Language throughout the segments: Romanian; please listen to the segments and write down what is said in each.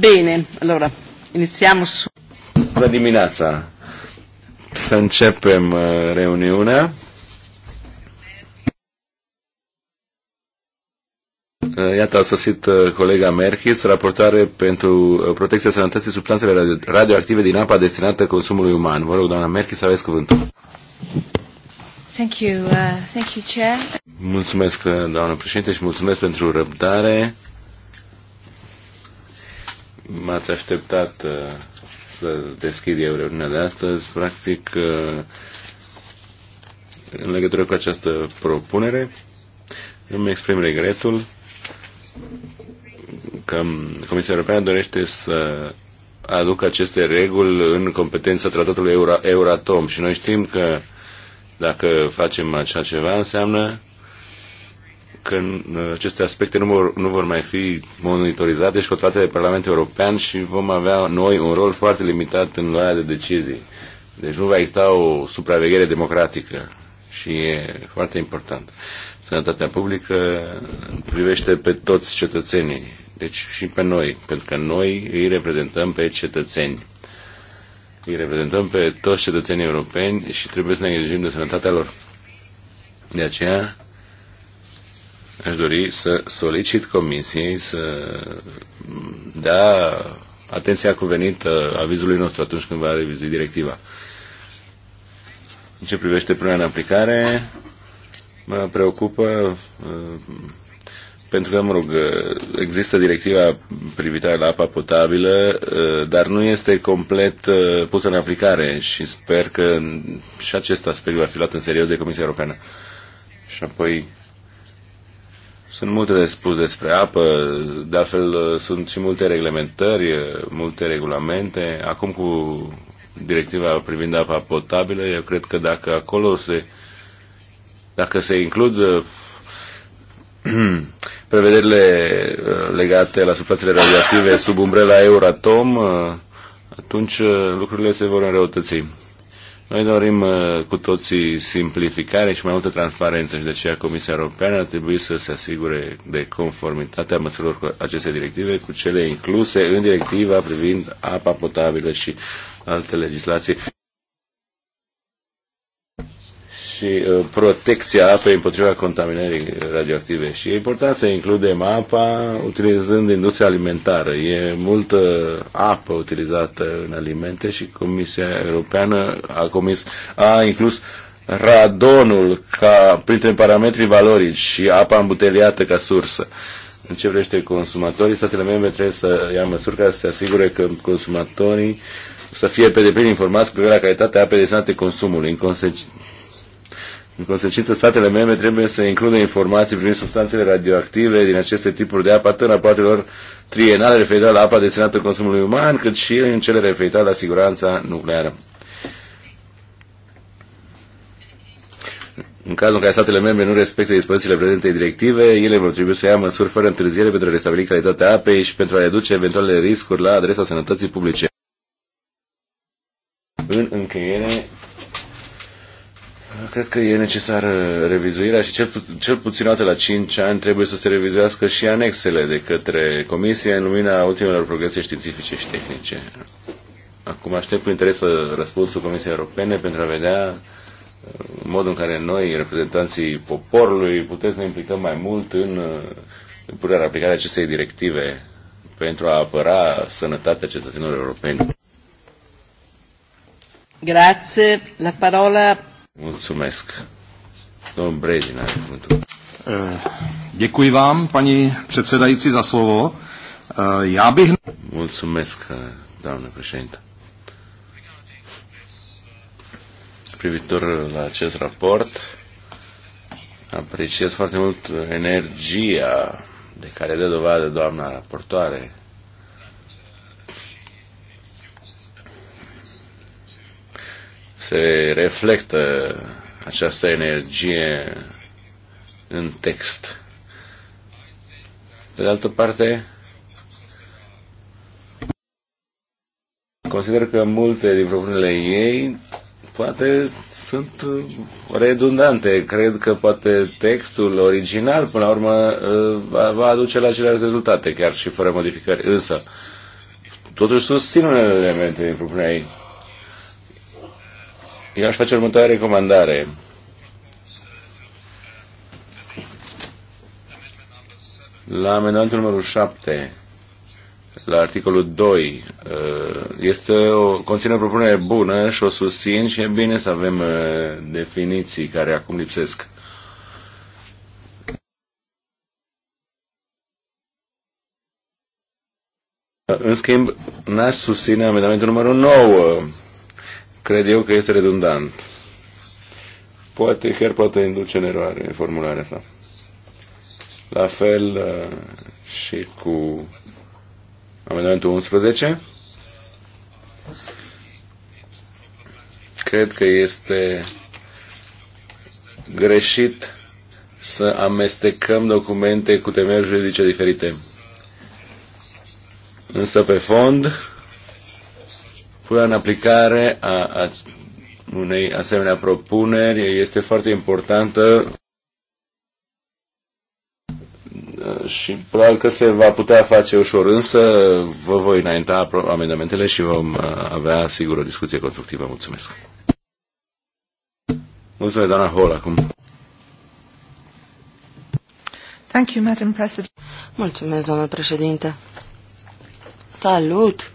Bine, allora, iniziamo su... Bună dimineața! Să începem uh, reuniunea. Uh, iată, a sosit uh, colega Merchis, raportoare pentru protecția sănătății substanțele radio radioactive din apa destinată consumului uman. Vă rog, doamna Merchis, aveți cuvântul. Thank you, uh, thank you, Chair. Mulțumesc, doamnă președinte, și mulțumesc pentru răbdare m-ați așteptat uh, să deschid eu reuniunea de astăzi. Practic, uh, în legătură cu această propunere, îmi exprim regretul că Comisia Europeană dorește să aduc aceste reguli în competența tratatului Euratom și noi știm că dacă facem așa ceva înseamnă că uh, aceste aspecte nu vor, nu vor mai fi monitorizate și controlate de Parlamentul European și vom avea noi un rol foarte limitat în luarea de decizii. Deci nu va exista o supraveghere democratică și e foarte important. Sănătatea publică privește pe toți cetățenii, deci și pe noi, pentru că noi îi reprezentăm pe cetățeni. Îi reprezentăm pe toți cetățenii europeni și trebuie să ne îngrijim de sănătatea lor. De aceea aș dori să solicit comisiei să dea atenția cuvenită avizului nostru atunci când va revizui directiva. În ce privește punerea în aplicare, mă preocupă pentru că, mă rog, există directiva privitoare la apa potabilă, dar nu este complet uh, pusă în aplicare și sper că și acest aspect va fi luat în serios de Comisia Europeană. Și apoi sunt multe de spus despre apă, de altfel sunt și multe reglementări, multe regulamente. Acum cu directiva privind apa potabilă, eu cred că dacă acolo se, dacă se includ prevederile uh, legate la substanțele radioactive sub umbrela Euratom, uh, atunci uh, lucrurile se vor înrăutăți. Noi dorim uh, cu toții simplificare și mai multă transparență și de aceea Comisia Europeană ar trebui să se asigure de conformitatea măsurilor cu aceste directive cu cele incluse în directiva privind apa potabilă și alte legislații și uh, protecția apei împotriva contaminării radioactive. Și e important să includem apa utilizând industria alimentară. E multă apă utilizată în alimente și Comisia Europeană a, comis, a inclus radonul ca printre parametrii valorici și apa îmbuteliată ca sursă. În ce vrește consumatorii, statele membre trebuie să ia măsuri ca să se asigure că consumatorii să fie pe deplin informați privind la calitatea apei destinate consumului. În, consecință, în consecință, statele membre trebuie să includă informații privind substanțele radioactive din aceste tipuri de apă, atât în rapoartelor trienale referitoare la apa destinată consumului uman, cât și în cele referitoare la siguranța nucleară. În cazul în care statele membre nu respectă dispozițiile prezente directive, ele vor trebui să ia măsuri fără întârziere pentru a restabili calitatea apei și pentru a reduce eventuale riscuri la adresa sănătății publice. În încheiere, Cred că e necesară revizuirea și cel, pu- cel puțin dată la 5 ani trebuie să se revizuiască și anexele de către Comisie în lumina ultimelor progrese științifice și tehnice. Acum aștept cu interes răspunsul Comisiei Europene pentru a vedea uh, modul în care noi, reprezentanții poporului, putem să ne implicăm mai mult în, uh, în punerea aplicarea acestei directive pentru a apăra sănătatea cetățenilor europeni. Grazie. La parola Mulțumesc. Domn Brezin are cuvântul. Eh, děkuji vám, paní předsedající, za slovo. Eh, já bych... Mulțumesc, eh, doamnă președinte. Privitor la acest raport, apreciez foarte mult energia de care dă dovadă doamna raportoare se reflectă această energie în text. Pe de altă parte, consider că multe din propunerile ei poate sunt redundante. Cred că poate textul original, până la urmă, va aduce la aceleași rezultate, chiar și fără modificări. Însă, totuși susțin unele elemente din propunerea ei. Eu aș face următoarea recomandare. La amendamentul numărul 7, la articolul 2, uh, este o, conține o propunere bună și o susțin și e bine să avem uh, definiții care acum lipsesc. În schimb, n-aș susține amendamentul numărul 9, cred eu că este redundant. Poate, chiar poate induce în eroare formularea sa. La fel uh, și cu amendamentul 11. Cred că este greșit să amestecăm documente cu temeri juridice diferite. Însă, pe fond, Punerea în aplicare a, a unei asemenea propuneri este foarte importantă și probabil că se va putea face ușor, însă vă voi înainta amendamentele și vom uh, avea sigur o discuție constructivă. Mulțumesc! Mulțumesc, doamna Hall, acum. Thank you, Madam President. Mulțumesc, doamnă președinte. Salut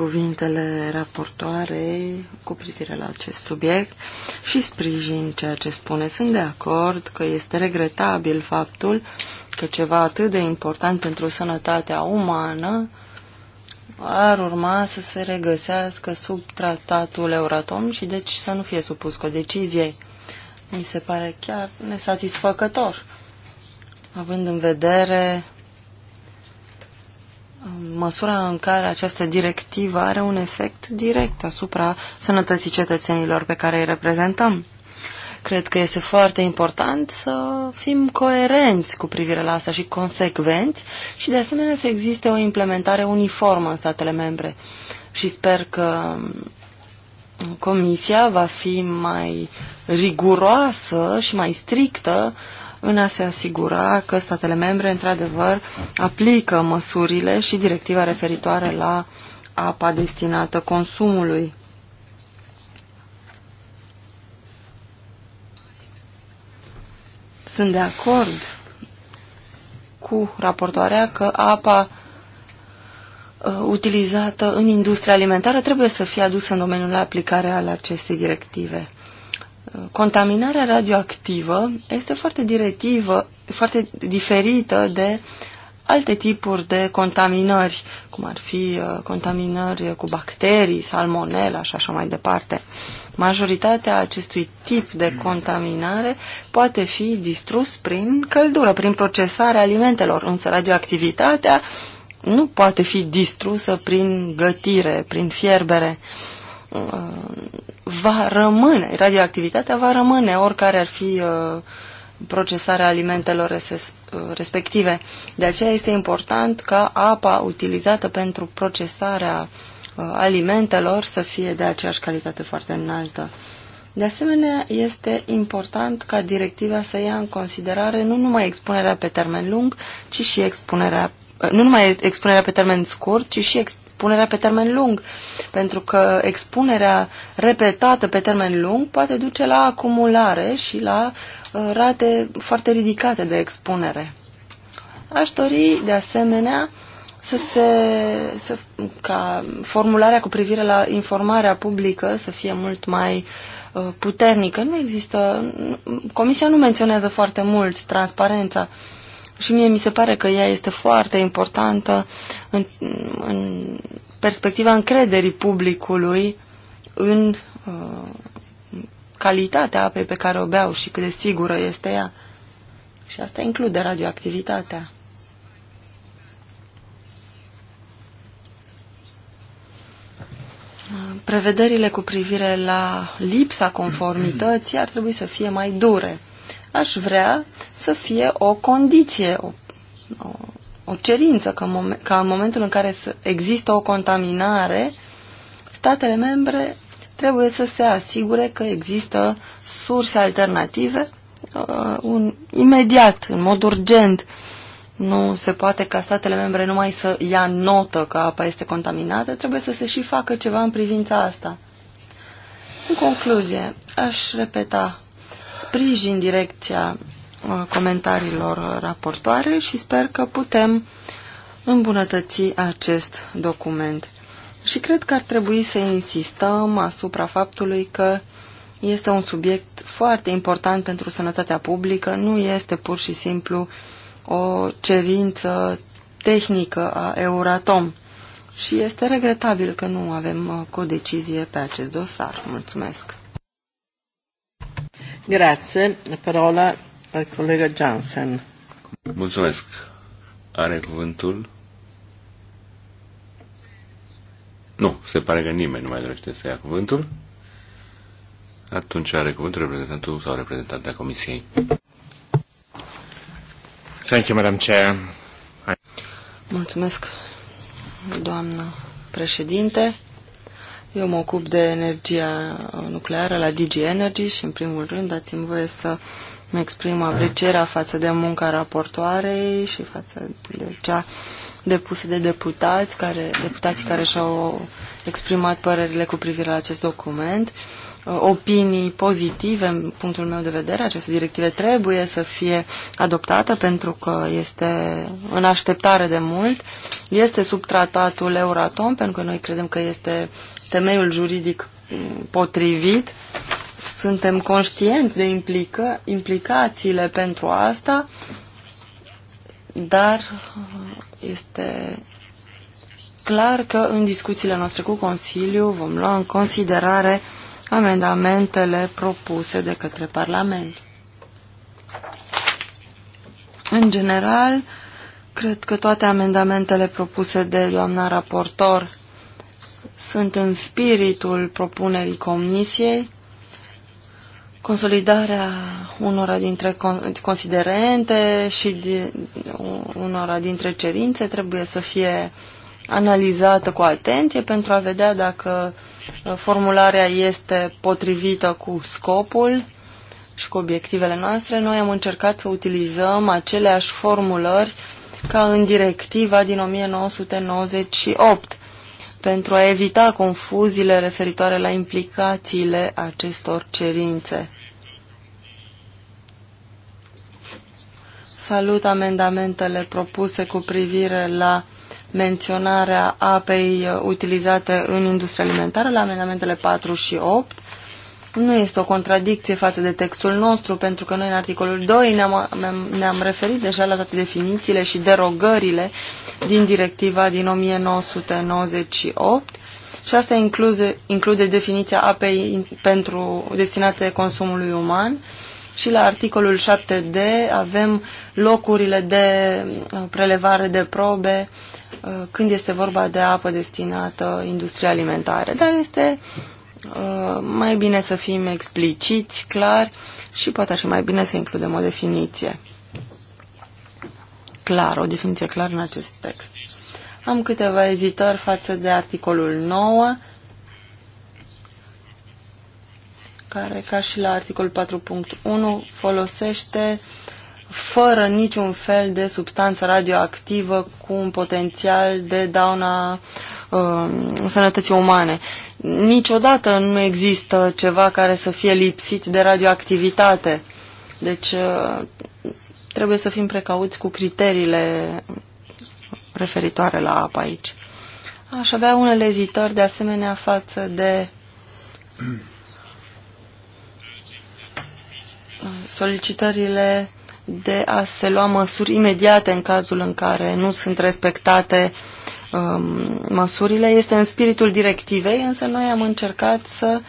cuvintele raportoarei cu privire la acest subiect și sprijin ceea ce spune. Sunt de acord că este regretabil faptul că ceva atât de important pentru sănătatea umană ar urma să se regăsească sub tratatul Euratom și deci să nu fie supus cu o decizie. Mi se pare chiar nesatisfăcător, având în vedere măsura în care această directivă are un efect direct asupra sănătății cetățenilor pe care îi reprezentăm. Cred că este foarte important să fim coerenți cu privire la asta și consecvenți și de asemenea să existe o implementare uniformă în statele membre. Și sper că Comisia va fi mai riguroasă și mai strictă uh, în a se asigura că statele membre, într-adevăr, aplică măsurile și directiva referitoare la apa destinată consumului. Sunt de acord cu raportoarea că apa uh, utilizată în industria alimentară trebuie să fie adusă în domeniul aplicare al acestei directive. Contaminarea radioactivă este foarte directivă, foarte diferită de alte tipuri de contaminări, cum ar fi uh, contaminări cu bacterii, salmonela și așa mai departe. Majoritatea acestui tip de contaminare poate fi distrus prin căldură, prin procesarea alimentelor, însă radioactivitatea nu poate fi distrusă prin gătire, prin fierbere. Uh, Uh, va rămâne, radioactivitatea va rămâne, oricare ar fi uh, procesarea alimentelor uh, respective. De aceea este important ca apa utilizată pentru procesarea alimentelor să fie de aceeași calitate foarte înaltă. De asemenea, este important ca directiva să ia în considerare nu numai expunerea pe termen lung, ci și expunerea nu numai expunerea pe termen scurt, ci și expunerea pe termen lung, pentru că expunerea repetată pe termen lung poate duce la acumulare și la uh, rate foarte ridicate de expunere. Aș dori, de asemenea, să se, să, ca formularea cu privire la informarea publică să fie mult mai uh, puternică. Nu există, Comisia nu menționează foarte mult transparența. Uh, și mie mi se pare că ea este foarte importantă în, în perspectiva încrederii publicului în uh, calitatea apei pe care o beau și cât de sigură este ea. Și asta include radioactivitatea. Prevederile cu privire la lipsa conformității ar trebui să fie mai dure aș vrea să fie o condiție, o, o, o cerință că momen, ca în momentul în care există o contaminare, statele membre trebuie să se asigure că există surse alternative uh, un, imediat, în mod urgent. Nu se poate ca statele membre numai să ia notă că apa este contaminată, trebuie să se și facă ceva în privința asta. În concluzie, aș repeta sprijin direcția uh, comentariilor raportoare și sper că putem îmbunătăți acest document. Și cred că ar trebui să insistăm asupra faptului că este un subiect foarte important pentru sănătatea publică, nu este pur și simplu o cerință tehnică a Euratom. Și este regretabil că nu avem uh, codecizie pe acest dosar. Mulțumesc! Grazie. parola al Jansen. Mulțumesc. Are cuvântul? Nu, se pare că nimeni nu mai dorește să ia cuvântul. Atunci are cuvântul reprezentantul sau reprezentanta Comisiei. Thank you, Madam Chair. Mulțumesc, doamnă președinte. Eu mă ocup de energia nucleară la DG Energy și, în primul rând, dați-mi voie să mă exprim aprecierea față de munca raportoarei și față de cea depusă de deputați care, deputații care și-au exprimat părerile cu privire la acest document. Uh, opinii pozitive, în punctul meu de vedere, aceste directive trebuie să fie adoptată pentru că este în așteptare de mult. Este sub tratatul Euratom pentru că noi credem că este temeiul juridic potrivit. Suntem conștienți de implică, implicațiile pentru asta, dar este clar că în discuțiile noastre cu Consiliu vom lua în considerare amendamentele propuse de către Parlament. În general, cred că toate amendamentele propuse de doamna raportor sunt în spiritul propunerii comisiei, consolidarea unora dintre considerente și unora dintre cerințe trebuie să fie analizată cu atenție pentru a vedea dacă uh, formularea este potrivită cu scopul și cu obiectivele noastre. Noi am încercat să utilizăm aceleași formulări ca în directiva din 1998 pentru a evita confuziile referitoare la implicațiile acestor cerințe. Salut amendamentele propuse cu privire la menționarea apei utilizate în industria alimentară, la amendamentele 4 și 8, nu este o contradicție față de textul nostru, pentru că noi în articolul 2 ne-am, ne-am referit deja la toate definițiile și derogările din directiva din 1998 și asta incluze, include definiția apei pentru destinate consumului uman și la articolul 7d avem locurile de uh, prelevare de probe uh, când este vorba de apă destinată industriei alimentare, dar este Uh, mai bine să fim expliciți, clar și poate ar fi mai bine să includem o definiție. Clar, o definiție clară în acest text. Am câteva ezitări față de articolul 9, care, ca și la articolul 4.1, folosește fără niciun fel de substanță radioactivă cu un potențial de dauna uh, sănătății umane niciodată nu există ceva care să fie lipsit de radioactivitate. Deci uh, trebuie să fim precauți cu criteriile referitoare la apă aici. Aș avea unele ezitări de asemenea față de solicitările de a se lua măsuri imediate în cazul în care nu sunt respectate uh, Um, măsurile este în spiritul directivei, însă noi am încercat să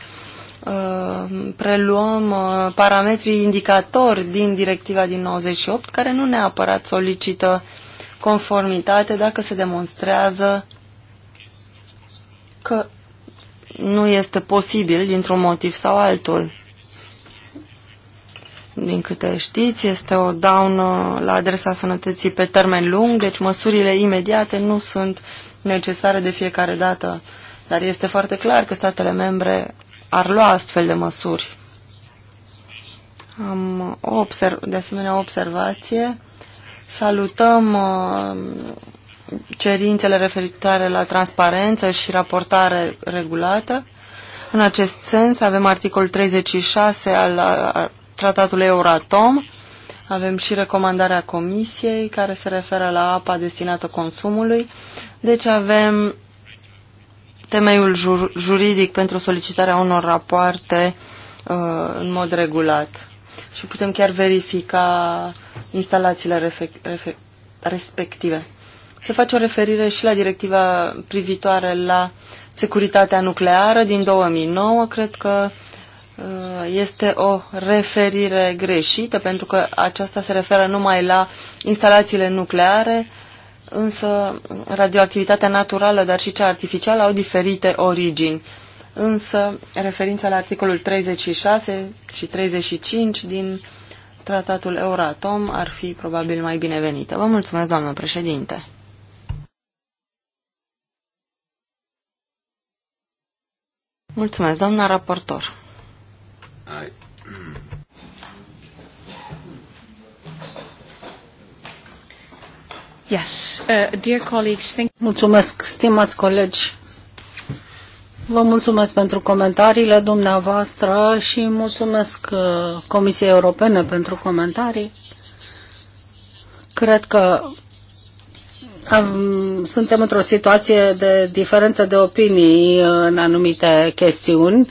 uh, preluăm uh, parametrii indicatori din directiva din 98, care nu neapărat solicită conformitate dacă se demonstrează că nu este posibil dintr-un motiv sau altul din câte știți, este o daună la adresa sănătății pe termen lung, deci măsurile imediate nu sunt necesare de fiecare dată, dar este foarte clar că statele membre ar lua astfel de măsuri. Am observ, de asemenea observație, salutăm uh, cerințele referitoare la transparență și raportare regulată. În acest sens avem articolul 36 al tratatul Euratom. Avem și recomandarea Comisiei care se referă la apa destinată consumului. Deci avem temeiul jur juridic pentru solicitarea unor rapoarte uh, în mod regulat. Și putem chiar verifica instalațiile respective. Se face o referire și la directiva privitoare la securitatea nucleară din 2009. Cred că Uh, este o referire greșită, pentru că aceasta se referă numai la instalațiile nucleare, însă radioactivitatea naturală, dar și cea artificială au diferite origini. Însă, referința la articolul 36 și 35 din tratatul Euratom ar fi probabil mai binevenită. Vă mulțumesc, doamnă președinte! Mulțumesc, doamna raportor! Hai. Yes, uh, dear colleagues, thank Mulțumesc, stimați colegi. Vă mulțumesc pentru comentariile dumneavoastră și mulțumesc uh, Comisiei Europene pentru comentarii. Cred că suntem într-o situație de diferență de opinii în anumite chestiuni.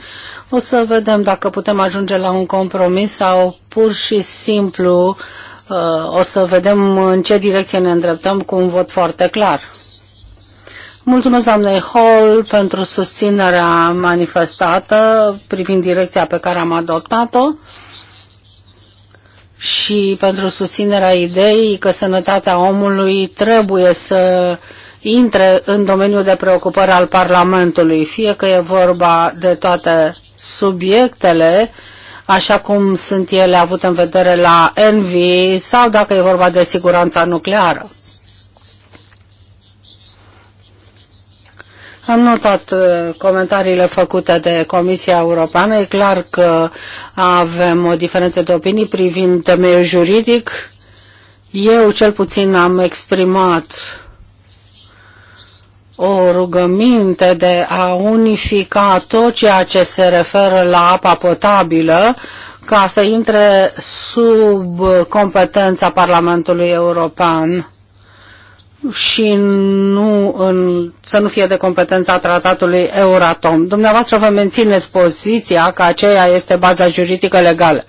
O să vedem dacă putem ajunge la un compromis sau pur și simplu uh, o să vedem în ce direcție ne îndreptăm cu un vot foarte clar. Mulțumesc doamnei Hall pentru susținerea manifestată privind direcția pe care am adoptat-o și pentru susținerea ideii că sănătatea omului trebuie să intre în domeniul de preocupare al Parlamentului, fie că e vorba de toate subiectele, așa cum sunt ele avute în vedere la Envi, sau dacă e vorba de siguranța nucleară. Am notat uh, comentariile făcute de Comisia Europeană. E clar că avem o diferență de opinii privind temeiul juridic. Eu cel puțin am exprimat o rugăminte de a unifica tot ceea ce se referă la apa potabilă ca să intre sub competența Parlamentului European și nu în, să nu fie de competența tratatului Euratom. Dumneavoastră vă mențineți poziția că aceea este baza juridică legală.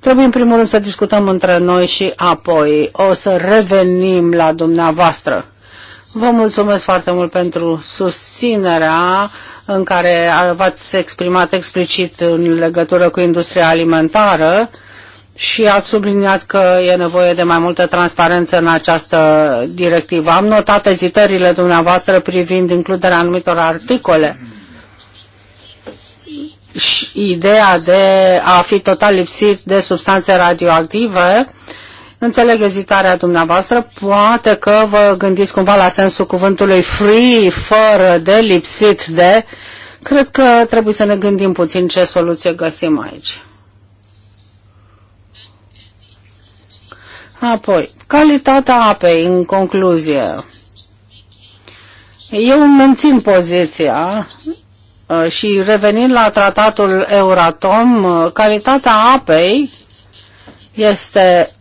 Trebuie în primul rând să discutăm între noi și apoi o să revenim la dumneavoastră. Vă mulțumesc foarte mult pentru susținerea în care v-ați exprimat explicit în legătură cu industria alimentară și ați subliniat că e nevoie de mai multă transparență în această directivă. Am notat ezitările dumneavoastră privind includerea anumitor articole și ideea de a fi total lipsit de substanțe radioactive. Înțeleg ezitarea dumneavoastră, poate că vă gândiți cumva la sensul cuvântului free, fără de, lipsit de. Cred că trebuie să ne gândim puțin ce soluție găsim aici. Apoi, calitatea apei, în concluzie. Eu mențin poziția uh, și revenind la tratatul Euratom, uh, calitatea apei este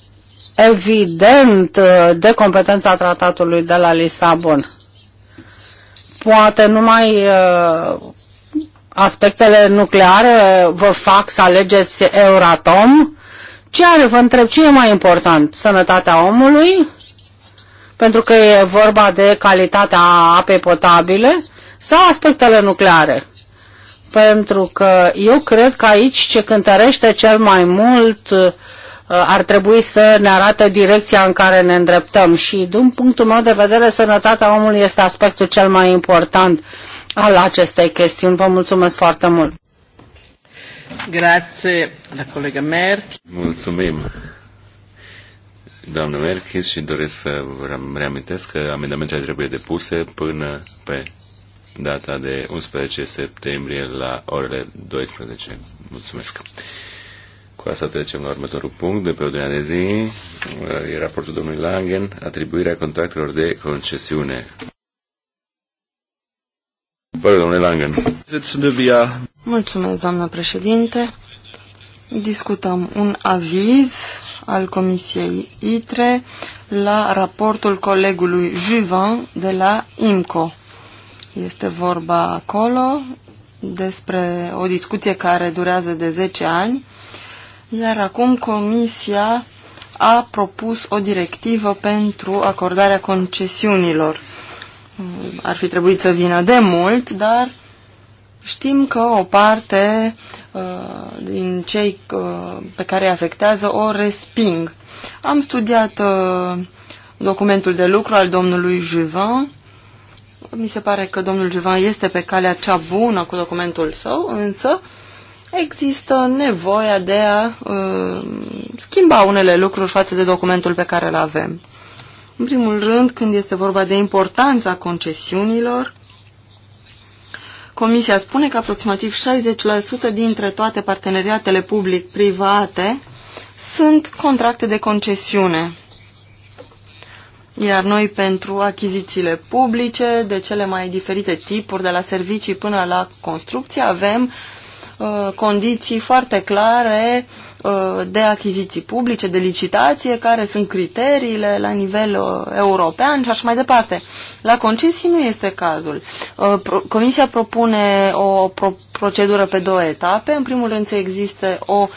evident uh, de competența tratatului de la Lisabon. Poate numai aspectele nucleare vă fac să alegeți Euratom, ce are, vă întreb, ce e mai important? Sănătatea omului? Pentru că e vorba de calitatea apei potabile? Sau aspectele nucleare? Pentru că eu cred că aici ce cântărește cel mai mult uh, ar trebui să ne arată direcția în care ne îndreptăm și, din punctul meu de vedere, sănătatea omului este aspectul cel mai important al acestei chestiuni. Vă mulțumesc foarte mult! Grazie la colega Merch. Mulțumim. Doamnă Merchis și doresc să vă reamintesc că amendamentele trebuie depuse până pe data de 11 septembrie la orele 12. Mulțumesc. Cu asta trecem la următorul punct de pe ordinea de zi. E raportul domnului Langen, atribuirea contractelor de concesiune. Vă domnule Langen. Mulțumesc, doamnă președinte. Discutăm un aviz al Comisiei ITRE la raportul colegului Juvan de la IMCO. Este vorba acolo despre o discuție care durează de 10 ani, iar acum Comisia a propus o directivă pentru acordarea concesiunilor ar fi trebuit să vină de mult, dar știm că o parte uh, din cei uh, pe care îi afectează o resping. Am studiat uh, documentul de lucru al domnului Juvin. Mi se pare că domnul Juvin este pe calea cea bună cu documentul său, însă există nevoia de a uh, schimba unele lucruri față de documentul pe care îl avem. În primul rând, când este vorba de importanța concesiunilor, Comisia spune că aproximativ 60% dintre toate parteneriatele public-private sunt contracte de concesiune. Iar noi pentru achizițiile publice, de cele mai diferite tipuri, de la servicii până la construcție, avem uh, condiții foarte clare uh, Uh, de achiziții publice, de licitație, care sunt criteriile la nivel uh, european și așa mai departe. La concesii nu este cazul. Uh, Comisia propune o procedură pe două etape. În primul rând să existe o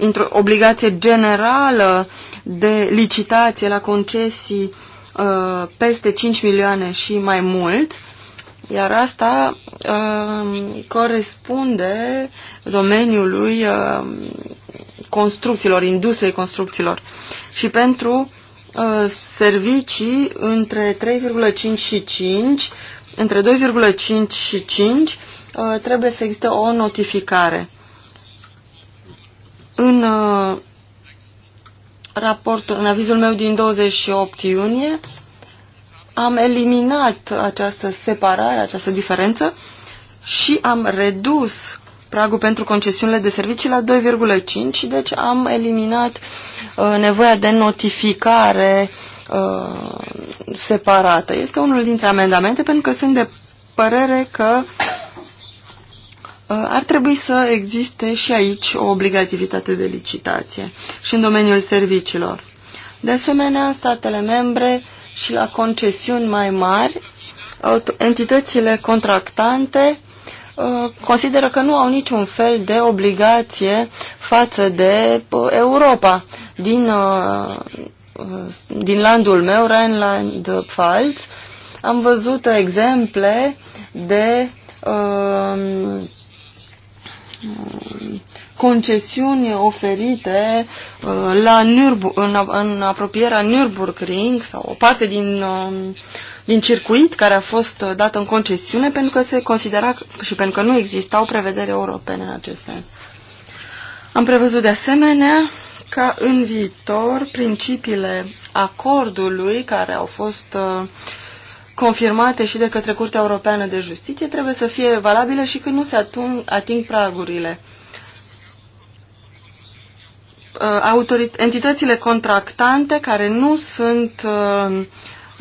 um, obligație generală de licitație la concesii uh, peste 5 milioane și mai mult iar asta uh, corespunde domeniului uh, construcțiilor, industriei construcțiilor. Și pentru uh, servicii între 3,5 și 5, între 2,5 și 5, uh, trebuie să existe o notificare. În uh, raportul, în avizul meu din 28 iunie, am eliminat această separare, această diferență și am redus pragul pentru concesiunile de servicii la 2,5 și deci am eliminat uh, nevoia de notificare uh, separată. Este unul dintre amendamente pentru că sunt de părere că uh, ar trebui să existe și aici o obligativitate de licitație și în domeniul serviciilor. De asemenea, statele membre uh, și la concesiuni mai mari, entitățile contractante uh, consideră că nu au niciun fel de obligație față de uh, Europa. Din, uh, din landul meu, Rheinland-Pfalz, am văzut exemple de concesiuni oferite uh, la Nürbur- în, în apropierea Nürburgring sau o parte din, uh, din circuit care a fost uh, dată în concesiune pentru că se considera și pentru că nu existau prevedere europene în acest sens. Am prevăzut de asemenea ca în viitor principiile acordului care au fost uh, confirmate și de către Curtea Europeană de Justiție trebuie să fie valabile și când nu se atung, ating pragurile. Uh, entitățile contractante care nu sunt uh,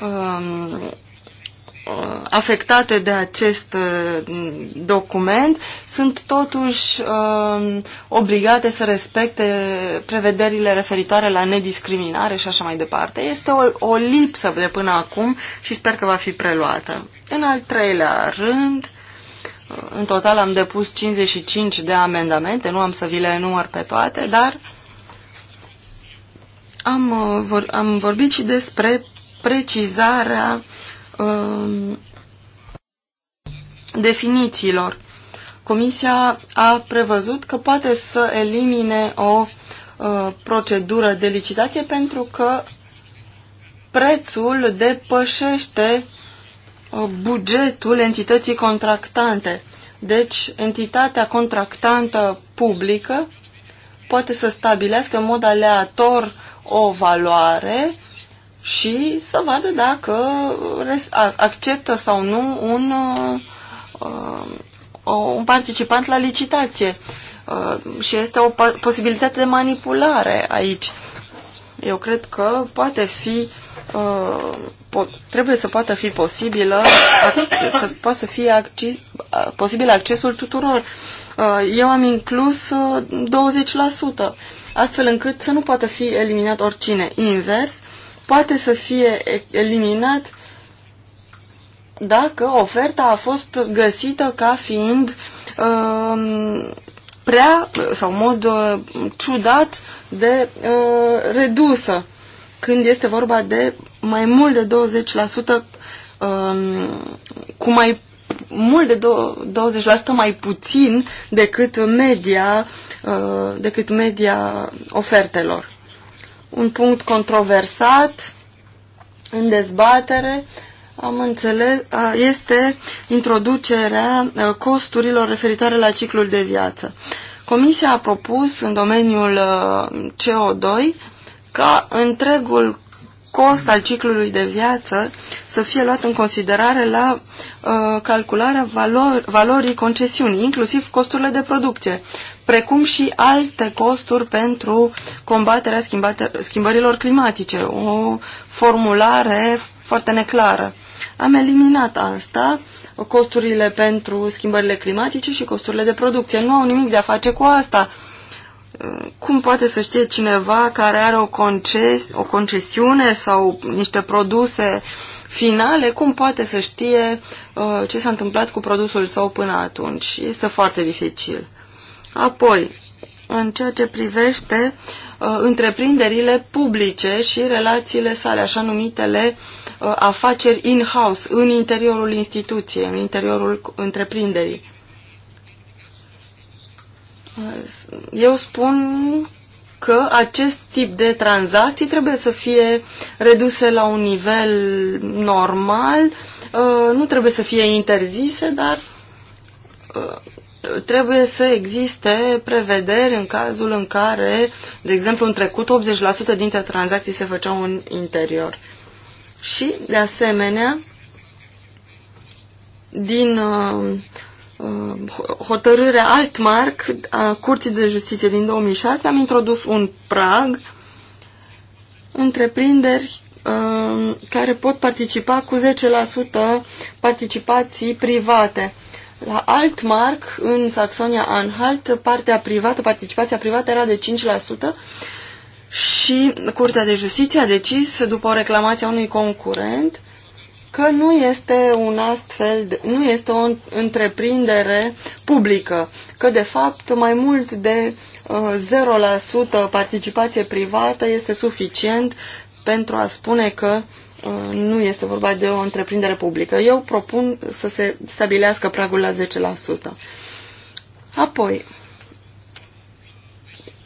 um, uh, afectate de acest uh, document sunt totuși uh, obligate să respecte prevederile referitoare la nediscriminare și așa mai departe. Este o, o lipsă de până acum și sper că va fi preluată. În al treilea rând, uh, în total am depus 55 de amendamente, nu am să vi le număr pe toate, dar uh, am, uh, vor, am vorbit și despre precizarea uh, definițiilor. Comisia a prevăzut că poate să elimine o uh, procedură de licitație pentru că prețul depășește uh, bugetul entității contractante. Deci, entitatea contractantă publică poate să stabilească în mod aleator o valoare și să vadă dacă acceptă sau nu un, uh, uh, un participant la licitație. Uh, și este o posibilitate de manipulare aici. Eu cred că poate fi trebuie să poată fi posibilă să poată să fie acces, posibil accesul tuturor. Eu am inclus 20% astfel încât să nu poată fi eliminat oricine. Invers, poate să fie eliminat dacă oferta a fost găsită ca fiind uh, prea sau mod uh, ciudat de uh, redusă când este vorba de mai mult de 20% uh, um, cu mai mult de 20% mai puțin decât media Uh, decât media ofertelor. Un punct controversat în dezbatere am înțeles, este introducerea uh, costurilor referitoare la ciclul de viață. Comisia a propus în domeniul uh, CO2 ca întregul cost al ciclului de viață să fie luat în considerare la uh, calcularea valor, valorii concesiunii, inclusiv costurile de producție precum și alte costuri pentru combaterea schimbărilor climatice, o formulare foarte neclară. Am eliminat asta, costurile pentru schimbările climatice și costurile de producție. Nu au nimic de a face cu asta. Cum poate să știe cineva care are o, conces o concesiune sau niște produse finale, cum poate să știe uh, ce s-a întâmplat cu produsul său până atunci? Este foarte dificil. Apoi, în ceea ce privește uh, întreprinderile publice și relațiile sale, așa numitele uh, afaceri in-house, în interiorul instituției, în interiorul întreprinderii. Uh, eu spun că acest tip de tranzacții trebuie să fie reduse la un nivel normal, uh, nu trebuie să fie interzise, dar uh, trebuie să existe prevederi în cazul în care, de exemplu, în trecut 80% dintre tranzacții se făceau în interior. Și, de asemenea, din uh, uh, hotărârea Altmark a Curții de Justiție din 2006 am introdus un prag întreprinderi uh, care pot participa cu 10% participații private la Altmark, în Saxonia-Anhalt, partea privată, participația privată era de 5% și Curtea de Justiție a decis, după o reclamație a unui concurent, că nu este un astfel, de, nu este o întreprindere publică, că de fapt mai mult de uh, 0% participație privată este suficient pentru a spune că uh, Uh, nu este vorba de o întreprindere publică. Eu propun să se stabilească pragul la 10%. Apoi,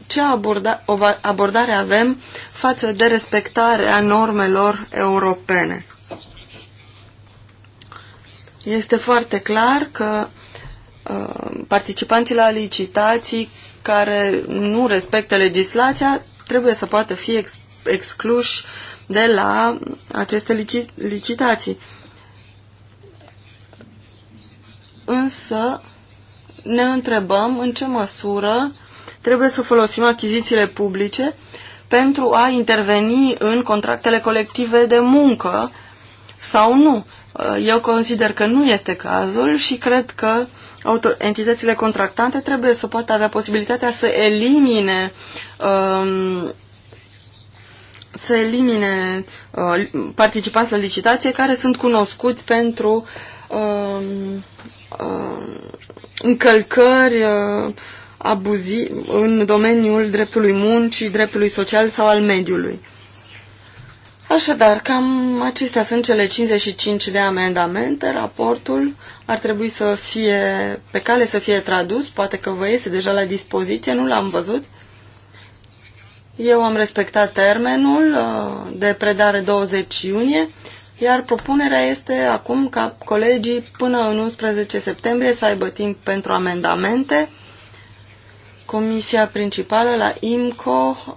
ce aborda, abordare avem față de respectarea normelor europene? Este foarte clar că uh, participanții la licitații care nu respectă legislația trebuie să poată fi ex excluși uh, de la aceste licitații. Însă ne întrebăm în ce măsură trebuie să folosim achizițiile publice pentru a interveni în contractele colective de muncă sau nu. Eu consider că nu este cazul și cred că entitățile contractante trebuie să poată avea posibilitatea să elimine um, să elimine uh, participanți la licitație care sunt cunoscuți pentru uh, uh, încălcări uh, abuzi în domeniul dreptului muncii, dreptului social sau al mediului. Așadar, cam acestea sunt cele 55 de amendamente. Raportul ar trebui să fie pe cale să fie tradus, poate că vă iese deja la dispoziție, nu l-am văzut. Eu am respectat termenul uh, de predare 20 iunie, iar propunerea este acum ca colegii până în 11 septembrie să aibă timp pentru amendamente. Comisia principală la IMCO uh,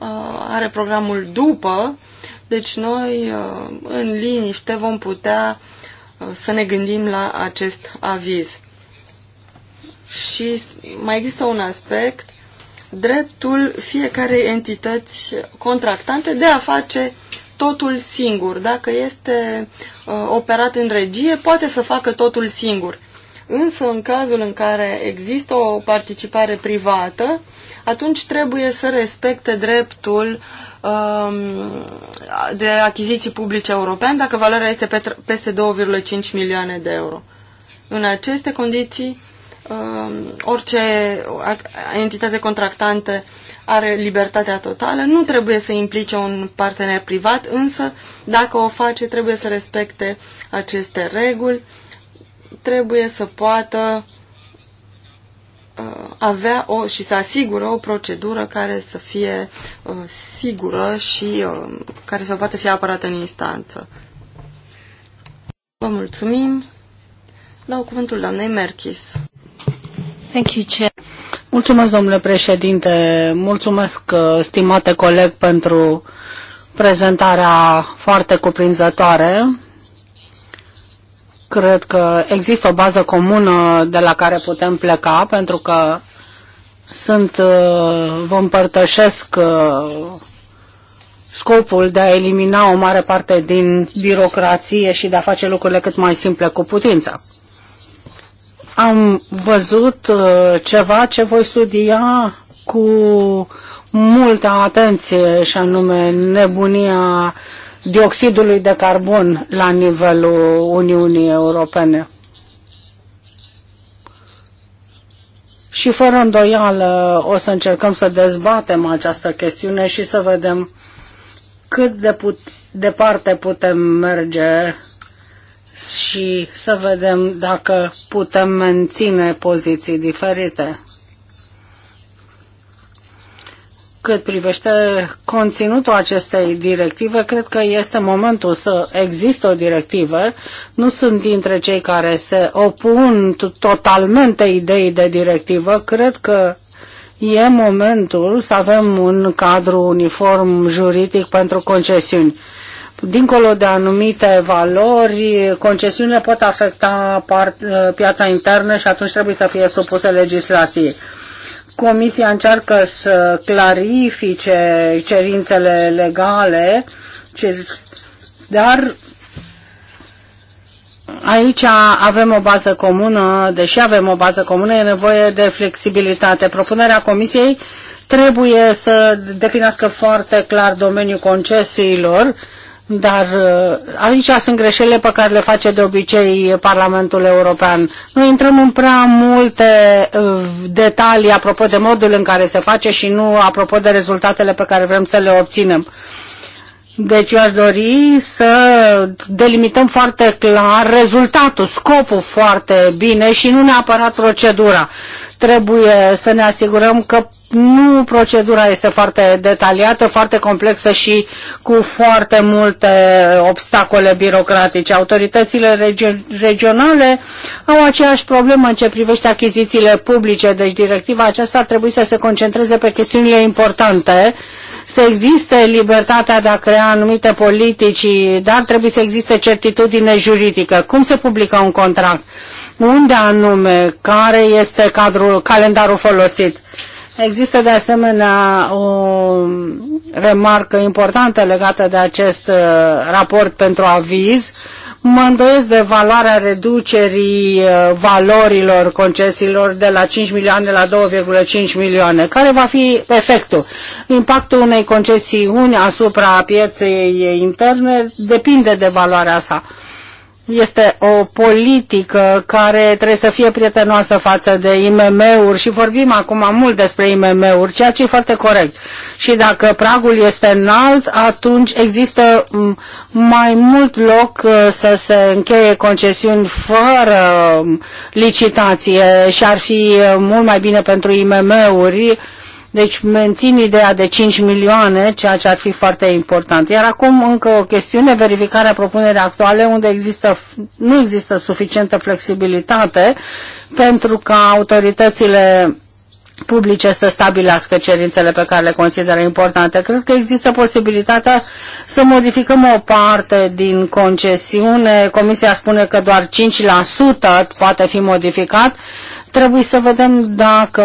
are programul după, deci noi uh, în liniște vom putea să ne gândim la acest aviz. Și mai există un aspect dreptul fiecarei entități contractante de a face totul singur. Dacă este uh, operat în regie, poate să facă totul singur. Însă, în cazul în care există o participare privată, atunci trebuie să respecte dreptul um, de achiziții publice european dacă valoarea este peste 2,5 milioane de euro. În aceste condiții, Um, orice entitate contractantă are libertatea totală, nu trebuie să implice un partener privat, însă dacă o face trebuie să respecte aceste reguli, trebuie să poată uh, avea o, și să asigură o procedură care să fie uh, sigură și uh, care să poată fi apărată în instanță. Vă mulțumim. Dau cuvântul doamnei Merchis. Mulțumesc, domnule președinte. Mulțumesc, uh, stimate coleg, pentru prezentarea foarte cuprinzătoare. Cred că există o bază comună de la care putem pleca, pentru că sunt, uh, vă împărtășesc uh, scopul de a elimina o mare parte din birocrație și de a face lucrurile cât mai simple cu putință am văzut uh, ceva ce voi studia cu multă atenție și anume nebunia dioxidului de carbon la nivelul Uniunii Europene. Și fără îndoială o să încercăm să dezbatem această chestiune și să vedem cât de put departe putem merge și să vedem dacă putem menține poziții diferite. Cât privește conținutul acestei directive, cred că este momentul să există o directivă. Nu sunt dintre cei care se opun totalmente ideii de directivă. Cred că e momentul să avem un cadru uniform juridic pentru concesiuni dincolo de anumite valori, concesiunile pot afecta uh, piața internă și atunci trebuie să fie supuse legislației. Comisia încearcă să clarifice cerințele legale, dar Aici avem o bază comună, deși avem o bază comună, e nevoie de flexibilitate. Propunerea Comisiei trebuie să definească foarte clar domeniul concesiilor dar uh, aici sunt greșelile pe care le face de obicei Parlamentul European. Noi intrăm în prea multe uh, detalii apropo de modul în care se face și nu apropo de rezultatele pe care vrem să le obținem. Deci eu aș dori să delimităm foarte clar rezultatul, scopul foarte bine și nu neapărat procedura. Trebuie să ne asigurăm că nu procedura este foarte detaliată, foarte complexă și cu foarte multe obstacole birocratice. Autoritățile regi- regionale au aceeași problemă în ce privește achizițiile publice, deci directiva aceasta ar trebui să se concentreze pe chestiunile importante, să existe libertatea de a crea anumite politici, dar trebuie să existe certitudine juridică. Cum se publică un contract? unde anume, care este cadrul, calendarul folosit. Există de asemenea o remarcă importantă legată de acest uh, raport pentru aviz. Mă îndoiesc de valoarea reducerii uh, valorilor concesiilor de la 5 milioane la 2,5 milioane. Care va fi efectul? Impactul unei concesiuni asupra pieței interne depinde de valoarea sa. Este o politică care trebuie să fie prietenoasă față de IMM-uri și vorbim acum mult despre IMM-uri, ceea ce e foarte corect. Și dacă pragul este înalt, atunci există mm, mai mult loc uh, să se încheie concesiuni fără mm, licitație și ar fi uh, mult mai bine pentru IMM-uri deci mențin ideea de 5 milioane, ceea ce ar fi foarte important. Iar acum încă o chestiune, verificarea propunerii actuale, unde există, nu există suficientă flexibilitate pentru ca autoritățile publice să stabilească cerințele pe care le consideră importante. Cred că există posibilitatea să modificăm o parte din concesiune. Comisia spune că doar 5% poate fi modificat. Trebuie să vedem dacă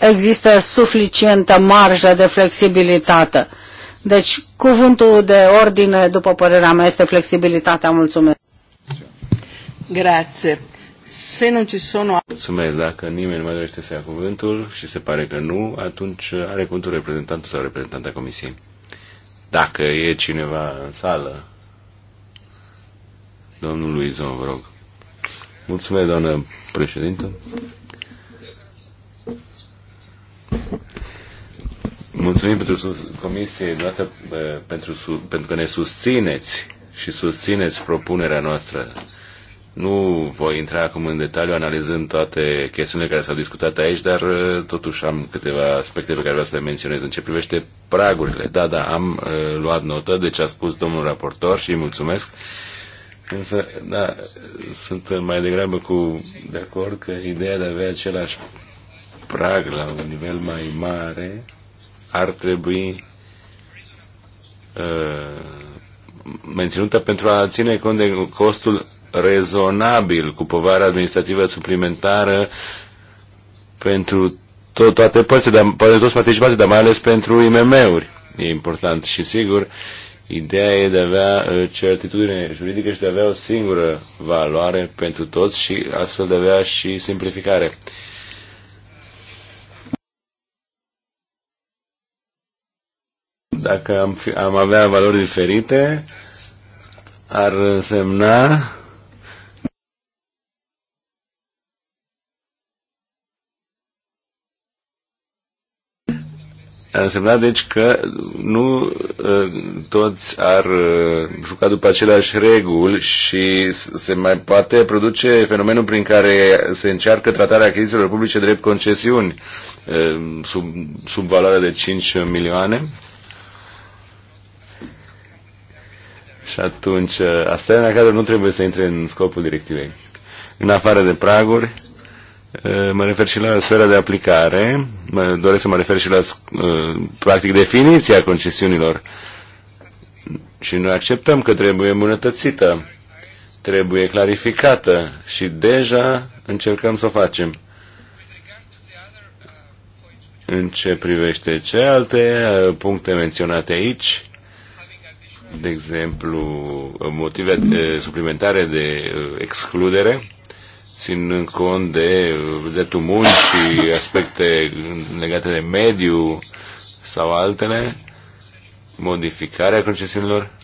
există suficientă marjă de flexibilitate. Deci, cuvântul de ordine, după părerea mea, este flexibilitatea. Mulțumesc. Grazie. Se nu ci sono... Mulțumesc. Dacă nimeni nu mai dorește să ia cuvântul și se pare că nu, atunci are cuvântul reprezentantul sau reprezentanta comisiei. Dacă e cineva în sală. Domnul Luizon, vă rog. Mulțumesc, doamnă președintă. Mulțumim pentru comisie, dată pentru, pentru că ne susțineți și susțineți propunerea noastră. Nu voi intra acum în detaliu analizând toate chestiunile care s-au discutat aici, dar ă, totuși am câteva aspecte pe care vreau să le menționez. În ce privește pragurile, da, da, am uh, luat notă de deci ce a spus domnul raportor și îi mulțumesc. Însă, da, sunt mai degrabă cu, de acord că ideea de a avea același prag la un nivel mai mare ar trebui uh, menținută pentru a ține cont de costul rezonabil cu povara administrativă suplimentară pentru to- toate părțile, dar, pentru toți participanții, dar mai ales pentru IMM-uri. E important și sigur, ideea e de a avea uh, certitudine juridică și de a avea o singură valoare pentru toți și astfel de a avea și simplificare. dacă am, fi, am avea valori diferite, ar semna Ar însemna, deci, că nu ă, toți ar ă, juca după aceleași reguli și se mai poate produce fenomenul prin care se încearcă tratarea achizițiilor publice drept concesiuni ă, sub, sub valoare de 5 milioane Și atunci, uh, asemenea cadru nu trebuie să intre în scopul directivei. În afară de praguri, uh, mă refer și la sfera de aplicare, mă doresc să mă refer și la, uh, practic, definiția concesiunilor. Și noi acceptăm că trebuie îmbunătățită, trebuie clarificată și deja încercăm să o facem. În ce privește ce alte puncte menționate aici, de exemplu, motive de, eh, suplimentare de eh, excludere, în cont de eh, dreptul muncii, aspecte legate de mediu sau altele, modificarea concesiunilor.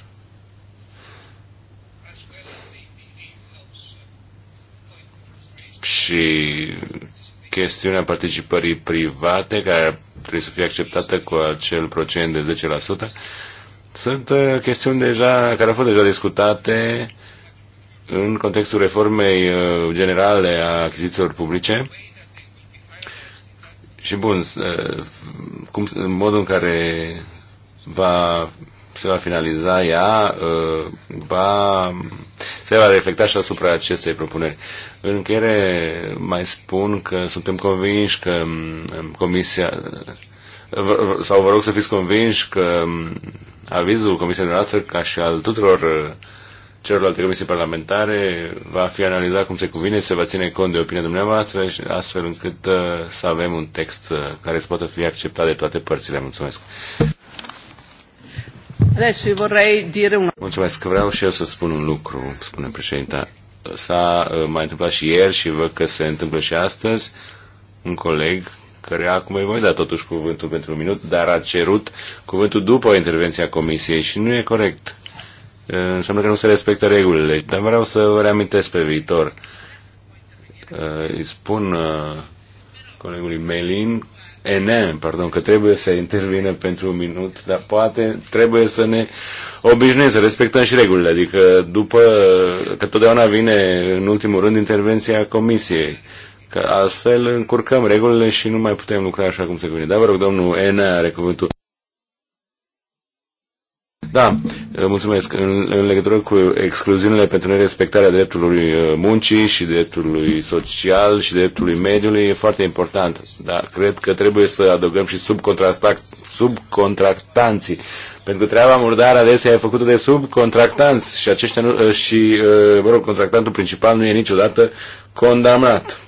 și chestiunea participării private, care trebuie să fie acceptată cu acel procent de sunt uh, chestiuni deja, care au fost deja discutate în contextul reformei uh, generale a achizițiilor publice. Și bun, uh, cum, în modul în care va, se va finaliza ea, va, se va reflecta și asupra acestei propuneri. În încheiere mai spun că suntem convinși că mm, Comisia sau vă rog să fiți convinși că avizul Comisiei noastre, ca și al tuturor uh, celorlalte comisii parlamentare, va fi analizat cum se cuvine, se va ține cont de opinia dumneavoastră, astfel încât uh, să avem un text uh, care să poată fi acceptat de toate părțile. Mulțumesc! dire Mulțumesc, vreau și eu să spun un lucru, spune președinta. S-a mai întâmplat și ieri și văd că se întâmplă și astăzi. Un coleg care acum îi voi da totuși cuvântul pentru un minut, dar a cerut cuvântul după intervenția comisiei și nu e corect. Înseamnă că nu se respectă regulile, dar vreau să vă reamintesc pe viitor. Îi spun colegului Melin, Enem, pardon, că trebuie să intervine pentru un minut, dar poate trebuie să ne obișnuim să respectăm și regulile, adică după că totdeauna vine în ultimul rând intervenția comisiei. Uh, că altfel încurcăm regulile și nu mai putem lucra așa cum se cuvine. Dar vă rog, domnul Enea are cuvântul. Da, mulțumesc. În, în legătură cu excluziunile pentru nerespectarea dreptului uh, muncii și dreptului social și dreptului mediului, e foarte important. Dar cred că trebuie să adăugăm și subcontractanții. Pentru că treaba murdară adesea e făcută de subcontractanți și aceștia nu, uh, și, uh, mă rog, contractantul principal nu e niciodată condamnat.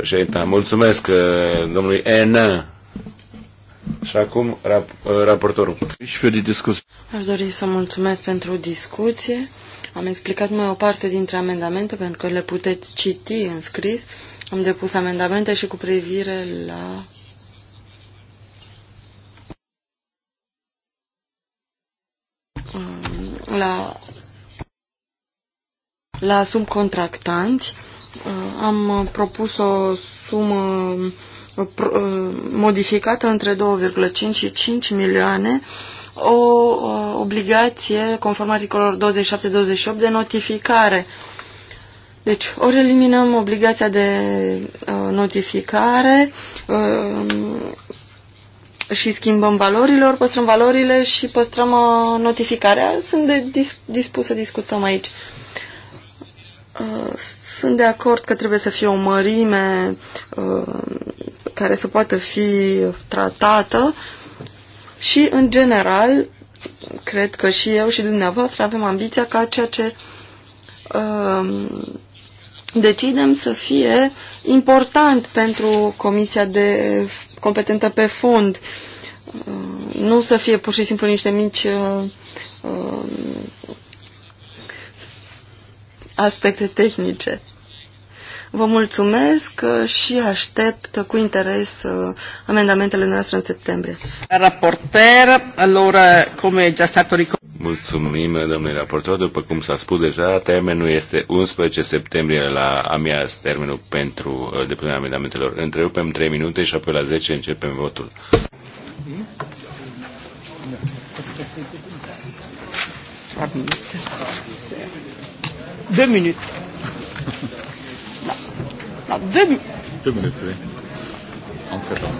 Președinta, mulțumesc uh, domnului Enan. Și acum rap- uh, raportorul. Aș dori să mulțumesc pentru discuție. Am explicat mai o parte dintre amendamente, pentru că le puteți citi în scris. Am depus amendamente și cu privire la... Um, la la subcontractanți. Uh, am uh, propus o sumă uh, modificată între 2,5 și 5 milioane o obligație conform articolor 27-28 de notificare. Deci, ori eliminăm obligația de notificare și schimbăm valorilor, păstrăm valorile și păstrăm notificarea. Sunt de dis dispus să discutăm aici. Uh, sunt de acord că trebuie să fie o mărime uh, care să poată fi tratată și, în general, cred că și eu și dumneavoastră avem ambiția ca ceea ce uh, decidem să fie important pentru comisia de competentă pe fond. Nu să fie pur și simplu niște mici aspecte tehnice. Vă mulțumesc și aștept cu interes uh, amendamentele noastre în septembrie. Raporter, alora, cum e già stato ricordato... Mulțumim, domnule raportor. După cum s-a spus deja, termenul este 11 septembrie la amiaz, termenul pentru uh, depunerea amendamentelor. Întrerupem 3 minute și apoi la 10 începem votul. Minute. Deux minutes. Non, non deux, deux minutes, oui. Entre-temps.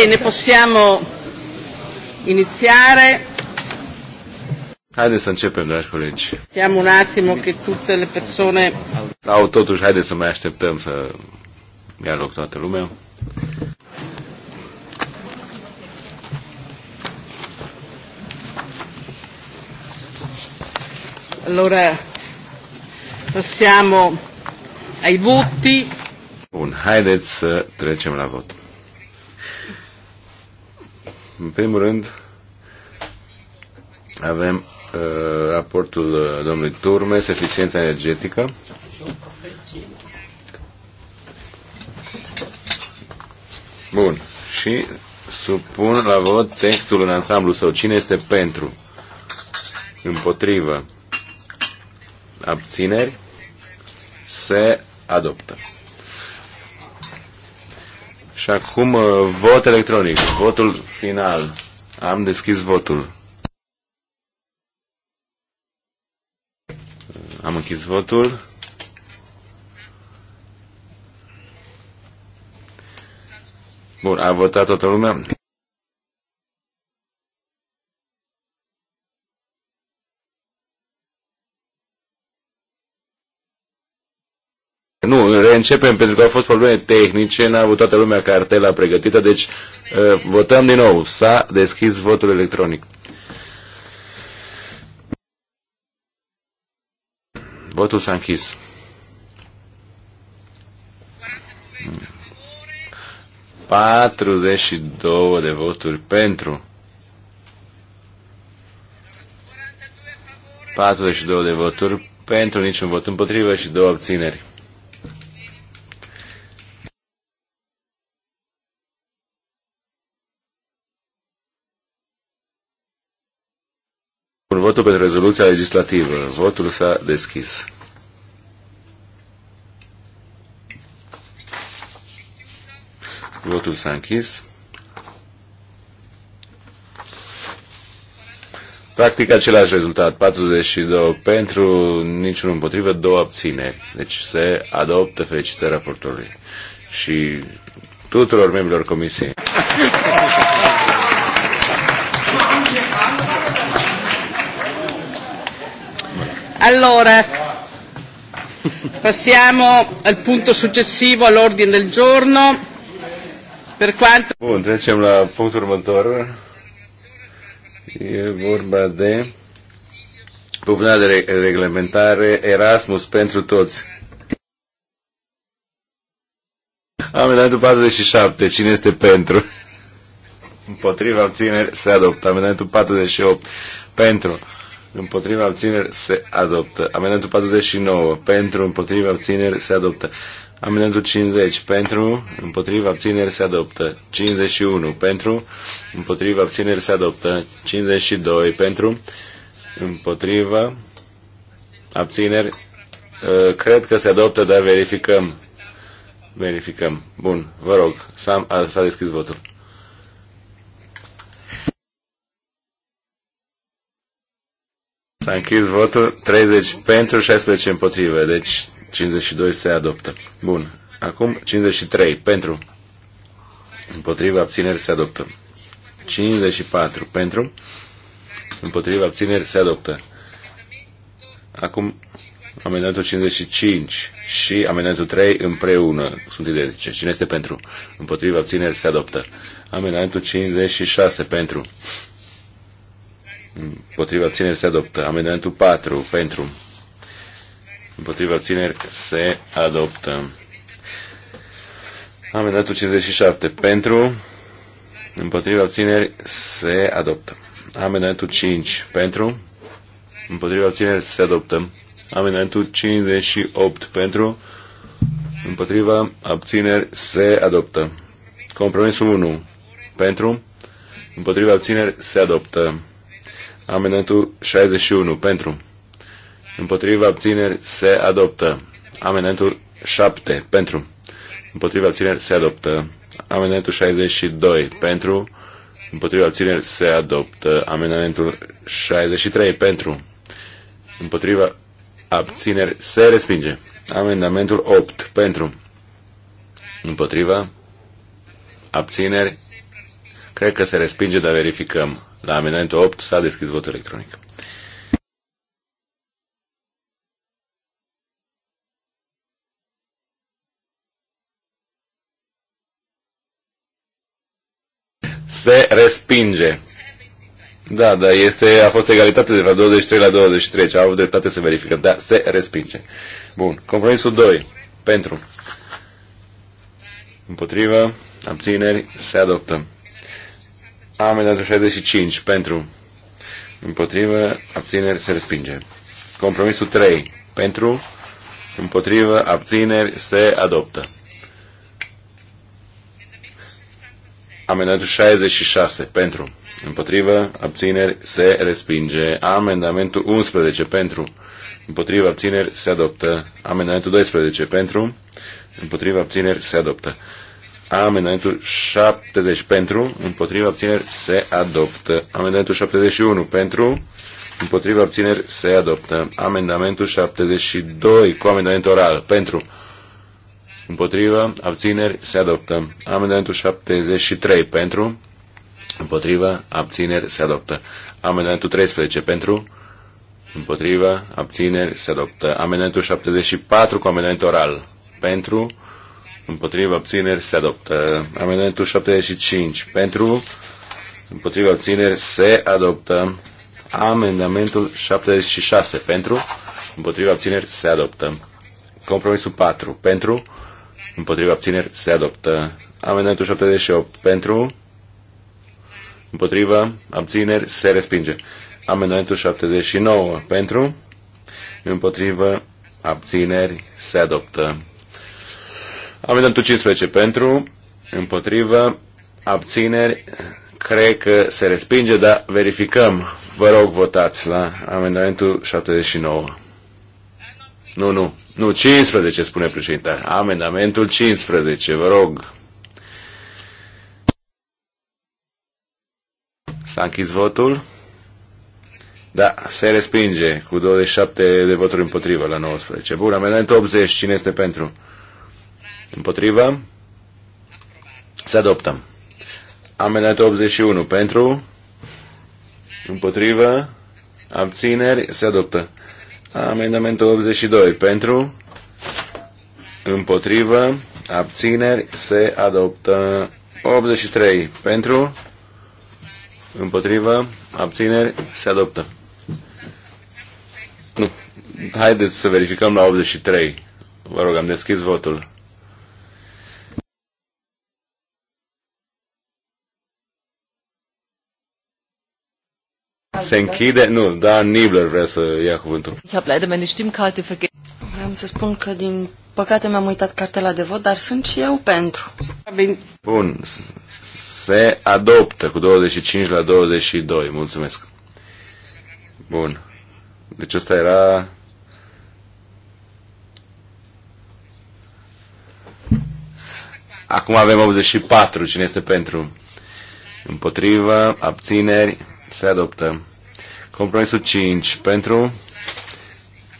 Bene, possiamo iniziare. Haideți să începem, dragi colegi. Chiam un attimo che tutte le persone... Sau totuși, haideți să mai așteptăm să ia loc toată lumea. Allora, passiamo ai voti. Bun, haideți să trecem la vot primul rând, avem uh, raportul uh, domnului Turmes, eficiența energetică. Bun. Și supun la vot textul în ansamblu sau cine este pentru, împotrivă, abțineri, se adoptă. Și acum uh, vot electronic, votul final. Am deschis votul. Uh, am închis votul. Bun, a votat toată lumea. începem pentru că au fost probleme tehnice, n-a avut toată lumea cartela pregătită, deci uh, votăm din nou. S-a deschis votul electronic. Votul s-a închis. Mm. 42 de voturi pentru. 42 de voturi pentru, niciun vot împotrivă și două abțineri. Spun votul pentru rezoluția legislativă. Votul s-a deschis. Votul s-a închis. Practic același rezultat, 42 pentru, niciunul împotrivă, două abțineri. Deci se adoptă felicitări raportului. și tuturor membrilor comisiei. Allora, passiamo al punto successivo all'ordine del giorno. Per quanto... Bun, trecem la punctul următor. E vorba de propunerea de reglementare Erasmus pentru toți. Amendamentul 47. Cine este pentru? Împotriva obținere se adoptă. Amendamentul 48. Pentru împotriva abțineri se adoptă. Amendamentul 49 pentru împotriva abțineri se adoptă. Amendamentul 50 pentru împotriva abțineri se adoptă. 51 pentru împotriva abțineri se adoptă. 52 pentru împotriva abțineri uh, cred că se adoptă, dar verificăm. Verificăm. Bun, vă rog, s-a deschis votul. S-a închis votul 30 pentru, 16 împotrivă, deci 52 se adoptă. Bun. Acum 53 pentru, împotrivă, abțineri se adoptă. 54 pentru, împotrivă, abțineri se adoptă. Acum amendamentul 55 și amendamentul 3 împreună sunt identice. Cine este pentru? Împotrivă, abțineri se adoptă. Amendamentul 56 pentru împotriva țineri se adoptă. Amendamentul 4 pentru împotriva țineri se adoptă. Amendamentul 57 pentru împotriva țineri se adoptă. Amendamentul 5 pentru împotriva țineri se adoptă. Amendamentul 58 pentru împotriva abțineri se adoptă. Compromisul 1 pentru împotriva abțineri se adoptă. Amendamentul 61 pentru. Împotriva abțineri se adoptă. Amendamentul 7 pentru. Împotriva abțineri se adoptă. Amendamentul 62 pentru. Împotriva abțineri se adoptă. Amendamentul 63 pentru. Împotriva abțineri se respinge. Amendamentul 8 pentru. Împotriva abțineri. Cred că se respinge, dar verificăm. La amendamentul 8 s-a deschis votul electronic. Se respinge. Da, da, este, a fost egalitate de la 23 la 23, au dreptate să verificăm, da, se respinge. Bun, compromisul 2, pentru, împotrivă, abțineri, se adoptă. Amendamentul 65 pentru. Împotrivă, abțineri, se respinge. Compromisul 3 pentru. Împotrivă, abțineri, se adoptă. Amendamentul 66 pentru. Împotrivă, abțineri, se respinge. Amendamentul 11 pentru. Împotrivă, abțineri, se adoptă. Amendamentul 12 pentru. Împotrivă, abțineri, se adoptă. Amendamentul 70 pentru, împotriva abțineri se adoptă. Amendamentul 71 pentru, împotriva abțineri se adoptă. Amendamentul 72 cu amendament oral pentru, împotriva abțineri se adoptă. Amendamentul 73 pentru, împotriva abțineri se adoptă. Amendamentul 13 pentru, împotriva abțineri se adoptă. Amendamentul 74 cu amendament oral pentru, împotriva obțineri se adoptă. Amendamentul 75 pentru, împotriva obțineri se adoptă. Amendamentul 76 pentru, împotriva obțineri se adoptă. Compromisul 4 pentru, împotriva obțineri se adoptă. Amendamentul 78 pentru, împotriva abțineri se respinge. Amendamentul 79 pentru, împotriva abțineri se adoptă. Amendamentul 15 pentru, împotrivă, abțineri, cred că se respinge, dar verificăm. Vă rog, votați la amendamentul 79. Nu, nu. Nu, 15, spune președinta. Amendamentul 15, vă rog. S-a închis votul. Da, se respinge cu 27 de voturi împotrivă la 19. Bun, amendamentul 80, cine este pentru? Împotrivă? Se adoptă. Amendamentul 81 pentru? Împotrivă? Abțineri? Se adoptă. Amendamentul 82 pentru? Împotrivă, abțineri, se adoptă 83. Pentru, împotrivă, abțineri, se adoptă. Nu. Haideți să verificăm la 83. Vă rog, am deschis votul. Se închide? Nu, da, Nibler vrea să ia cuvântul. Ich habe leider meine Stimmkarte vergessen. Vreau să spun că din păcate mi-am uitat cartela de vot, dar sunt și eu pentru. Bun, se adoptă cu 25 la 22, mulțumesc. Bun, deci ăsta era Acum avem 84. Cine este pentru? Împotrivă, abțineri, se adoptă. Compromisul 5 pentru,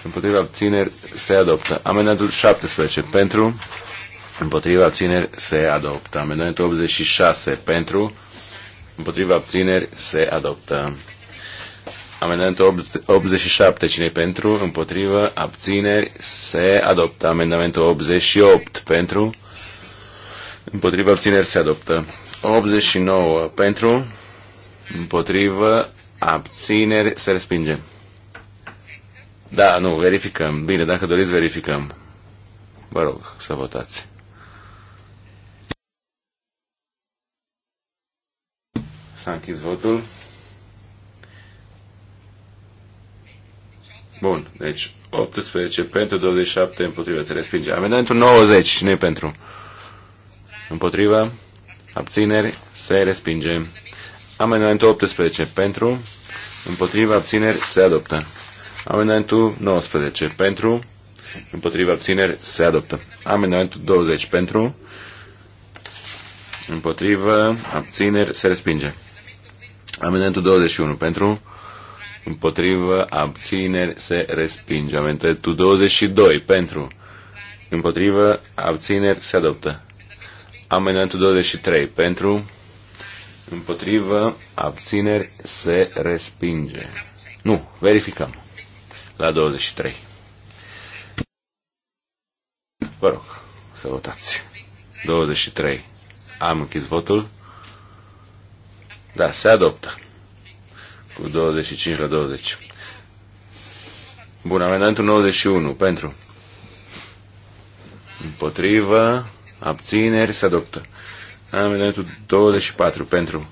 împotriva abțineri se adoptă. Amendamentul 17 pentru, împotriva abțineri se adoptă. Amendamentul 86 pentru, împotriva abțineri se adoptă. Amendamentul 87, cine pentru, împotrivă, abțineri, se adoptă. Amendamentul 88, pentru, împotrivă, abțineri, se adoptă. 89, pentru, împotrivă, abțineri, se respinge. Da, nu, verificăm. Bine, dacă doriți, verificăm. Vă rog să votați. S-a închis votul. Bun, deci 18 pentru, 27 împotriva. Se respinge. Amendamentul 90, e pentru? Împotriva, abțineri, se respinge. Amendamentul 18 pentru, împotriva abțineri se adoptă. Amendamentul 19 pentru, împotriva abțineri se adoptă. Amendamentul 20 pentru, împotriva abțineri se respinge. Amendamentul 21 pentru, împotriva abțineri se respinge. Amendamentul 22 pentru, împotriva abțineri se adoptă. Amendamentul 23 pentru, Împotrivă, abțineri, se respinge. Nu, verificăm. La 23. Vă rog, să votați. 23. Am închis votul. Da, se adoptă. Cu 25 la 20. Bun, amendamentul 91. Pentru. Împotrivă. Abțineri. Se adoptă. Amendamentul 24 pentru.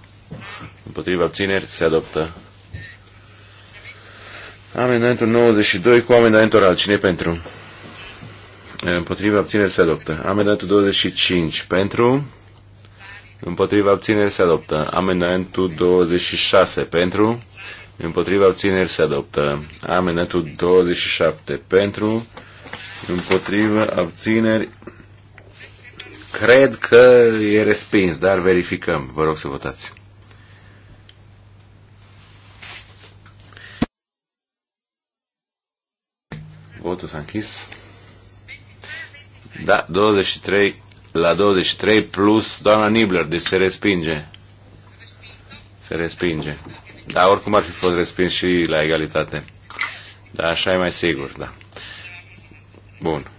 Împotriva abțineri se adoptă. Amendamentul 92 cu amendament oral. Cine pentru? Împotriva abțineri se adoptă. Amendamentul 25 pentru. Împotriva abțineri se adoptă. Amendamentul 26 pentru. Împotriva abțineri se adoptă. Amendamentul 27 pentru. Împotriva abțineri Cred că e respins, dar verificăm. Vă rog să votați. Votul s-a închis. Da, 23 la 23 plus doamna Nibler, deci se respinge. Se respinge. Dar oricum ar fi fost respins și la egalitate. Dar așa e mai sigur, da. Bun.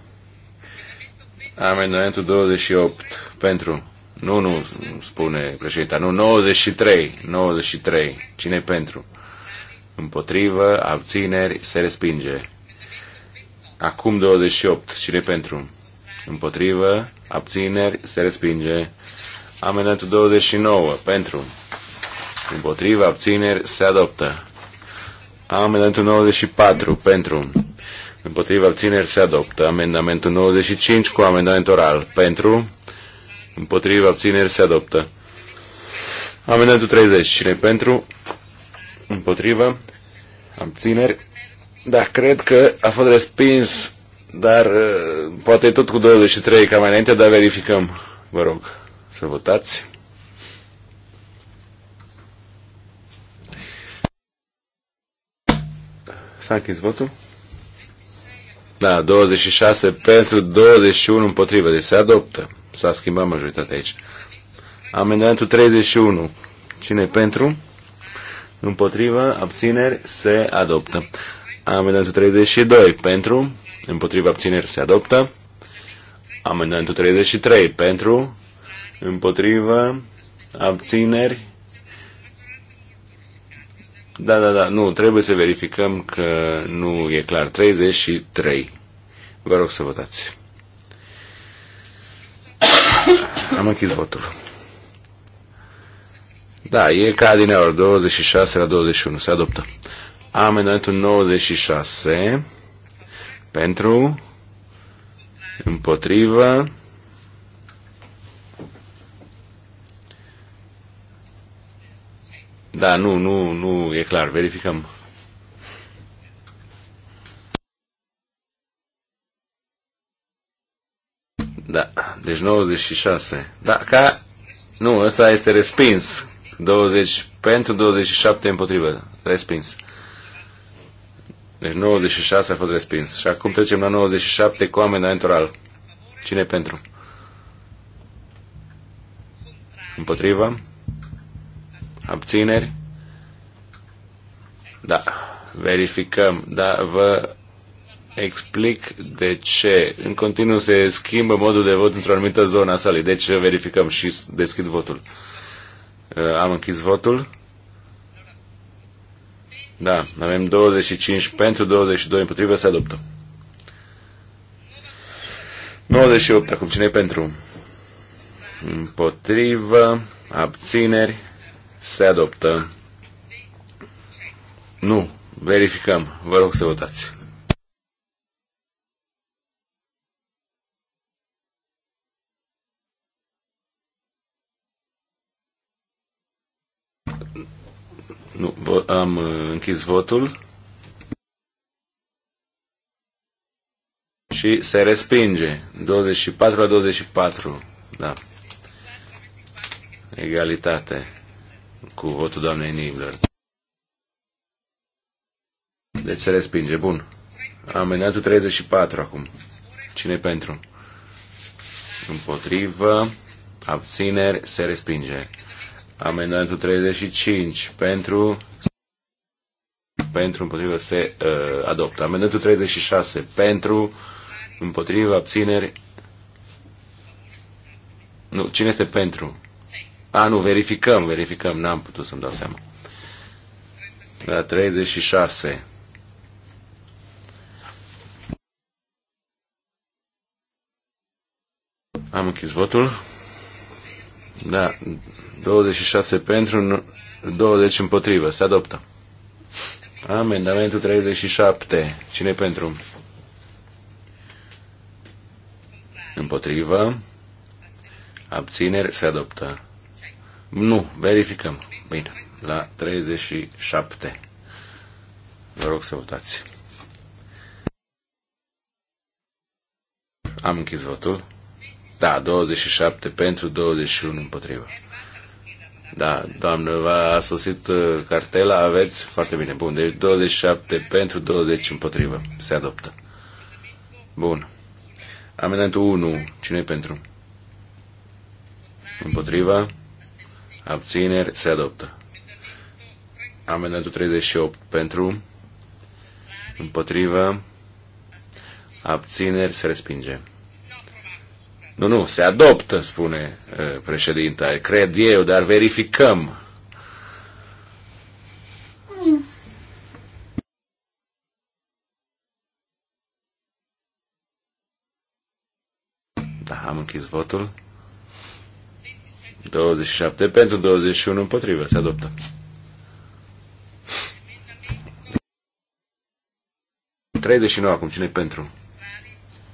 Amendamentul 28 pentru. Nu, nu, spune președinta. Nu, 93. 93. cine pentru? Împotrivă, abțineri, se respinge. Acum 28. cine pentru? Împotrivă, abțineri, se respinge. Amendamentul 29. Pentru. Împotrivă, abțineri, se adoptă. Amendamentul 94. Pentru. Împotriva abțineri se adoptă. Amendamentul 95 cu amendament oral. Pentru. Împotriva abțineri se adoptă. Amendamentul 30. Cine pentru? Împotriva. Abțineri. Da, cred că a fost respins, dar uh, poate tot cu 23 ca mai înainte, dar verificăm. Vă rog să votați. S-a închis votul. Da, 26 pentru, 21 împotrivă. Deci se adoptă. S-a schimbat majoritatea aici. Amendamentul 31. Cine pentru? Împotrivă, abțineri, se adoptă. Amendamentul 32. Pentru? Împotrivă, abțineri, se adoptă. Amendamentul 33. Pentru? Împotrivă, abțineri, da, da, da, nu, trebuie să verificăm că nu e clar. 33. Vă rog să votați. Am închis votul. Da, e ca din aur, 26 la 21, se adoptă. Amendamentul 96 pentru, împotrivă, Da, nu, nu, nu, e clar, verificăm. Da, deci 96. Da, ca... Nu, ăsta este respins. 20 pentru 27 împotrivă. Respins. Deci 96 a fost respins. Și acum trecem la 97 cu amendament oral. Cine pentru? Împotriva? Abțineri? Da. Verificăm. Da, vă explic de ce. În continuu se schimbă modul de vot într-o anumită zonă a salei. Deci verificăm și deschid votul. Uh, am închis votul. Da, avem 25 pentru, 22 împotrivă, se adoptă. 98 acum, cine pentru? Împotrivă, abțineri, se adoptă. Nu. Verificăm. Vă rog să votați. Nu, am uh, închis votul. Și se respinge. 24 la 24. Da. Egalitate cu votul doamnei Nibler. Deci se respinge. Bun. Amendatul 34 acum. cine pentru? Împotrivă. Abțineri. Se respinge. Amendatul 35. Pentru. Pentru. Împotrivă. Se uh, adoptă. Amendatul 36. Pentru. Împotrivă. Abțineri. Nu. Cine este pentru? A, nu, verificăm, verificăm, n-am putut să-mi dau seama. La 36. Am închis votul. Da, 26 pentru, 20 împotrivă. Se adoptă. Amendamentul 37. Cine pentru? Împotrivă. Abțineri. Se adoptă. Nu, verificăm. Bine, la 37. Vă rog să votați. Am închis votul. Da, 27 pentru, 21 împotrivă. Da, doamnă, v-a sosit uh, cartela, aveți? Foarte bine, bun. Deci 27 pentru, 20 împotrivă. Se adoptă. Bun. Amendamentul 1. cine pentru? Împotriva? abțineri, se adoptă. Amendamentul 38 pentru, împotrivă, abțineri, se respinge. Nu, nu, se adoptă, spune uh, președinta. Cred eu, dar verificăm. Da, am închis votul. 27 pentru 21 împotrivă. Se adoptă. Treizeci nouă acum. Cine pentru?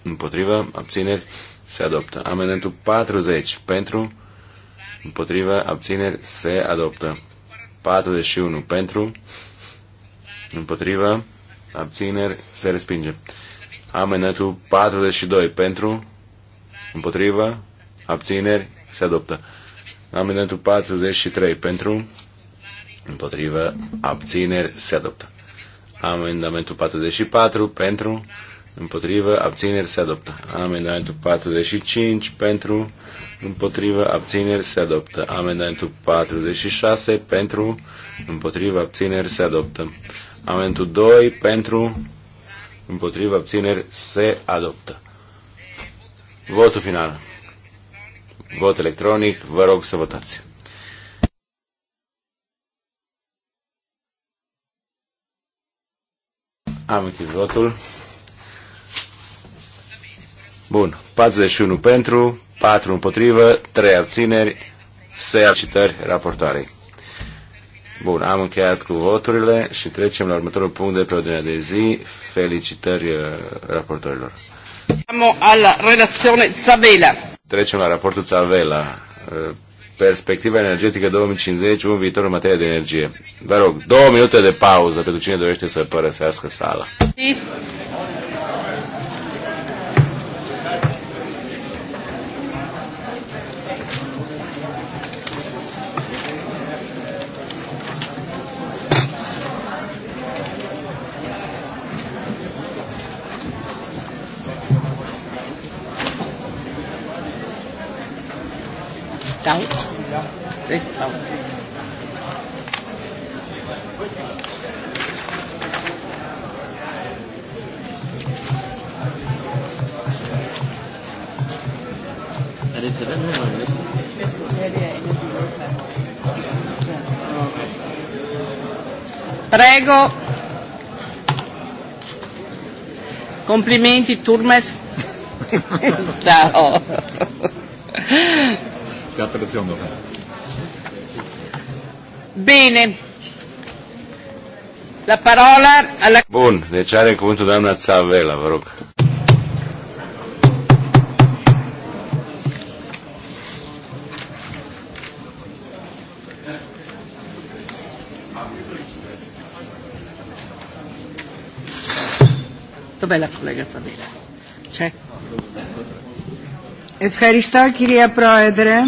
Împotrivă. Abțineri. Se adoptă. Amendamentul 40 pentru. Împotrivă. Abțineri. Se adoptă. 41 pentru. Împotrivă. Abțineri. Se respinge. Amendamentul 42 pentru. Împotrivă. Abțineri. Se adoptă. Amendamentul 43 pentru, împotrivă, abțineri, se adoptă. Amendamentul 44 pentru, împotrivă, abțineri, se adoptă. Amendamentul 45 pentru, împotrivă, abțineri, se adoptă. Amendamentul 46 pentru, împotrivă, abțineri, se adoptă. Amendamentul 2 pentru, împotrivă, abțineri, se adoptă. Votul final. Vot electronic, vă rog să votați. Am închis votul. Bun. 41 pentru, 4 împotrivă, 3 abțineri, 6 acitări raportoarei. Bun, am încheiat cu voturile și trecem la următorul punct de pe ordinea de zi. Felicitări uh, raportorilor. Am la relazione Sabela. Trecem la raportul Țavela. Uh, perspectiva energetică 2050, un viitor în materie de energie. Vă rog, două minute de pauză pentru cine dorește să părăsească sala. prego. Complimenti, Turmes. Ciao. Bene. La parola alla... Bun, deci are cuvântul doamna Țavela, vă rog. Dov'è la collega Zadela? Ευχαριστώ κυρία Πρόεδρε.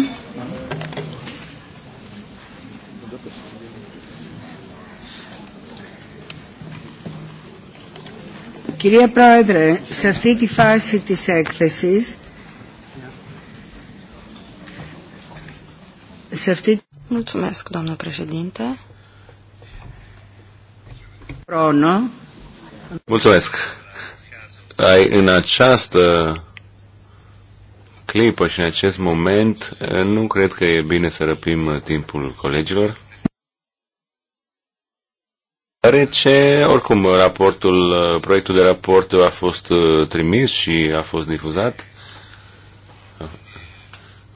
Κυρία Πρόεδρε, σε αυτή τη φάση της έκθεσης σε αυτή... Mulțumesc, doamnă președinte. Prono. Mulțumesc ai în această clipă și în acest moment, eh, nu cred că e bine să răpim eh, timpul colegilor. Deoarece, oricum, raportul, eh, proiectul de raport a fost trimis și a fost difuzat,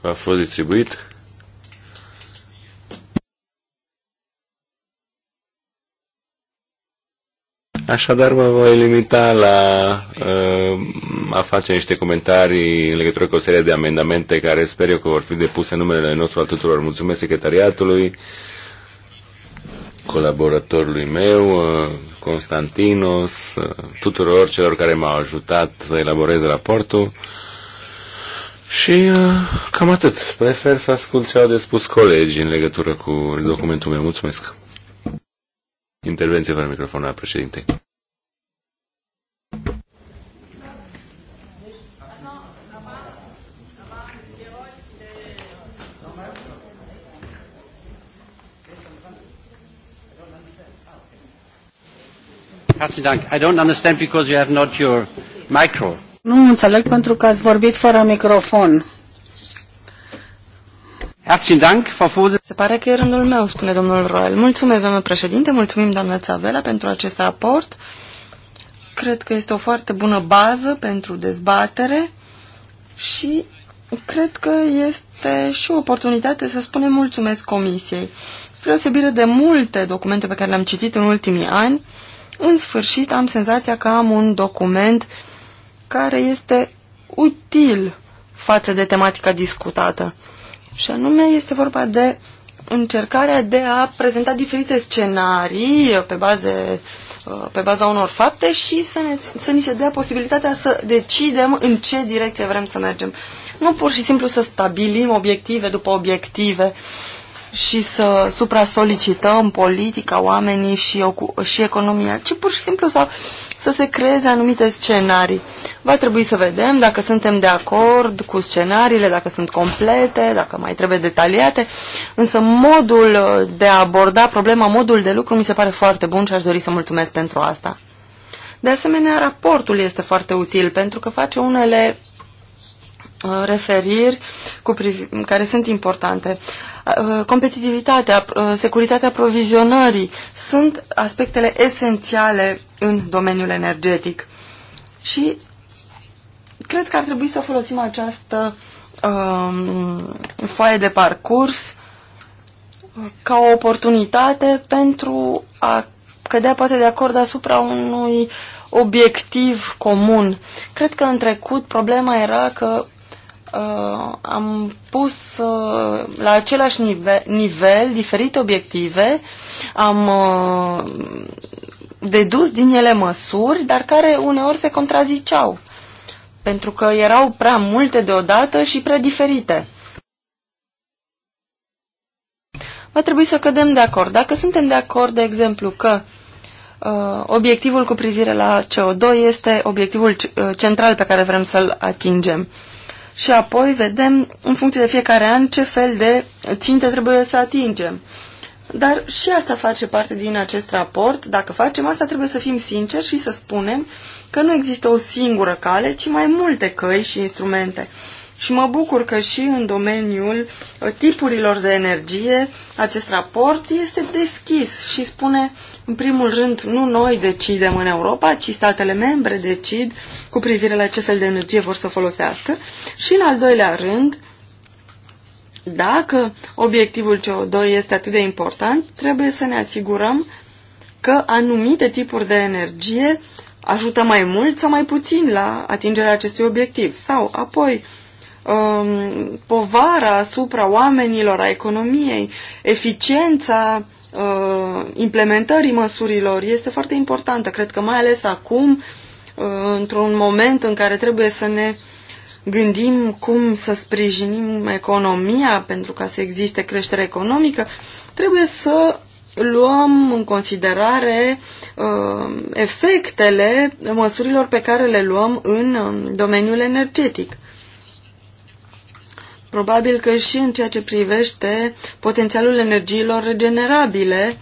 a fost distribuit. Așadar mă voi limita la uh, a face niște comentarii în legătură cu o serie de amendamente care sper eu că vor fi depuse în numele nostru al tuturor. Mulțumesc secretariatului, colaboratorului meu, uh, Constantinos, uh, tuturor celor care m-au ajutat să elaborez raportul. Și uh, cam atât. Prefer să ascult ce au de spus colegii în legătură cu documentul meu. Mulțumesc! Intervenție fără microfon a președintei. I don't understand because you have not your micro. Nu înțeleg pentru că ați vorbit fără microfon. Se pare că e rândul meu, spune domnul Roel. Mulțumesc, domnul președinte, mulțumim, doamna Țavela, pentru acest raport. Cred că este o foarte bună bază pentru dezbatere și cred că este și o oportunitate să spunem mulțumesc Comisiei. Spre osebire de multe documente pe care le-am citit în ultimii ani, în sfârșit am senzația că am un document care este util față de tematica discutată și anume este vorba de încercarea de a prezenta diferite scenarii pe, baze, uh, pe baza unor fapte și să, ne, să ni se dea posibilitatea să decidem în ce direcție vrem să mergem. Nu pur și simplu să stabilim obiective după obiective și să supra-solicităm politica, oamenii și, și economia, ci pur și simplu să, să se creeze anumite scenarii. Va trebui să vedem dacă suntem de acord cu scenariile, dacă sunt complete, dacă mai trebuie detaliate, însă modul uh, de a aborda problema, modul de lucru mi se pare foarte bun și aș dori să mulțumesc pentru asta. De asemenea, raportul este foarte util pentru că face unele Uh, referiri cu priv- care sunt importante. Uh, competitivitatea, uh, securitatea provizionării sunt aspectele esențiale în domeniul energetic. Și cred că ar trebui să folosim această um, foaie de parcurs ca o oportunitate pentru a cădea poate de acord asupra unui obiectiv comun. Cred că în trecut problema era că uh, am pus uh, la același nivel, nivel diferite obiective, am uh, dedus din ele măsuri, dar care uneori se contraziceau, pentru că erau prea multe deodată și prea diferite. Va trebui să cădem de acord. Dacă suntem de acord, de exemplu, că uh, obiectivul cu privire la CO2 este obiectivul uh, central pe care vrem să-l atingem și apoi vedem în funcție de fiecare an ce fel de ținte trebuie să atingem. Dar și asta face parte din acest raport. Dacă facem asta, trebuie să fim sinceri și să spunem că nu există o singură cale, ci mai multe căi și instrumente. Și mă bucur că și în domeniul uh, tipurilor de energie acest raport este deschis și spune în primul rând, nu noi decidem în Europa, ci statele membre decid cu privire la ce fel de energie vor să folosească. Și în al doilea rând, dacă obiectivul CO2 este atât de important, trebuie să ne asigurăm că anumite tipuri de energie ajută mai mult sau mai puțin la atingerea acestui obiectiv. Sau, apoi, um, povara asupra oamenilor, a economiei, eficiența uh, implementării măsurilor este foarte importantă. Cred că mai ales acum, uh, într-un moment în care trebuie să ne gândim cum să sprijinim economia pentru ca să existe creștere economică, trebuie să luăm în considerare uh, efectele măsurilor pe care le luăm în domeniul energetic. Probabil că și în ceea ce privește potențialul energiilor regenerabile,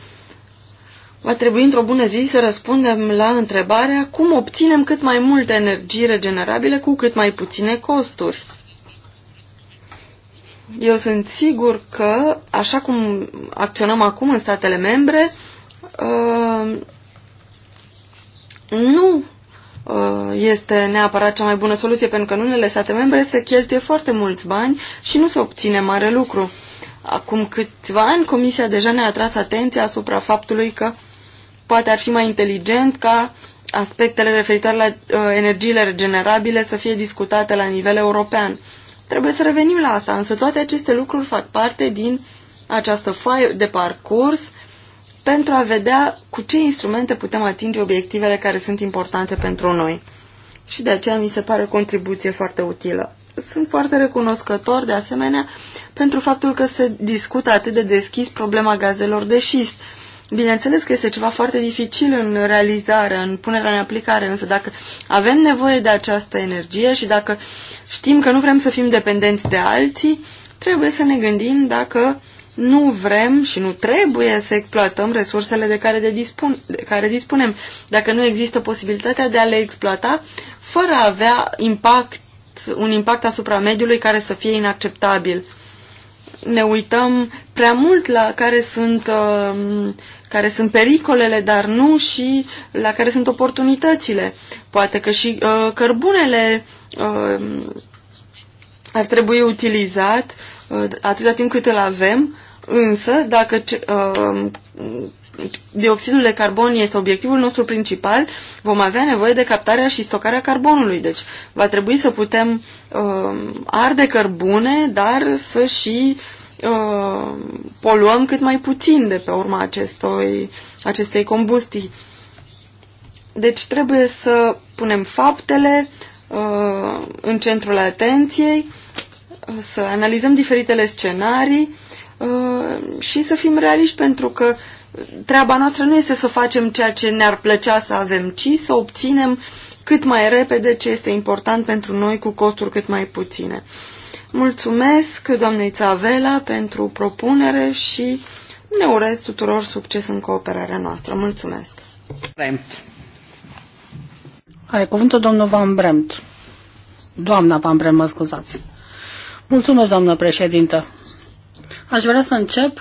va trebui într-o bună zi să răspundem la întrebarea cum obținem cât mai multe energii regenerabile cu cât mai puține costuri. Eu sunt sigur că, așa cum acționăm acum în statele membre, uh, nu Uh, este neapărat cea mai bună soluție, pentru că în unele state membre se cheltuie foarte mulți bani și nu se obține mare lucru. Acum câțiva ani, Comisia deja ne-a atras atenția asupra faptului că poate ar fi mai inteligent ca aspectele referitoare la uh, energiile regenerabile să fie discutate la nivel european. Trebuie să revenim la asta, însă toate aceste lucruri fac parte din această foaie de parcurs uh, pentru a vedea cu ce instrumente putem atinge obiectivele care sunt importante pentru noi. Și de aceea mi se pare o contribuție foarte utilă. Sunt foarte recunoscător, de asemenea, pentru faptul că se discută atât de deschis problema gazelor de șist. Bineînțeles că este ceva foarte dificil în realizare, în punerea în aplicare, însă dacă avem nevoie de această energie și dacă știm că nu vrem să fim dependenți de alții, trebuie să ne gândim dacă nu vrem și nu trebuie să exploatăm resursele de care, de dispun, de care dispunem, dacă nu există posibilitatea de a le exploata fără a avea impact, un impact asupra mediului care să fie inacceptabil. Ne uităm prea mult la care sunt, um, care sunt pericolele, dar nu și la care sunt oportunitățile. Poate că și uh, cărbunele um, ar trebui utilizat uh, Uh, atâta timp cât îl avem, însă dacă uh, dioxidul de carbon este obiectivul nostru principal, vom avea nevoie de captarea și stocarea carbonului. Deci va trebui să putem uh, arde cărbune, dar să și uh, poluăm cât mai puțin de pe urma acestui, acestei combustii. Deci trebuie să punem faptele uh, în centrul atenției, uh, să analizăm diferitele scenarii uh, și să fim realiști, pentru că treaba noastră nu este să facem ceea ce ne-ar plăcea să avem, ci să obținem cât mai repede ce este important pentru noi cu costuri cât mai puține. Mulțumesc doamnei Țavela pentru propunere și ne urez tuturor succes în cooperarea noastră. Mulțumesc! Bremt. Are cuvântul domnul Van Bremt. Doamna Van Bremt, mă scuzați. Mulțumesc, doamnă președintă. Aș vrea să încep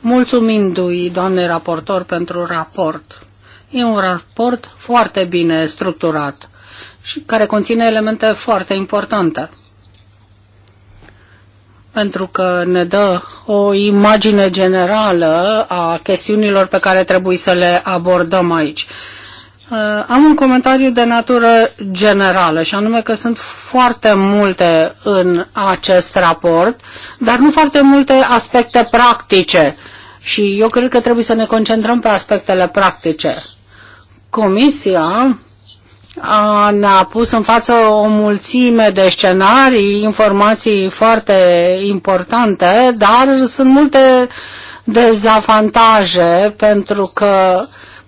mulțumindu-i doamnei raportor pentru raport. E un raport foarte bine structurat și care conține elemente foarte importante. Pentru că ne dă o imagine generală a chestiunilor pe care trebuie să le abordăm aici. Uh, am un comentariu de natură generală și anume că sunt foarte multe în acest raport, dar nu foarte multe aspecte practice și eu cred că trebuie să ne concentrăm pe aspectele practice. Comisia ne-a pus în față o mulțime de scenarii, informații foarte importante, dar sunt multe dezavantaje pentru că uh,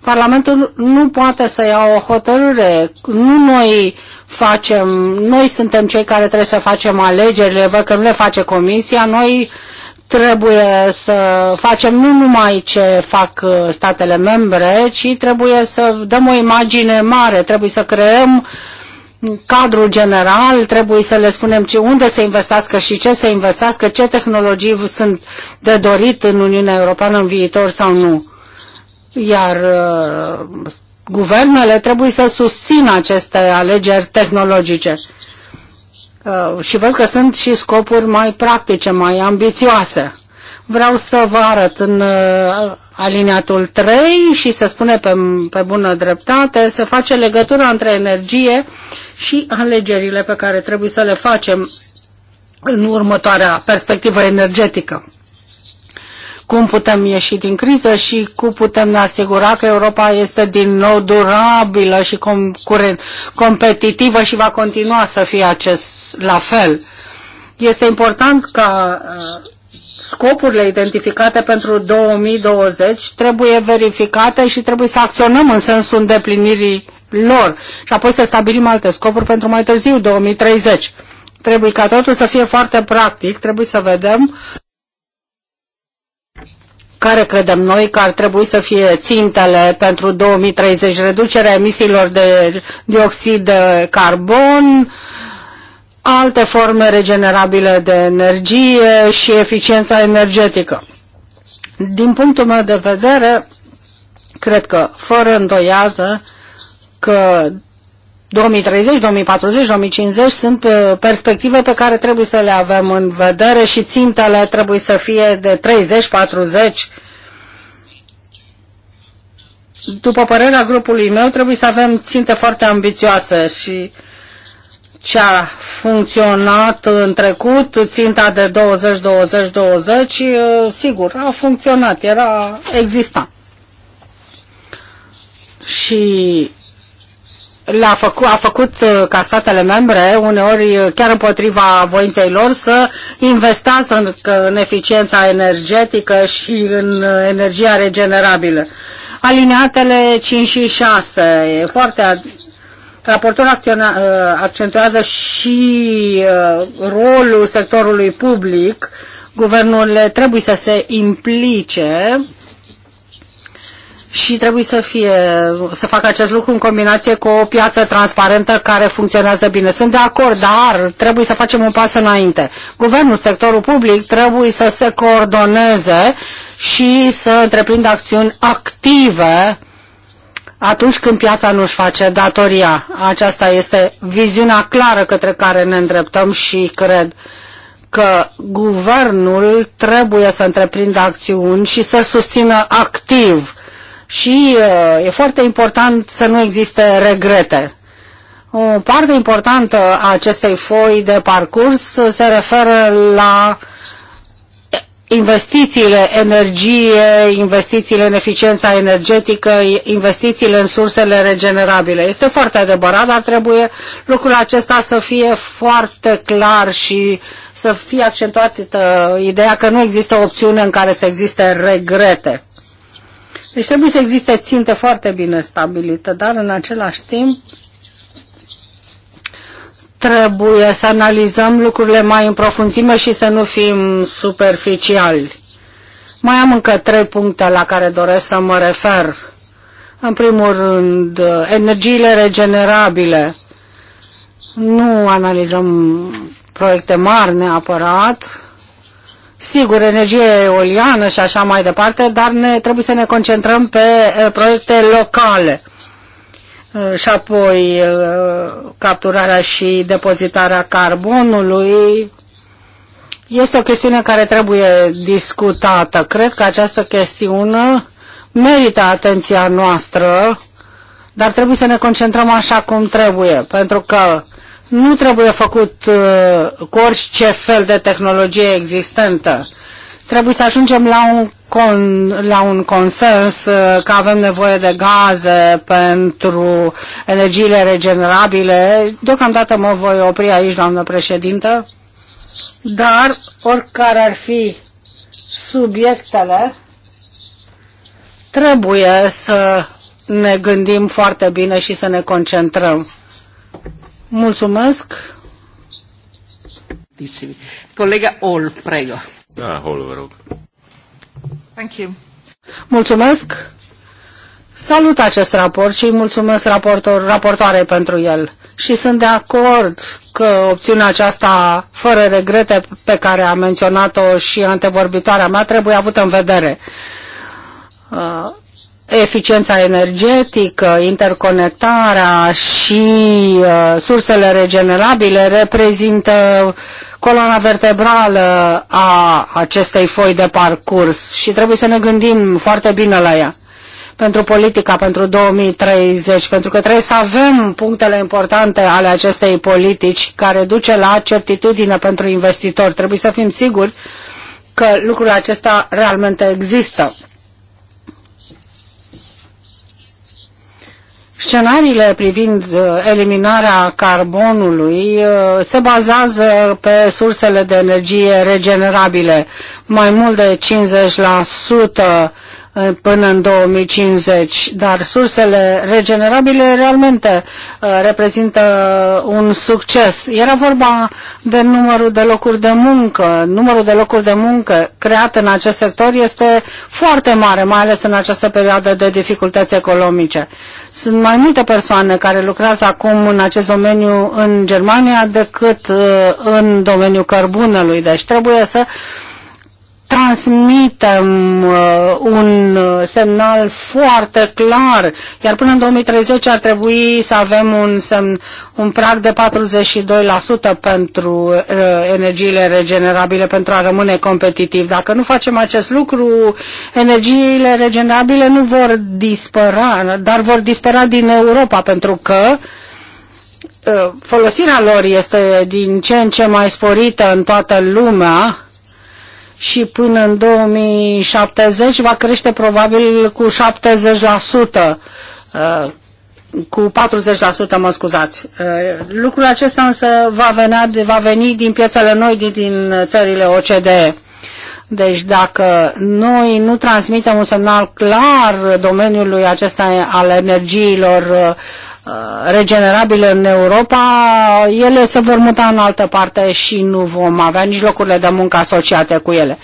Parlamentul nu poate să ia o hotărâre. Nu noi facem, noi suntem cei care trebuie să facem alegerile, văd că nu le face comisia, noi trebuie să facem nu numai ce fac uh, statele membre, ci trebuie să dăm o imagine mare, trebuie să creăm cadrul general, trebuie să le spunem ce, unde să investească și ce să investească, ce tehnologii sunt de dorit în Uniunea Europeană în viitor sau nu iar uh, guvernele trebuie să susțină aceste alegeri tehnologice. Uh, și văd că sunt și scopuri mai practice, mai ambițioase. Vreau să vă arăt în uh, aliniatul 3 și să spune pe, pe bună dreptate, se face legătura între energie și alegerile pe care trebuie să le facem în următoarea perspectivă energetică cum putem ieși din criză și cum putem ne asigura că Europa este din nou durabilă și concurent, competitivă și va continua să fie acest la fel. Este important ca uh, scopurile identificate pentru 2020 trebuie verificate și trebuie să acționăm în sensul îndeplinirii lor și apoi să stabilim alte scopuri pentru mai târziu, 2030. Trebuie ca totul să fie foarte practic, trebuie să vedem care credem noi că ar trebui să fie țintele pentru 2030, reducerea emisiilor de dioxid de carbon, alte forme regenerabile de energie și eficiența energetică. Din punctul meu de vedere, cred că fără îndoiază că 2030, 2040, 2050 sunt uh, perspective pe care trebuie să le avem în vedere și țintele trebuie să fie de 30, 40. După părerea grupului meu, trebuie să avem ținte foarte ambițioase și ce a funcționat în trecut, ținta de 20-20-20, uh, sigur, a funcționat, era, exista. Și le-a făcut, a făcut uh, ca statele membre, uneori uh, chiar împotriva voinței lor, să investească în, în eficiența energetică și în uh, energia regenerabilă. Alineatele 5 și 6, foarte Raportul accentuează și rolul sectorului public. Guvernul trebuie să se implice și trebuie să, fie, să facă acest lucru în combinație cu o piață transparentă care funcționează bine. Sunt de acord, dar trebuie să facem un pas înainte. Guvernul, sectorul public trebuie să se coordoneze și să întreprindă acțiuni active atunci când piața nu-și face datoria. Aceasta este viziunea clară către care ne îndreptăm și cred că guvernul trebuie să întreprindă acțiuni și să susțină activ și uh, e foarte important să nu existe regrete. O parte importantă a acestei foi de parcurs se referă la investițiile energie, investițiile în eficiența energetică, investițiile în sursele regenerabile. Este foarte adevărat, dar trebuie lucrul acesta să fie foarte clar și să fie accentuată ideea că nu există opțiune în care să existe regrete. Deci trebuie să existe ținte foarte bine stabilită, dar în același timp trebuie să analizăm lucrurile mai în profunzime și să nu fim superficiali. Mai am încă trei puncte la care doresc să mă refer. În primul rând, energiile regenerabile. Nu analizăm proiecte mari neapărat, sigur, energie eoliană și așa mai departe, dar ne, trebuie să ne concentrăm pe eh, proiecte locale eh, și apoi eh, capturarea și depozitarea carbonului. Este o chestiune care trebuie discutată. Cred că această chestiune merită atenția noastră, dar trebuie să ne concentrăm așa cum trebuie, pentru că nu trebuie făcut uh, cu orice fel de tehnologie existentă. Trebuie să ajungem la un, con, la un consens uh, că avem nevoie de gaze pentru energiile regenerabile. Deocamdată mă voi opri aici, doamnă președintă, dar oricare ar fi subiectele, trebuie să ne gândim foarte bine și să ne concentrăm. Mulțumesc. Colega Ol, prego. Da, Ol, vă rog. Thank you. Mulțumesc. Salut acest raport și mulțumesc raportor, raportoare pentru el. Și sunt de acord că opțiunea aceasta, fără regrete, pe care a menționat-o și antevorbitoarea mea, trebuie avută în vedere. Uh, eficiența energetică, interconectarea și uh, sursele regenerabile reprezintă coloana vertebrală a acestei foi de parcurs și trebuie să ne gândim foarte bine la ea pentru politica pentru 2030, pentru că trebuie să avem punctele importante ale acestei politici care duce la certitudine pentru investitori. Trebuie să fim siguri că lucrul acesta realmente există. Scenariile privind uh, eliminarea carbonului uh, se bazează pe sursele de energie regenerabile. Mai mult de 50% Eh, până în 2050, dar sursele regenerabile realmente eh, reprezintă un succes. Era vorba de numărul de locuri de muncă. Numărul de locuri de muncă creat în acest sector este foarte mare, mai ales în această perioadă de dificultăți economice. Sunt mai multe persoane care lucrează acum în acest domeniu în Germania decât eh, în domeniul cărbunelui, deci trebuie să transmitem uh, un uh, semnal foarte clar, iar până în 2030 ar trebui să avem un, semn, un prag de 42% pentru uh, energiile regenerabile pentru a rămâne competitiv. Dacă nu facem acest lucru, energiile regenerabile nu vor dispăra, dar vor dispărea din Europa, pentru că folosirea lor este din ce în ce mai sporită în toată lumea, și până în 2070 va crește probabil cu 70%, uh, cu 40%, mă scuzați. Uh, lucrul acesta însă va, venea, va veni din piețele noi, din, din țările OCDE. Deci dacă noi nu transmitem un semnal clar domeniului acesta al energiilor uh, Uh, regenerabile în Europa, ele se vor muta în altă parte și nu vom avea nici locurile de muncă asociate cu ele.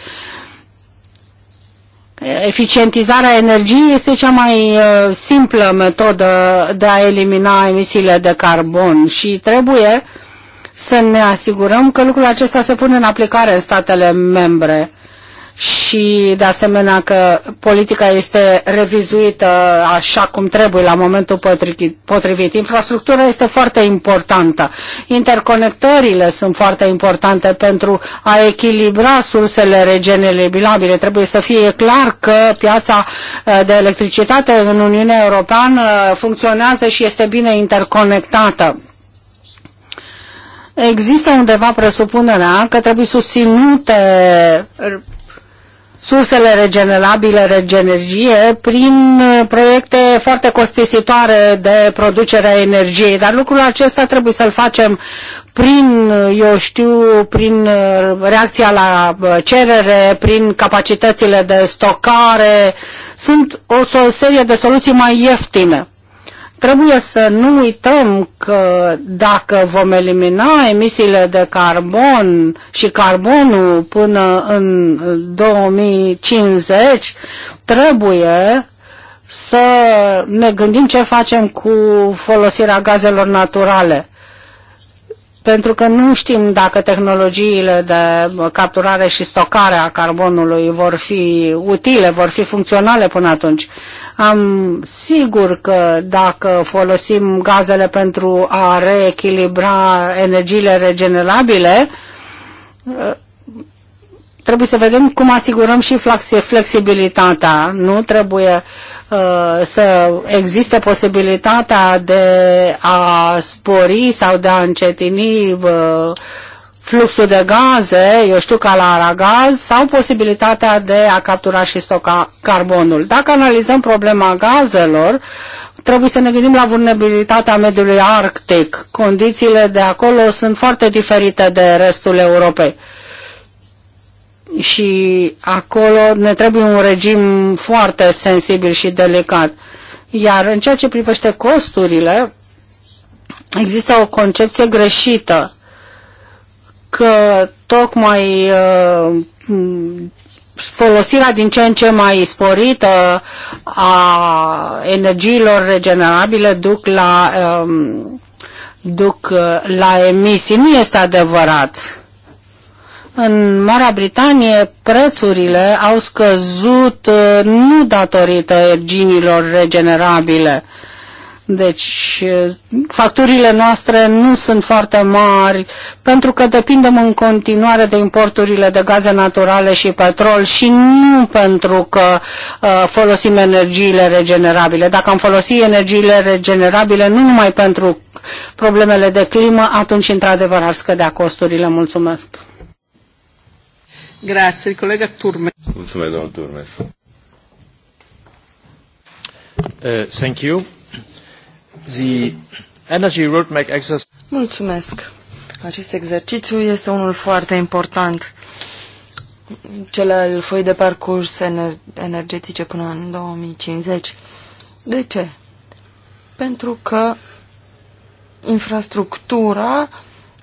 Eficientizarea energiei este cea mai uh, simplă metodă de a elimina emisiile de carbon și trebuie să ne asigurăm că lucrul acesta se pune în aplicare în statele membre și de asemenea că politica este revizuită așa cum trebuie la momentul potrivit. Infrastructura este foarte importantă. Interconectările sunt foarte importante pentru a echilibra sursele regenerabile. Trebuie să fie clar că piața uh, de electricitate în Uniunea Europeană uh, funcționează și este bine interconectată. Există undeva presupunerea că trebuie susținute sursele regenerabile, regenergie, prin uh, proiecte foarte costisitoare de producere a energiei. Dar lucrul acesta trebuie să-l facem prin, uh, eu știu, prin uh, reacția la cerere, prin capacitățile de stocare. Sunt o, o serie de soluții mai ieftine. Trebuie să nu uităm că dacă vom elimina emisiile de carbon și carbonul până în 2050, trebuie să ne gândim ce facem cu folosirea gazelor naturale pentru că nu știm dacă tehnologiile de capturare și stocare a carbonului vor fi utile, vor fi funcționale până atunci. Am sigur că dacă folosim gazele pentru a reechilibra energiile regenerabile, trebuie să vedem cum asigurăm și flexibilitatea. Nu trebuie uh, să existe posibilitatea de a spori sau de a încetini uh, fluxul de gaze, eu știu ca la aragaz, sau posibilitatea de a captura și stoca carbonul. Dacă analizăm problema gazelor, trebuie să ne gândim la vulnerabilitatea mediului arctic. Condițiile de acolo sunt foarte diferite de restul Europei. Uh, și acolo ne trebuie un regim foarte sensibil și delicat. Iar în ceea ce privește costurile, există o concepție greșită că tocmai uh, folosirea din ce în ce mai sporită a energiilor regenerabile duc la, um, uh, duc la emisii. Nu este adevărat. În Marea Britanie prețurile au scăzut uh, nu datorită erginilor regenerabile. Deci uh, facturile noastre nu sunt foarte mari pentru că depindem în continuare de importurile de gaze naturale și petrol și nu pentru că uh, folosim energiile regenerabile. Dacă am folosit energiile regenerabile nu numai pentru problemele de climă, atunci într-adevăr ar scădea costurile. Mulțumesc! Grazie, Turmes. Mulțumesc, domnul Turmes. Uh, thank you. The Energy Roadmap Exercise... Mulțumesc. Acest exercițiu este unul foarte important. Cel al foi de parcurs ener energetice până în 2050. De ce? Pentru că infrastructura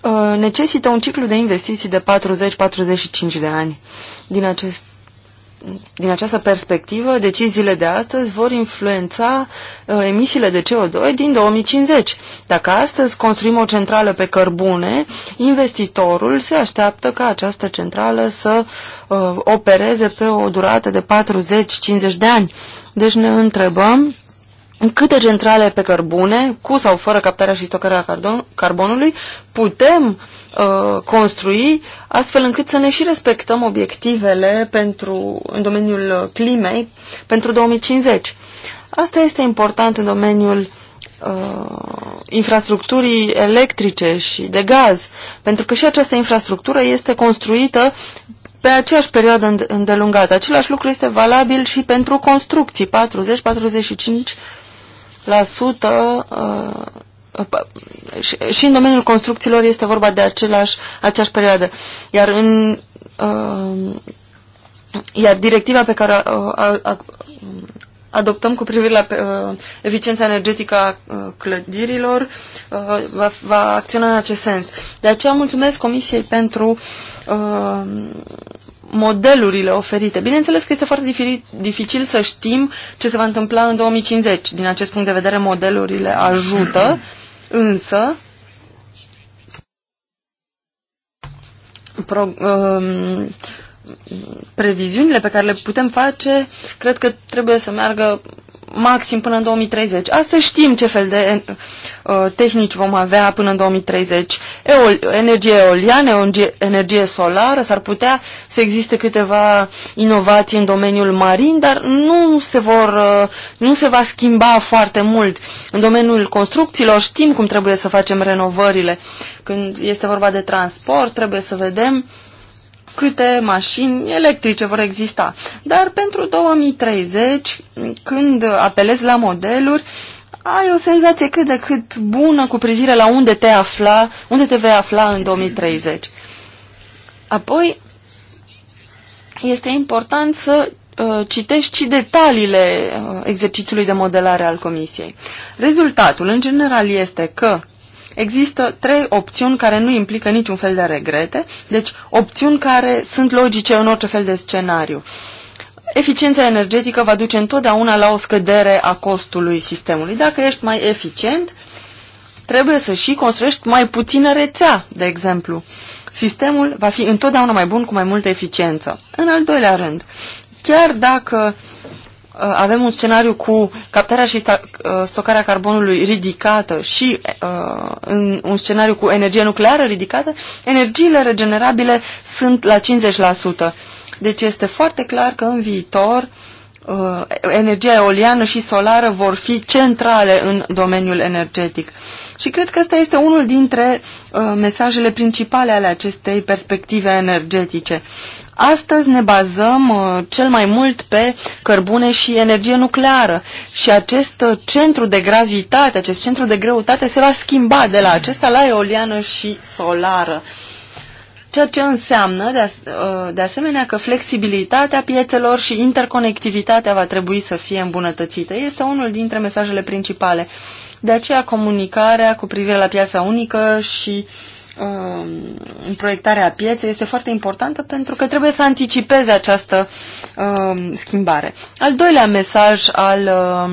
Uh, necesită un ciclu de investiții de 40-45 de ani. Din, acest, din această perspectivă, deciziile de astăzi vor influența uh, emisiile de CO2 din 2050. Dacă astăzi construim o centrală pe cărbune, investitorul se așteaptă ca această centrală să uh, opereze pe o durată de 40-50 de ani. Deci ne întrebăm câte centrale pe cărbune, cu sau fără captarea și stocarea carbonului, putem uh, construi astfel încât să ne și respectăm obiectivele pentru, în domeniul climei pentru 2050. Asta este important în domeniul uh, infrastructurii electrice și de gaz, pentru că și această infrastructură este construită pe aceeași perioadă îndelungată. Același lucru este valabil și pentru construcții, 40-45 uh, uh și în domeniul construcțiilor este vorba de același, aceeași perioadă. Iar în uh, iar directiva pe care uh, a, adoptăm cu privire la uh, eficiența energetică a uh, clădirilor uh, va, va acționa în acest sens. De aceea mulțumesc Comisiei pentru uh, modelurile oferite. Bineînțeles că este foarte dificil să știm ce se va întâmpla în 2050. Din acest punct de vedere, modelurile ajută, însă pro, um, previziunile pe care le putem face, cred că trebuie să meargă maxim până în 2030. Astăzi știm ce fel de uh, tehnici vom avea până în 2030. Eol, energie eoliană, energie solară, s-ar putea să existe câteva inovații în domeniul marin, dar nu se, vor, uh, nu se va schimba foarte mult. În domeniul construcțiilor știm cum trebuie să facem renovările. Când este vorba de transport, trebuie să vedem câte mașini electrice vor exista. Dar pentru 2030, când apelezi la modeluri, ai o senzație cât de cât bună cu privire la unde te afla, unde te vei afla în 2030. Apoi, este important să uh, citești și detaliile uh, exercițiului de modelare al comisiei. Rezultatul, în general, este că Există trei opțiuni care nu implică niciun fel de regrete, deci opțiuni care sunt logice în orice fel de scenariu. Eficiența energetică va duce întotdeauna la o scădere a costului sistemului. Dacă ești mai eficient, trebuie să și construiești mai puțină rețea, de exemplu. Sistemul va fi întotdeauna mai bun cu mai multă eficiență. În al doilea rând, chiar dacă Uh, avem un scenariu cu captarea și uh, stocarea carbonului ridicată și uh, în un scenariu cu energie nucleară ridicată, energiile regenerabile sunt la 50%. Deci este foarte clar că în viitor uh, energia eoliană și solară vor fi centrale în domeniul energetic. Și cred că ăsta este unul dintre uh, mesajele principale ale acestei perspective energetice. Uh, Astăzi ne bazăm uh, cel mai mult pe cărbune și energie nucleară și acest uh, centru de gravitate, acest centru de greutate se va schimba de la acesta la eoliană și solară. Ceea ce înseamnă, de, as uh, de asemenea, că flexibilitatea piețelor și interconectivitatea va trebui să fie îmbunătățită. Este unul dintre mesajele principale. De aceea comunicarea cu privire la piața unică și uh, uh, proiectarea pieței este foarte importantă pentru că trebuie să anticipeze această uh, schimbare. Al doilea mesaj al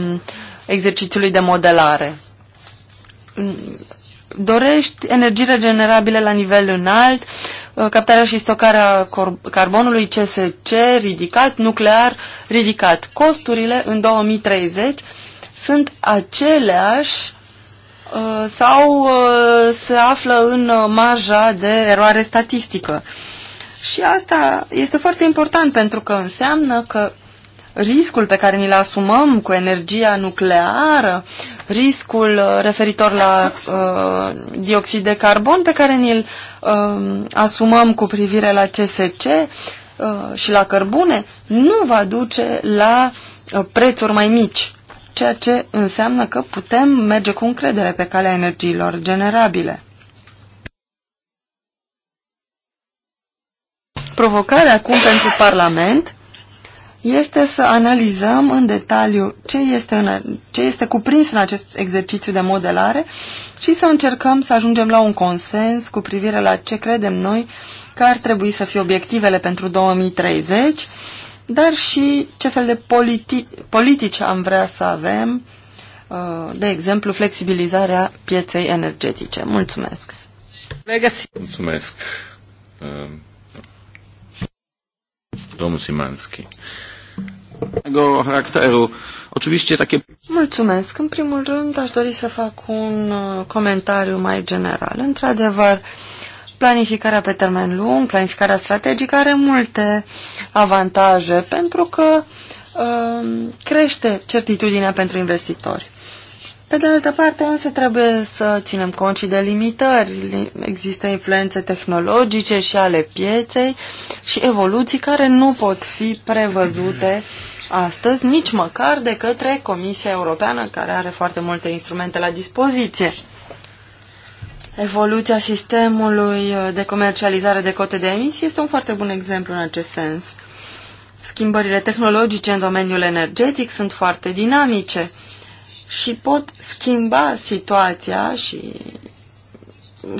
uh, exercițiului de modelare. Dorești energie regenerabile la nivel înalt, uh, captarea și stocarea carbonului, CSC ridicat, nuclear ridicat. Costurile în 2030 sunt aceleași Uh, sau uh, se află în uh, marja de eroare statistică. Și asta este foarte important pentru că înseamnă că riscul pe care ni-l asumăm cu energia nucleară, riscul referitor la uh, dioxid de carbon pe care ni-l uh, asumăm cu privire la CSC uh, și la cărbune, nu va duce la uh, prețuri mai mici ceea ce înseamnă că putem merge cu încredere pe calea energiilor generabile. Provocarea acum pentru Parlament este să analizăm în detaliu ce este, în, ce este cuprins în acest exercițiu de modelare și să încercăm să ajungem la un consens cu privire la ce credem noi că ar trebui să fie obiectivele pentru 2030 dar și ce fel de politi politici am vrea să avem, uh, de exemplu, flexibilizarea pieței energetice. Mulțumesc! Mulțumesc! Uh, domnul Simanski. Mulțumesc. În primul rând aș dori să fac un uh, comentariu mai general. Într-adevăr, uh, Planificarea pe termen lung, planificarea strategică are multe avantaje pentru că um, crește certitudinea pentru investitori. Pe de altă parte, însă, trebuie să ținem cont și de limitări. Există influențe tehnologice și ale pieței și evoluții care nu pot fi prevăzute astăzi, nici măcar de către Comisia Europeană, care are foarte multe instrumente la dispoziție. Evoluția sistemului uh, de comercializare de cote de emisii este un foarte bun exemplu în acest sens. Schimbările tehnologice în domeniul energetic sunt foarte dinamice și pot schimba situația și,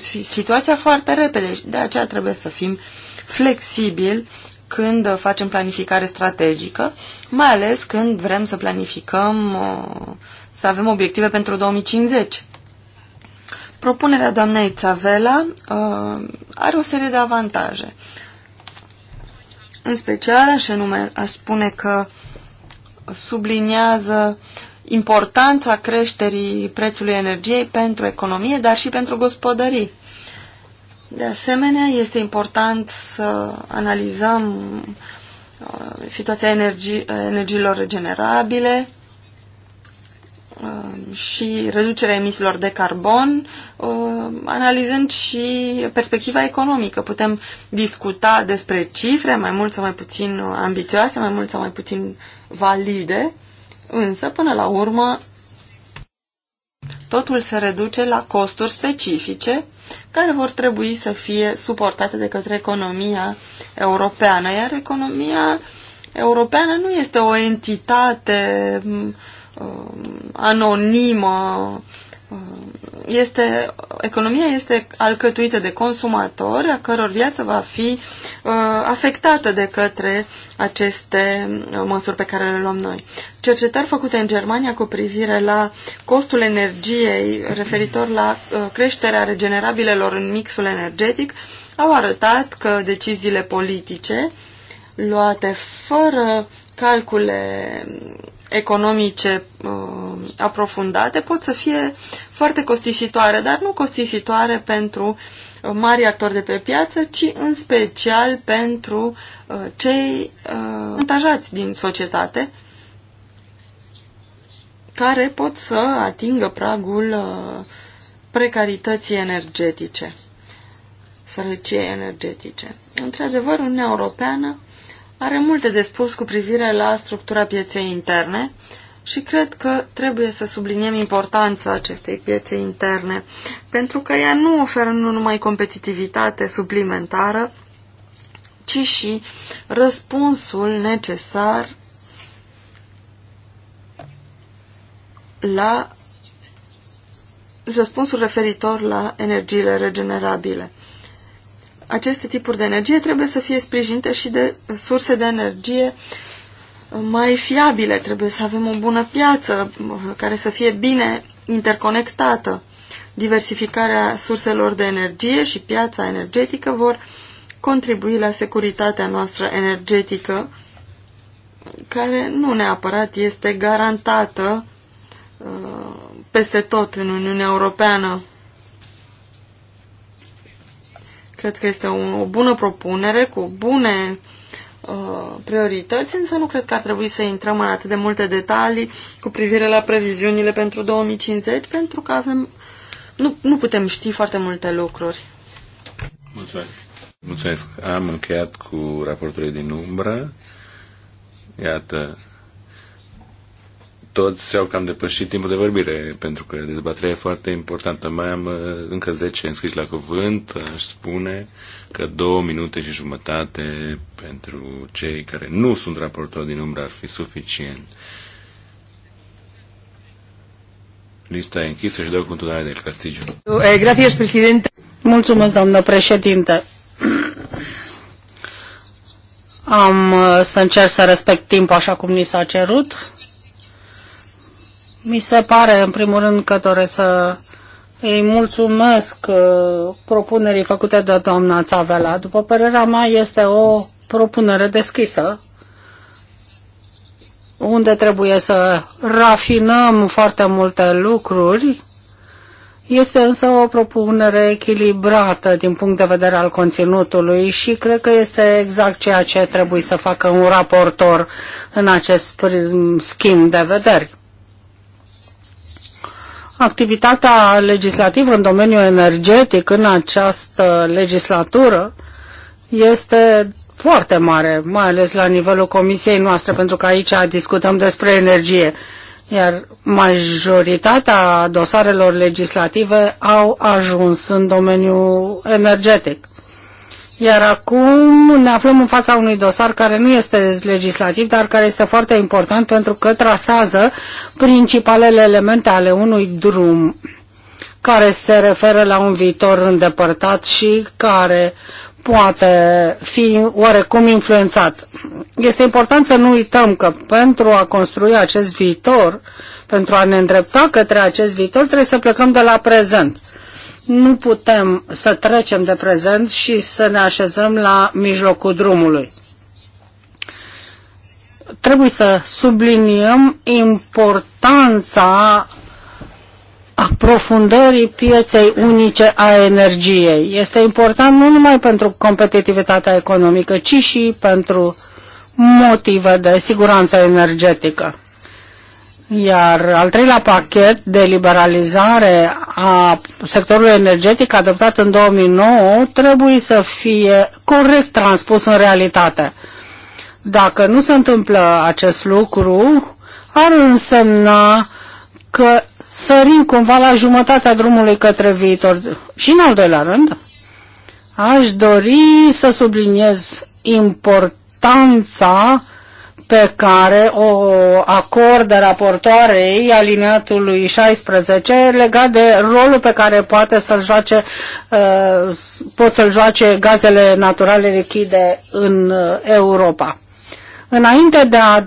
și situația foarte repede. De aceea trebuie să fim flexibili când facem planificare strategică, mai ales când vrem să planificăm, uh, să avem obiective pentru 2050. Propunerea doamnei Țavela uh, are o serie de avantaje. În special, așa nume, aș spune că subliniază importanța creșterii prețului energiei pentru economie, dar și pentru gospodării. De asemenea, este important să analizăm uh, situația energi energiilor regenerabile, Um, și reducerea emisiilor de carbon, um, analizând și perspectiva economică. Putem discuta despre cifre mai mult sau mai puțin ambițioase, mai mult sau mai puțin valide, însă, până la urmă, totul se reduce la costuri specifice care vor trebui să fie suportate de către economia europeană, iar economia europeană nu este o entitate Um, anonimă. Um, este, economia este alcătuită de consumatori a căror viață va fi uh, afectată de către aceste uh, măsuri pe care le luăm noi. Cercetări făcute în Germania cu privire la costul energiei referitor la uh, creșterea regenerabilelor în mixul energetic au arătat că deciziile politice luate fără calcule economice uh, aprofundate pot să fie foarte costisitoare, dar nu costisitoare pentru uh, mari actori de pe piață, ci în special pentru uh, cei uh, avantajați din societate care pot să atingă pragul uh, precarității energetice, sărăciei energetice. Într-adevăr, Uniunea Europeană are multe de spus cu privire la structura pieței interne și cred că trebuie să subliniem importanța acestei piețe interne, pentru că ea nu oferă nu numai competitivitate suplimentară, ci și răspunsul necesar la răspunsul referitor la energiile regenerabile aceste tipuri de energie trebuie să fie sprijinite și de surse de energie mai fiabile. Trebuie să avem o bună piață care să fie bine interconectată. Diversificarea surselor de energie și piața energetică vor contribui la securitatea noastră energetică, care nu neapărat este garantată uh, peste tot în Uniunea Europeană. Cred că este o, o bună propunere cu bune uh, priorități, însă nu cred că ar trebui să intrăm în atât de multe detalii cu privire la previziunile pentru 2050, pentru că avem, nu, nu putem ști foarte multe lucruri. Mulțumesc. Mulțumesc. Am încheiat cu raporturile din umbră. Iată, toți au cam depășit timpul de vorbire, pentru că dezbaterea e foarte importantă. Mai am uh, încă 10 înscriși la cuvânt, aș spune că două minute și jumătate pentru cei care nu sunt raportori din umbră ar fi suficient. Lista e închisă și dau cuvântul de del Castillo. Eh, gracias, președinte. Mulțumesc, doamnă președinte. Am uh, să încerc să respect timpul așa cum mi s-a cerut. Mi se pare, în primul rând, că doresc să îi mulțumesc uh, propunerii făcute de doamna Țavela. După părerea mea, este o propunere deschisă unde trebuie să rafinăm foarte multe lucruri. Este însă o propunere echilibrată din punct de vedere al conținutului și cred că este exact ceea ce trebuie să facă un raportor în acest schimb de vederi. Activitatea legislativă în domeniul energetic în această legislatură este foarte mare, mai ales la nivelul comisiei noastre, pentru că aici discutăm despre energie, iar majoritatea dosarelor legislative au ajuns în domeniul energetic. Iar acum ne aflăm în fața unui dosar care nu este legislativ, dar care este foarte important pentru că trasează principalele elemente ale unui drum care se referă la un viitor îndepărtat și care poate fi oarecum influențat. Este important să nu uităm că pentru a construi acest viitor, pentru a ne îndrepta către acest viitor, trebuie să plecăm de la prezent. Nu putem să trecem de prezent și să ne așezăm la mijlocul drumului. Trebuie să subliniem importanța aprofundării pieței unice a energiei. Este important nu numai pentru competitivitatea economică, ci și pentru motive de siguranță energetică. Iar al treilea pachet de liberalizare a sectorului energetic adoptat în 2009 trebuie să fie corect transpus în realitate. Dacă nu se întâmplă acest lucru, ar însemna că sărim cumva la jumătatea drumului către viitor. Și în al doilea rând, aș dori să subliniez importanța pe care o acordă raportoarei alineatului 16 legat de rolul pe care poate să-l joace, uh, pot să-l joace gazele naturale lichide în uh, Europa. Înainte de a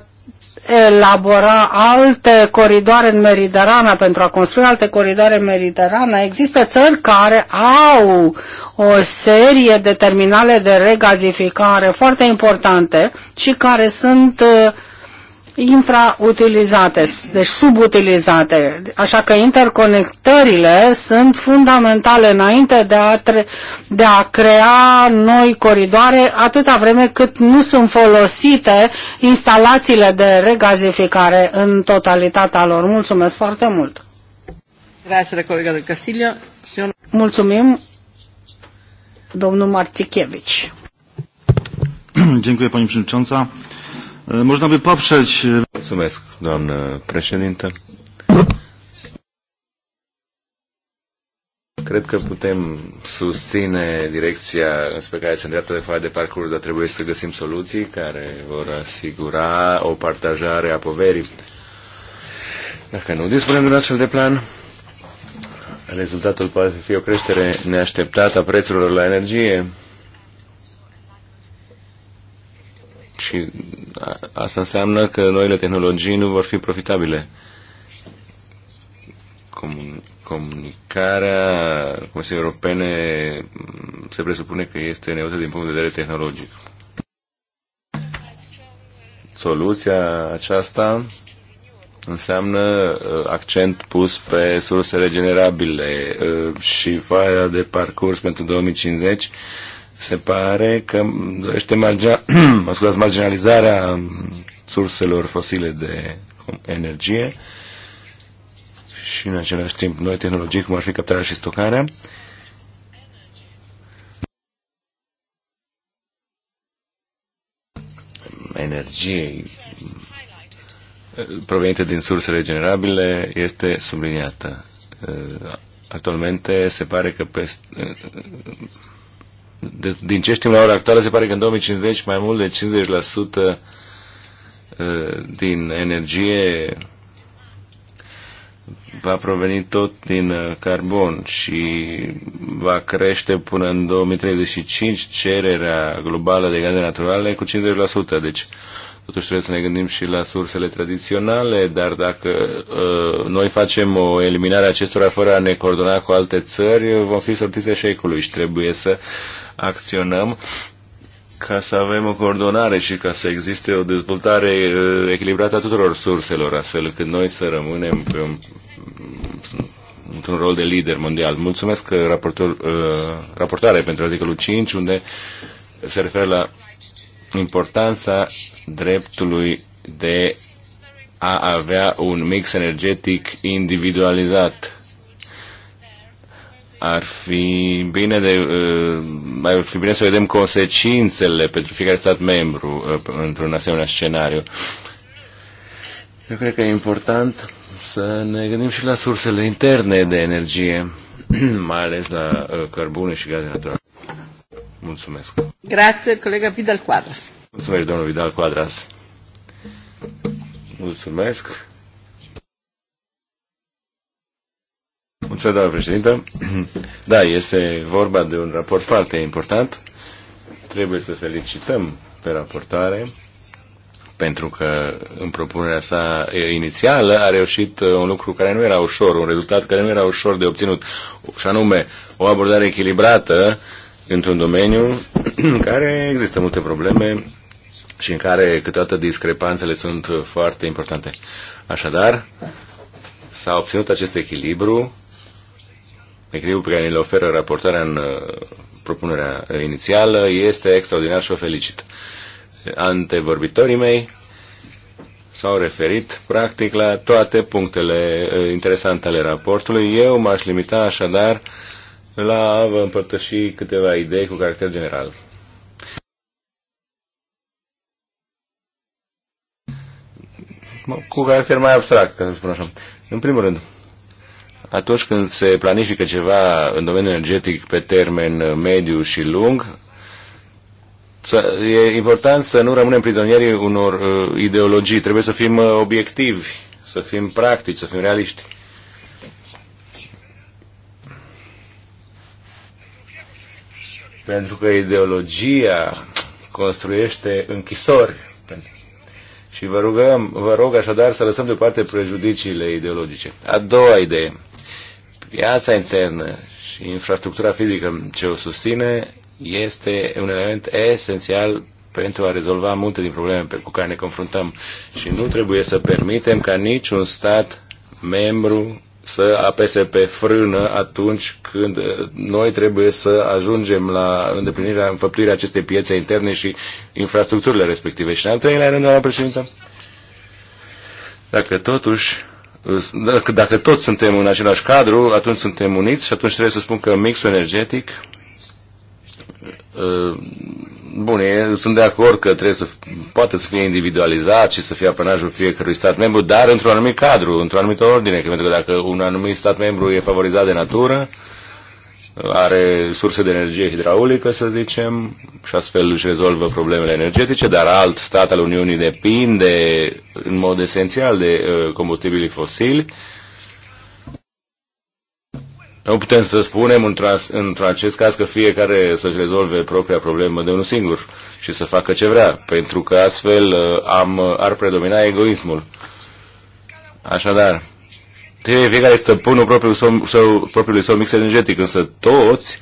elabora alte coridoare în Mediterana, pentru a construi alte coridoare în Mediterana. Există țări care au o serie de terminale de regazificare foarte importante și care sunt uh, infrautilizate, deci subutilizate. Așa că interconectările sunt fundamentale înainte de a, tre- de a crea noi coridoare atâta vreme cât nu sunt folosite instalațiile de regazificare în totalitatea lor. Mulțumesc foarte mult! Mulțumim, domnul Marțichevici. Dziękuję Pani Przewodnicząca. Można by poprzeć... Mulțumesc, doamnă președintă. Cred că putem susține direcția înspre care se îndreaptă de foaia de parcurs, dar trebuie să găsim soluții care vor asigura o partajare a poverii. Dacă nu dispunem de un astfel de plan, rezultatul poate fi o creștere neașteptată a prețurilor la energie, Și asta înseamnă că noile tehnologii nu vor fi profitabile. comunicarea Comisiei Europene se presupune că este neutră din punct de vedere tehnologic. Soluția aceasta înseamnă uh, accent pus pe surse regenerabile uh, și foaia de parcurs pentru 2050 se pare că dorește margina, marginalizarea surselor fosile de energie și în același timp noi tehnologii cum ar fi captarea și stocarea. energiei proveniente din surse regenerabile este subliniată. Actualmente se pare că peste, de, din ce știm la ora actuală, se pare că în 2050 mai mult de 50% uh, din energie va proveni tot din uh, carbon și va crește până în 2035 cererea globală de gaze naturale cu 50%. Deci Totuși trebuie să ne gândim și la sursele tradiționale, dar dacă uh, noi facem o eliminare a acestora fără a ne coordona cu alte țări, vom fi sortiți eșecului și trebuie să acționăm ca să avem o coordonare și ca să existe o dezvoltare uh, echilibrată a tuturor surselor, astfel încât noi să rămânem pe un, într-un rol de lider mondial. Mulțumesc uh, raportor, uh, raportare pentru articolul 5, unde se referă la importanța dreptului de a avea un mix energetic individualizat. Ar fi bine, de, uh, ar fi bine să vedem consecințele pentru fiecare stat membru uh, într-un asemenea scenariu. Eu cred că e important să ne gândim și la sursele interne de energie, mai ales la uh, cărbune și gaze naturale. Mulțumesc. Grație, colega Vidal Quadras. Mulțumesc, domnul Vidal Quadras. Mulțumesc. Mulțumesc, doamnă președintă. Da, este vorba de un raport foarte important. Trebuie să felicităm pe raportare pentru că în propunerea sa inițială a reușit uh, un lucru care nu era ușor, un rezultat care nu era ușor de obținut, și anume o abordare echilibrată într-un domeniu în care există multe probleme și în care câteodată discrepanțele sunt foarte importante. Așadar, s-a obținut acest echilibru, echilibru pe care ne-l oferă raportarea în uh, propunerea inițială, este extraordinar și o felicit. Antevorbitorii mei s-au referit practic la toate punctele uh, interesante ale raportului. Eu m-aș limita așadar la a vă împărtăși câteva idei cu caracter general. Cu caracter mai abstract, ca să spun așa. În primul rând, atunci când se planifică ceva în domeniul energetic pe termen mediu și lung, e important să nu rămânem prizonierii unor uh, ideologii. Trebuie să fim uh, obiectivi, să fim practici, să fim realiști. pentru că ideologia construiește închisori. Și vă, rugăm, vă rog așadar să lăsăm deoparte prejudiciile ideologice. A doua idee, piața internă și infrastructura fizică ce o susține este un element esențial pentru a rezolva multe din probleme cu care ne confruntăm și nu trebuie să permitem ca niciun stat membru să apese pe frână atunci când eh, noi trebuie să ajungem la îndeplinirea, înfăptuirea acestei piețe interne și infrastructurile respective. Și în al treilea rând, doamna președintă, dacă totuși eh, dacă, dacă toți suntem în același cadru, atunci suntem uniți și atunci trebuie să spun că mixul energetic eh, Bun, eu sunt de acord că trebuie să poate să fie individualizat și să fie apanajul fiecărui stat membru, dar într-un anumit cadru, într-o anumită ordine, că pentru că dacă un anumit stat membru e favorizat de natură, are surse de energie hidraulică, să zicem, și astfel își rezolvă problemele energetice, dar alt stat al Uniunii depinde în mod esențial de uh, combustibili fosili, uh, nu putem să spunem într-acest caz că fiecare să-și rezolve propria problemă de unul singur și să facă ce vrea, pentru că astfel uh, am, uh, ar predomina egoismul. Așadar, trebuie fiecare stăpânul propriului său, său, propriului său mix energetic, însă toți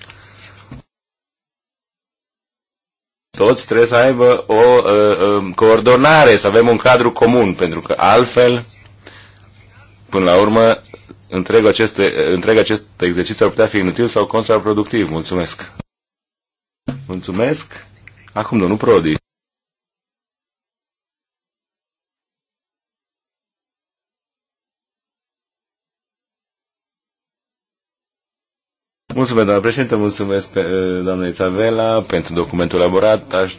toți trebuie să aibă o uh, uh, coordonare, să avem un cadru comun, pentru că altfel, până la urmă, întreg, aceste, întreg acest exercițiu ar putea fi inutil sau contraproductiv. Mulțumesc! Mulțumesc! Acum domnul Prodi. Mulțumesc, doamna președinte, mulțumesc doamnei Țavela pentru documentul elaborat. Aș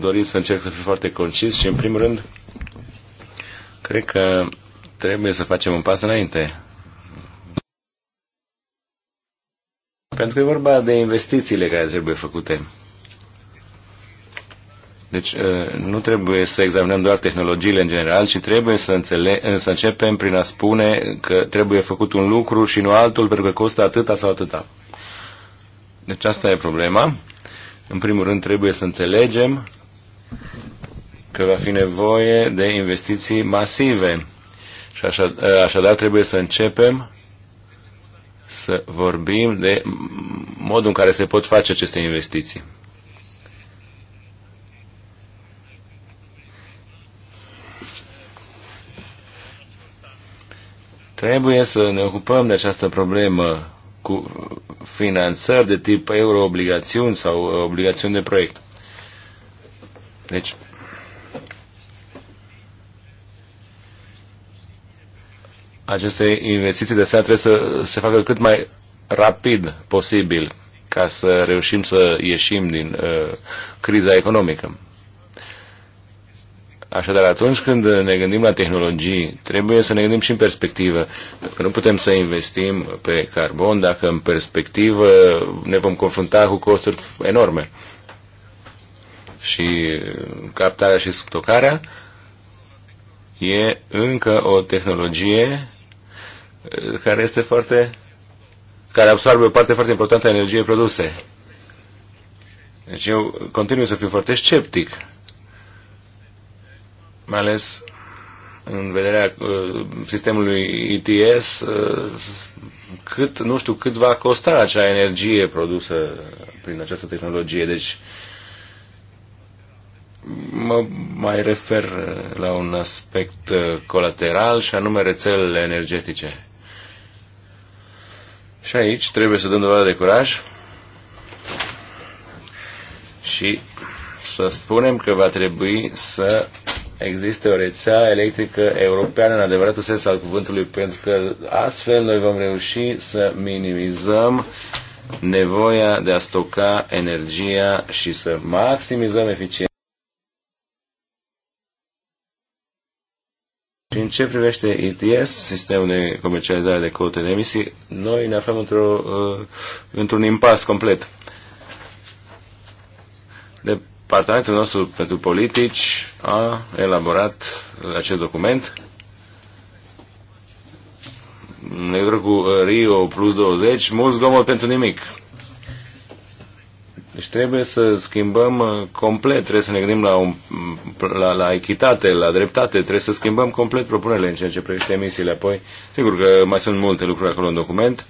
dori să încerc să fiu foarte concis și, în primul rând, cred că trebuie să facem un pas înainte. Pentru că e vorba de investițiile care trebuie făcute. Deci uh, nu trebuie să examinăm doar tehnologiile în general, ci trebuie să, înțele- uh, să începem prin a spune că trebuie făcut un lucru și nu altul pentru că costă atâta sau atâta. Deci asta e problema. În primul rând trebuie să înțelegem că va fi nevoie de investiții masive. Și așa, uh, așadar trebuie să începem să vorbim de modul în care se pot face aceste investiții. Trebuie să ne ocupăm de această problemă cu finanțări de tip euro-obligațiuni sau obligațiuni de proiect. Deci, aceste investiții de seară trebuie să se facă cât mai rapid posibil ca să reușim să ieșim din uh, criza economică. Așadar, atunci când ne gândim la tehnologii, trebuie să ne gândim și în perspectivă, că nu putem să investim pe carbon dacă în perspectivă ne vom confrunta cu costuri enorme. Și uh, captarea și stocarea e încă o tehnologie care este foarte care absorbe o parte foarte importantă a energiei produse. Deci eu continui să fiu foarte sceptic, mai ales în vederea uh, sistemului ETS, uh, cât, nu știu cât va costa acea energie produsă prin această tehnologie. Deci mă mai refer uh, la un aspect colateral și anume rețelele energetice. Și aici trebuie să dăm dovadă de curaj și să spunem că va trebui să existe o rețea electrică europeană în adevăratul sens al cuvântului, pentru că astfel noi vom reuși să minimizăm nevoia de a stoca energia și să maximizăm eficiența. Și în ce privește ETS, sistemul de comercializare de cote de emisii, noi ne aflăm într-o, uh, într-un impas complet. Departamentul nostru pentru politici a elaborat uh, acest document în cu uh, Rio plus 20, mult zgomot pentru nimic. Deci trebuie să schimbăm uh, complet, trebuie să ne gândim la, un, mm, la, la echitate, la dreptate, trebuie să schimbăm complet propunerile în ceea ce privește emisiile. Apoi, sigur că mai sunt multe lucruri acolo în document.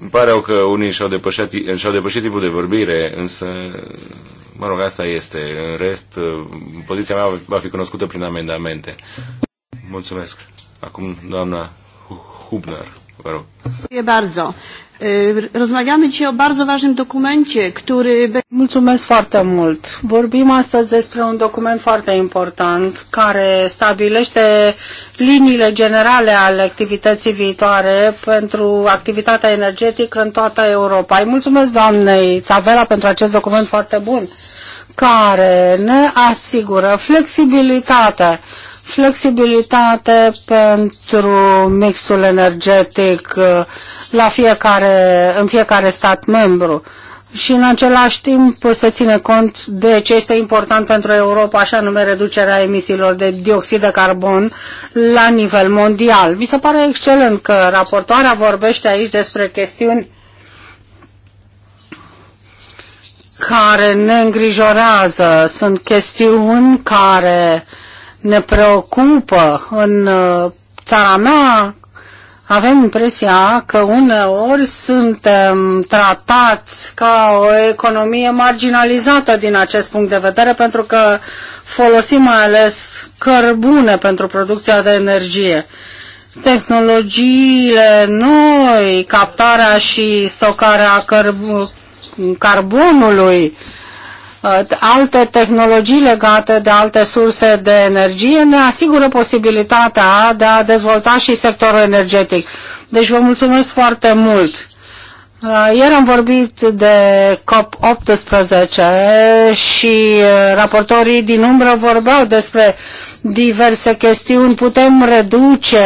Îmi pare că unii și-au depășit, și-au depășit tipul de vorbire, însă, mă rog, asta este. În rest, uh, poziția mea va fi cunoscută prin amendamente. Mulțumesc. Acum, doamna Hubner, vă rog. E bardzo. Rozmawiamy dzisiaj o bardzo ważnym dokumencie, który... Mulțumesc foarte mult. Vorbim astăzi despre un document foarte important care stabilește liniile generale ale activității viitoare pentru activitatea energetică în toată Europa. Îi mulțumesc doamnei Țavela pentru acest document foarte bun care ne asigură flexibilitatea flexibilitate pentru mixul energetic uh, la fiecare, în fiecare stat membru și în același timp să ține cont de ce este important pentru Europa, așa nume reducerea emisiilor de dioxid de carbon la nivel mondial. Mi se pare excelent că raportoarea vorbește aici despre chestiuni care ne îngrijorează. Sunt chestiuni care uh, ne preocupă în uh, țara mea, avem impresia că uneori suntem tratați ca o economie marginalizată din acest punct de vedere, pentru că folosim mai ales cărbune pentru producția de energie. Tehnologiile noi, captarea și stocarea cărbunului, Uh, alte tehnologii legate de alte surse de energie ne asigură posibilitatea de a dezvolta și sectorul energetic. Deci vă mulțumesc foarte mult! Uh, ieri am vorbit de COP18 și uh, raportorii din umbră vorbeau despre diverse chestiuni. Putem reduce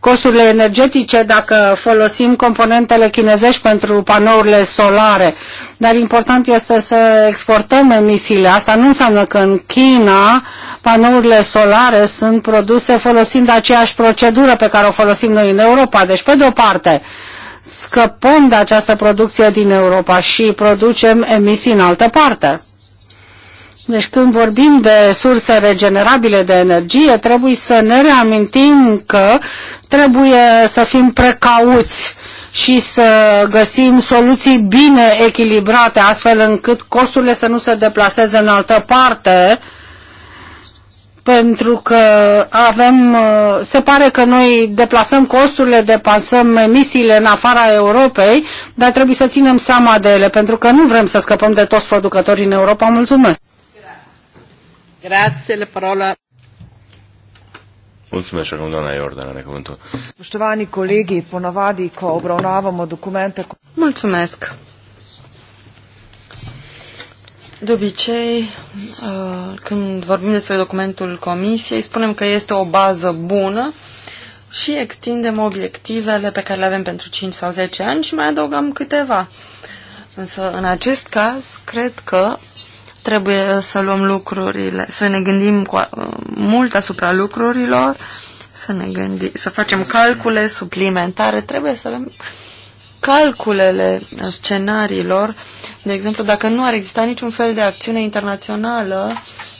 costurile energetice dacă folosim componentele chinezești pentru panourile solare, dar important este să exportăm emisiile. Asta nu înseamnă că în China panourile solare sunt produse folosind aceeași procedură pe care o folosim noi în Europa. Deci, pe de o parte, scăpăm de această producție din Europa și producem emisii în altă parte. Deci când vorbim de surse regenerabile de energie, trebuie să ne reamintim că trebuie să fim precauți și să găsim soluții bine echilibrate, astfel încât costurile să nu se deplaseze în altă parte pentru că avem, uh, se pare că noi deplasăm costurile, deplasăm emisiile în afara Europei, dar trebuie să ținem seama de ele, pentru că nu vrem să scăpăm de toți producătorii în Europa. Mulțumesc! Grazie, la parola. Mulțumesc, acum doamna Iordan are cuvântul. ponovadi, Mulțumesc! De obicei, uh, când vorbim despre documentul comisiei, spunem că este o bază bună și extindem obiectivele pe care le avem pentru 5 sau 10 ani și mai adăugăm câteva. Însă, în acest caz, cred că trebuie să luăm lucrurile, să ne gândim cu, mult asupra lucrurilor, să ne gândim, să facem calcule suplimentare, trebuie să avem calculele scenariilor, de exemplu, dacă nu ar exista niciun fel de acțiune internațională,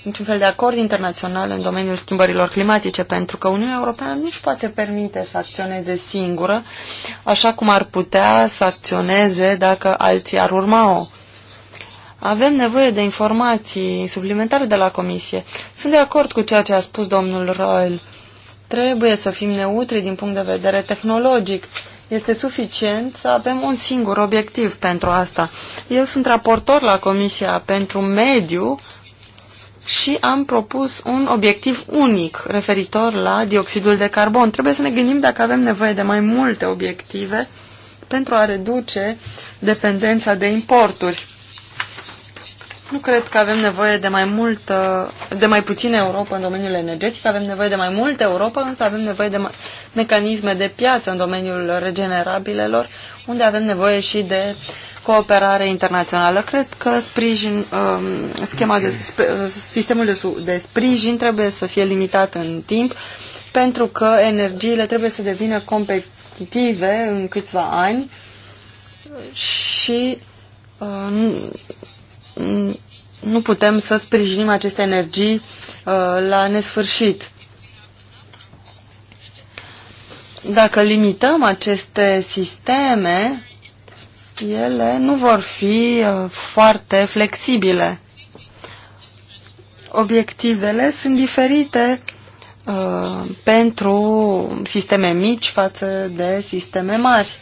niciun fel de acord internațional în domeniul schimbărilor climatice, pentru că Uniunea Europeană nu își poate permite să acționeze singură, așa cum ar putea să acționeze dacă alții ar urma-o. Avem nevoie de informații suplimentare de la Comisie. Sunt de acord cu ceea ce a spus domnul Royal. Trebuie să fim neutri din punct de vedere tehnologic este suficient să avem un singur obiectiv pentru asta. Eu sunt raportor la Comisia pentru Mediu și am propus un obiectiv unic referitor la dioxidul de carbon. Trebuie să ne gândim dacă avem nevoie de mai multe obiective pentru a reduce dependența de importuri. Nu cred că avem nevoie de mai mult, de mai puțin Europa în domeniul energetic, avem nevoie de mai multă Europa, însă avem nevoie de mecanisme de piață în domeniul regenerabilelor, unde avem nevoie și de cooperare internațională. Cred că sprijin, um, schema de, sistemul de, de sprijin trebuie să fie limitat în timp, pentru că energiile trebuie să devină competitive în câțiva ani și uh, nu putem să sprijinim aceste energii uh, la nesfârșit. Dacă limităm aceste sisteme, ele nu vor fi uh, foarte flexibile. Obiectivele sunt diferite uh, pentru sisteme mici față de sisteme mari.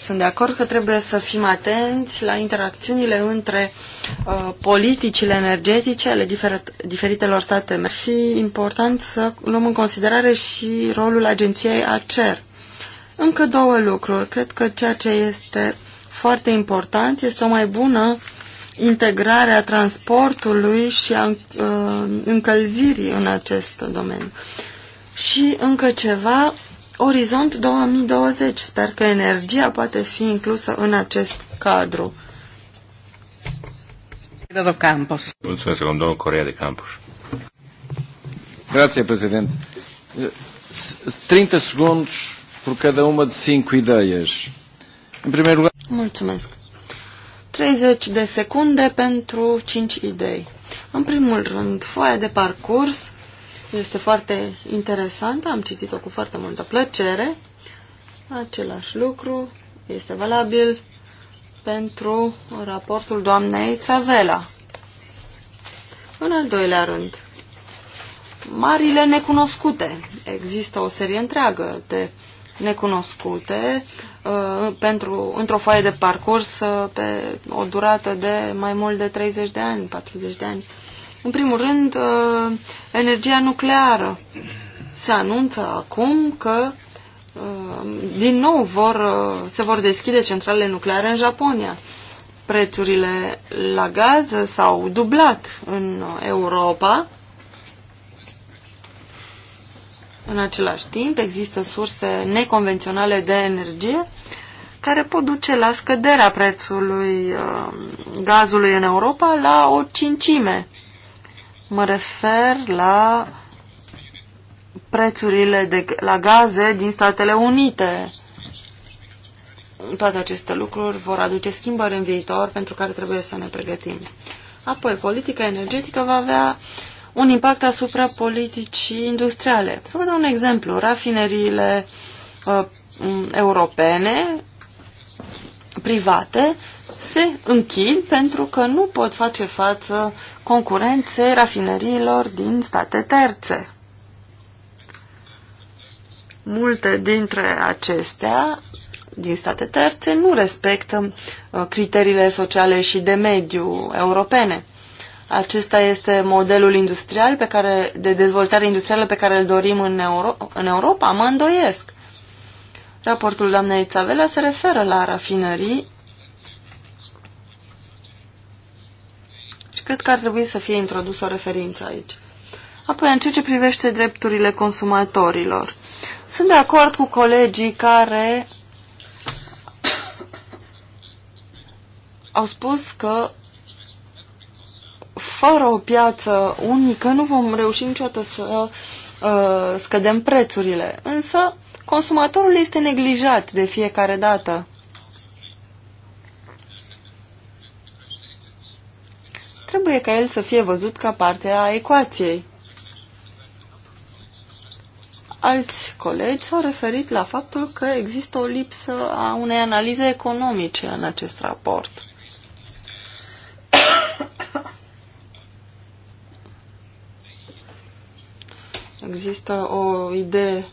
Sunt de acord că trebuie să fim atenți la interacțiunile între uh, politicile energetice ale difer- diferitelor state. Ar fi important să luăm în considerare și rolul agenției ACER. Încă două lucruri. Cred că ceea ce este foarte important este o mai bună integrare a transportului și a uh, încălzirii în acest domeniu. Și încă ceva, Orizont 2020. Sper că energia poate fi inclusă în acest cadru. Campos. Mulțumesc, domnul Corea de Campos. Grazie, Presidente. 30 segundos por cada uma de 5 idei. În primul rând. Mulțumesc. 30 de secunde pentru 5 idei. În primul rând, foaia de parcurs, este foarte interesantă, am citit-o cu foarte multă plăcere. Același lucru este valabil pentru raportul doamnei Țavela. În al doilea rând, marile necunoscute. Există o serie întreagă de necunoscute uh, pentru, într-o foaie de parcurs uh, pe o durată de mai mult de 30 de ani, 40 de ani. În primul rând, uh, energia nucleară. Se anunță acum că uh, din nou vor, uh, se vor deschide centrale nucleare în Japonia. Prețurile la gaz s-au dublat în Europa. În același timp, există surse neconvenționale de energie care pot duce la scăderea prețului gazului în Europa la o cincime Mă refer la prețurile de, la gaze din Statele Unite. Toate aceste lucruri vor aduce schimbări în viitor pentru care trebuie să ne pregătim. Apoi, politica energetică va avea un impact asupra politicii industriale. Să vă dau un exemplu. Rafineriile uh, europene private se închid pentru că nu pot face față concurenței rafineriilor din state terțe. Multe dintre acestea din state terțe nu respectă uh, criteriile sociale și de mediu europene. Acesta este modelul industrial pe care, de dezvoltare industrială pe care îl dorim în, Euro- în Europa? Mă îndoiesc. Raportul doamnei Țavela se referă la rafinării și cred că ar trebui să fie introdusă o referință aici. Apoi, în ceea ce privește drepturile consumatorilor, sunt de acord cu colegii care au spus că fără o piață unică nu vom reuși niciodată să uh, scădem prețurile. Însă Consumatorul este neglijat de fiecare dată. Trebuie ca el să fie văzut ca parte a ecuației. Alți colegi s-au referit la faptul că există o lipsă a unei analize economice în acest raport. Există o idee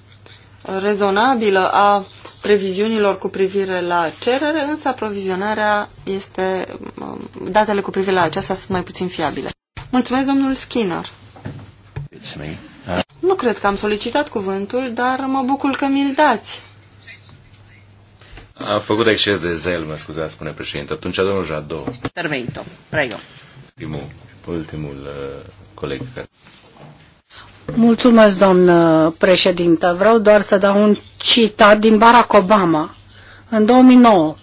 rezonabilă a previziunilor cu privire la cerere, însă aprovizionarea este, datele cu privire la aceasta sunt mai puțin fiabile. Mulțumesc, domnul Skinner. Nu cred că am solicitat cuvântul, dar mă bucur că mi-l dați. Am făcut exces de zel, mă scuzați, spune președinte. Atunci, domnul Jadot. Intervento, prego. Ultimul, ultimul uh, coleg care... Mulțumesc, doamnă președintă. Vreau doar să dau un citat din Barack Obama. În 2009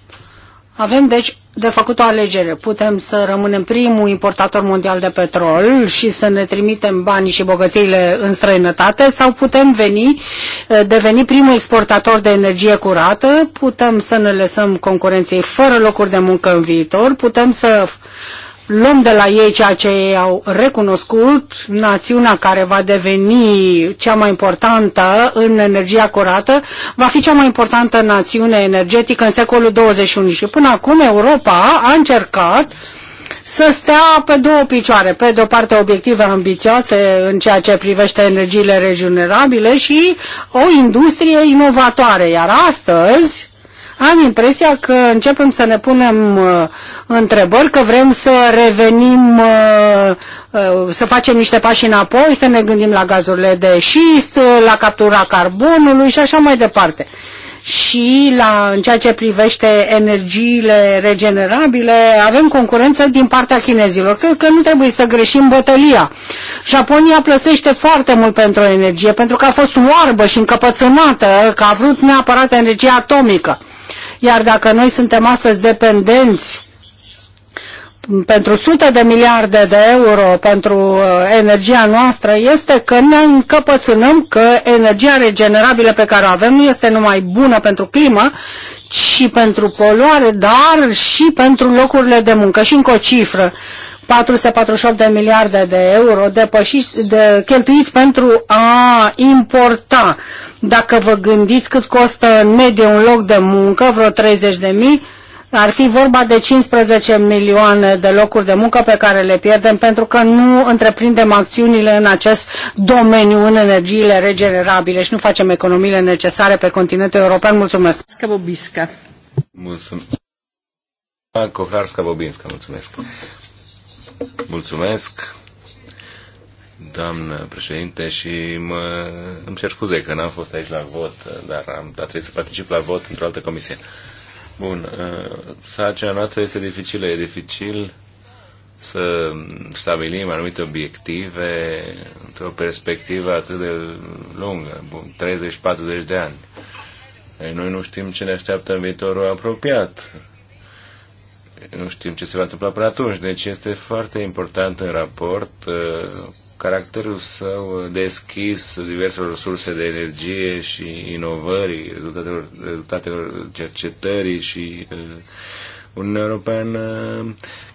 avem, deci, de făcut o alegere. Putem să rămânem primul importator mondial de petrol și să ne trimitem banii și bogățiile în străinătate sau putem veni, eh, deveni primul exportator de energie curată, putem să ne lăsăm concurenței fără locuri de muncă în viitor, putem să luăm de la ei ceea ce ei au recunoscut, națiunea care va deveni cea mai importantă în energia curată, va fi cea mai importantă națiune energetică în secolul 21. Și până acum Europa a încercat să stea pe două picioare. Pe de o parte obiective ambițioase în ceea ce privește energiile regenerabile și o industrie inovatoare. Iar astăzi, am impresia că începem să ne punem uh, întrebări, că vrem să revenim, uh, uh, să facem niște pași înapoi, să ne gândim la gazurile de șist, uh, la captura carbonului și așa mai departe. Și la, în ceea ce privește energiile regenerabile, avem concurență din partea chinezilor. Cred că nu trebuie să greșim bătălia. Japonia plăsește foarte mult pentru energie, pentru că a fost oarbă și încăpățânată, că a vrut neapărat energie atomică iar dacă noi suntem astăzi dependenți pentru sute de miliarde de euro pentru uh, energia noastră este că ne încăpățânăm că energia regenerabilă pe care o avem nu este numai bună pentru climă, și pentru poluare, dar și pentru locurile de muncă. Și încă o cifră, 448 de miliarde de euro depășiți, de, cheltuiți pentru a importa dacă vă gândiți cât costă în medie un loc de muncă, vreo 30 de mii, ar fi vorba de 15 milioane de locuri de muncă pe care le pierdem pentru că nu întreprindem acțiunile în acest domeniu, în energiile regenerabile și nu facem economiile necesare pe continentul european. Mulțumesc! Scabobisca. Mulțumesc! mulțumesc! Mulțumesc! doamnă președinte, și mă, îmi cer scuze că n-am fost aici la vot, dar am dar trebuie să particip la vot într-o altă comisie. Bun, uh, sarcina noastră este dificilă, e dificil să stabilim anumite obiective într-o perspectivă atât de lungă, 30-40 de ani. Noi nu știm ce ne așteaptă în viitorul apropiat. Nu știm ce se va întâmpla până atunci. Deci este foarte important în raport uh, caracterul său deschis diverselor surse de energie și inovării, rezultatelor, rezultatelor cercetării și uh, Uniunea Europeană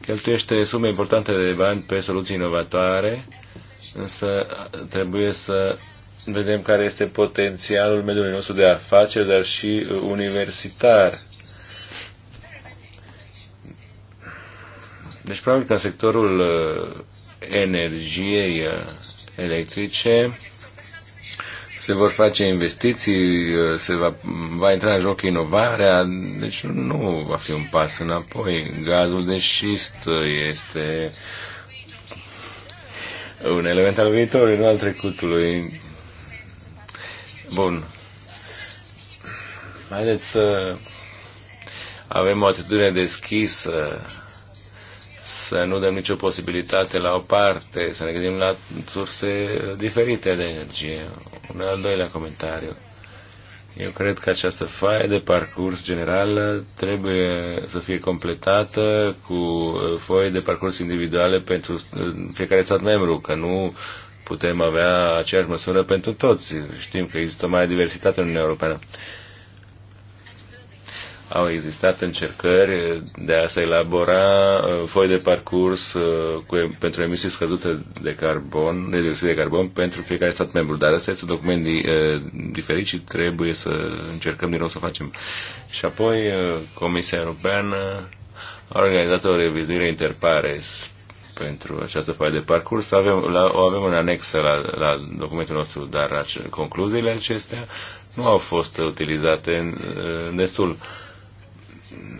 cheltuiește sume importante de bani pe soluții inovatoare, însă trebuie să vedem care este potențialul mediului nostru de afaceri, dar și uh, universitar. Deci, probabil că în sectorul uh, energiei uh, electrice, se vor face investiții, uh, se va, va intra în joc inovarea, deci nu va fi un pas înapoi. Gazul de șist uh, este un element al viitorului, nu al trecutului. Bun. Haideți să avem o atitudine deschisă să nu dăm nicio posibilitate la o parte, să ne gândim la surse diferite de energie. Un al doilea comentariu. Eu cred că această faie de parcurs generală trebuie să fie completată cu foi de parcurs individuale pentru uh, fiecare stat membru, că nu putem avea aceeași măsură pentru toți. Știm că există mai diversitate în Uniunea Europeană. Uh, au existat încercări de a se elabora uh, foi de parcurs uh, cu, pentru emisii scăzute de carbon, de dioxid de carbon pentru fiecare stat membru. Dar asta este un document di, uh, diferit și trebuie să încercăm din nou să facem. Și apoi Comisia Europeană a organizat o revizuire interpares pentru această foaie de parcurs. Avem, la, o avem în anexă la, la documentul nostru, dar ace, concluziile acestea nu au fost utilizate în, în destul. Uh,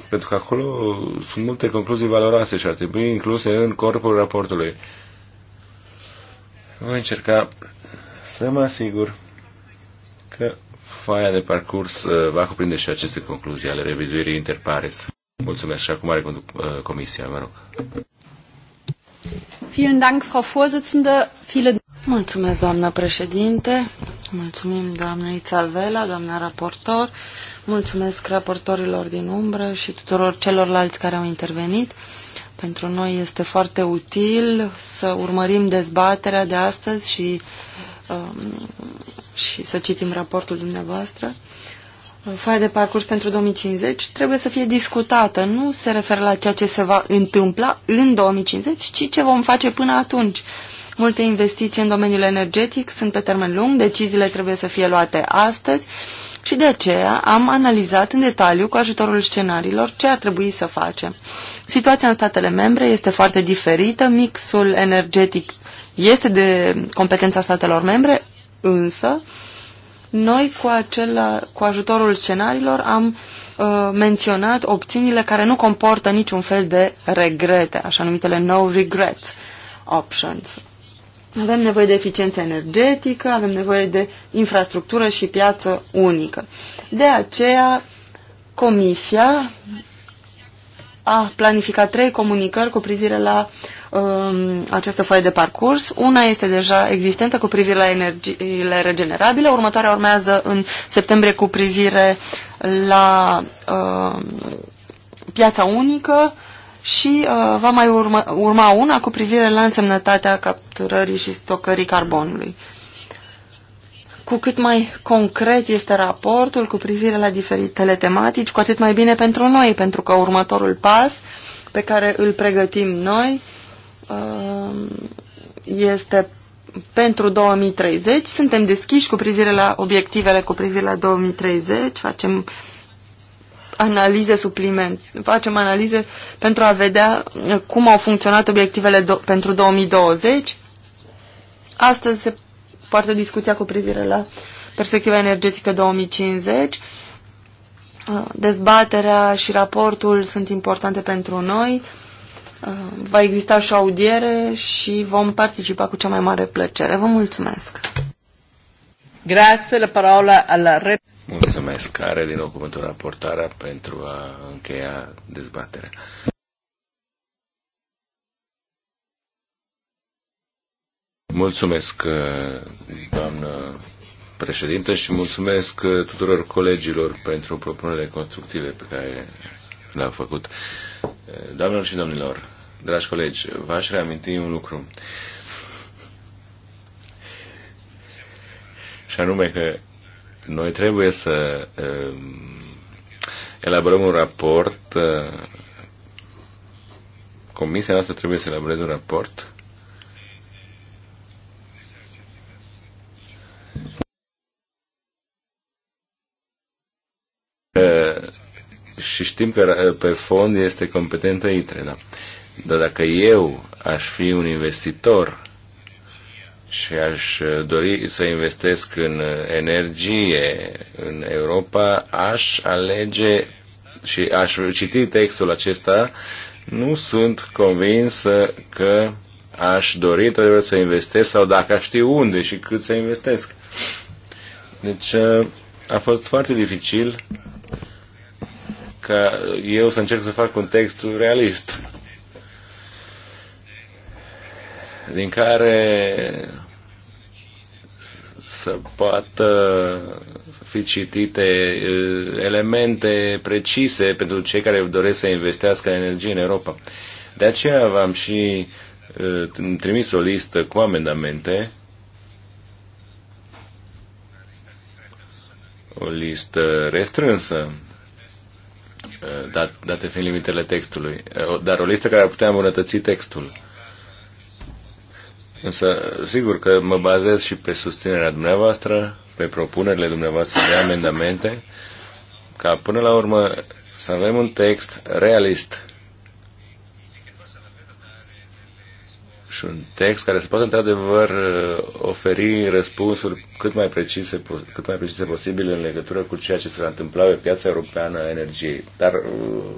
pentru că acolo sunt multe concluzii valoroase și ar trebui incluse în corpul raportului. Voi încerca să mă asigur că foaia de parcurs uh, va cuprinde și aceste concluzii ale revizuirii interpares. Mulțumesc și acum are conduc, uh, comisia, mă rog. Mulțumesc, doamna președinte. Mulțumim, doamna Ițalvela, doamna raportor. Mulțumesc raportorilor din umbră și tuturor celorlalți care au intervenit. Pentru noi este foarte util să urmărim dezbaterea de astăzi și, um, și să citim raportul dumneavoastră. Faia de parcurs pentru 2050 trebuie să fie discutată. Nu se referă la ceea ce se va întâmpla în 2050, ci ce vom face până atunci. Multe investiții în domeniul energetic sunt pe termen lung, deciziile trebuie să fie luate astăzi și de aceea am analizat în detaliu cu ajutorul scenariilor ce ar trebui să facem. Situația în statele membre este foarte diferită, mixul energetic este de competența statelor membre, însă noi cu, acela, cu ajutorul scenariilor am uh, menționat opțiunile care nu comportă niciun fel de regrete, așa numitele no regret options. Avem nevoie de eficiență energetică, avem nevoie de infrastructură și piață unică. De aceea, Comisia a planificat trei comunicări cu privire la um, această foaie de parcurs. Una este deja existentă cu privire la energiile regenerabile, următoarea urmează în septembrie cu privire la um, piața unică, și uh, va mai urma, urma una cu privire la însemnătatea capturării și stocării carbonului. Cu cât mai concret este raportul cu privire la diferitele tematici, cu atât mai bine pentru noi, pentru că următorul pas pe care îl pregătim noi uh, este pentru 2030. Suntem deschiși cu privire la obiectivele cu privire la 2030, facem uh, analize supliment, facem analize pentru a vedea uh, cum au funcționat obiectivele do pentru 2020. Astăzi se poartă discuția cu privire la perspectiva energetică 2050. Uh, dezbaterea și raportul sunt importante pentru noi. Uh, va exista și audiere și vom participa cu cea mai mare plăcere. Vă mulțumesc! Grazie, la parola alla Mulțumesc. Care din nou cuvântul raportarea pentru a încheia dezbaterea. Mulțumesc, eh, doamnă președintă, și mulțumesc eh, tuturor colegilor pentru propunerile constructive pe care le-au făcut. Eh, doamnelor și domnilor, dragi colegi, v-aș reaminti un lucru. Și anume că noi trebuie să uh, elaborăm un raport. Uh, comisia noastră trebuie să elaboreze un raport. Uh, și știm că eh, pe fond este competentă ITRE, da. Dar dacă eu aș fi un investitor și aș uh, dori să investesc în uh, energie în Europa, aș alege și aș citi textul acesta, nu sunt convins că aș dori trebuie să investesc sau dacă aș ști unde și cât să investesc. Deci uh, a fost foarte dificil ca eu să încerc să fac un text realist din care să poată fi citite uh, elemente precise pentru cei care doresc să investească energie în Europa. De aceea v-am și uh, trimis o listă cu amendamente o listă restrânsă, uh, date fiind limitele textului, dar o listă care ar putea îmbunătăți textul. Însă, sigur că mă bazez și pe susținerea dumneavoastră, pe propunerile dumneavoastră de amendamente, ca până la urmă să avem un text realist și un text care să poată într-adevăr oferi răspunsuri cât mai precise, cât mai precise posibil în legătură cu ceea ce se va întâmpla pe piața europeană a energiei. Dar,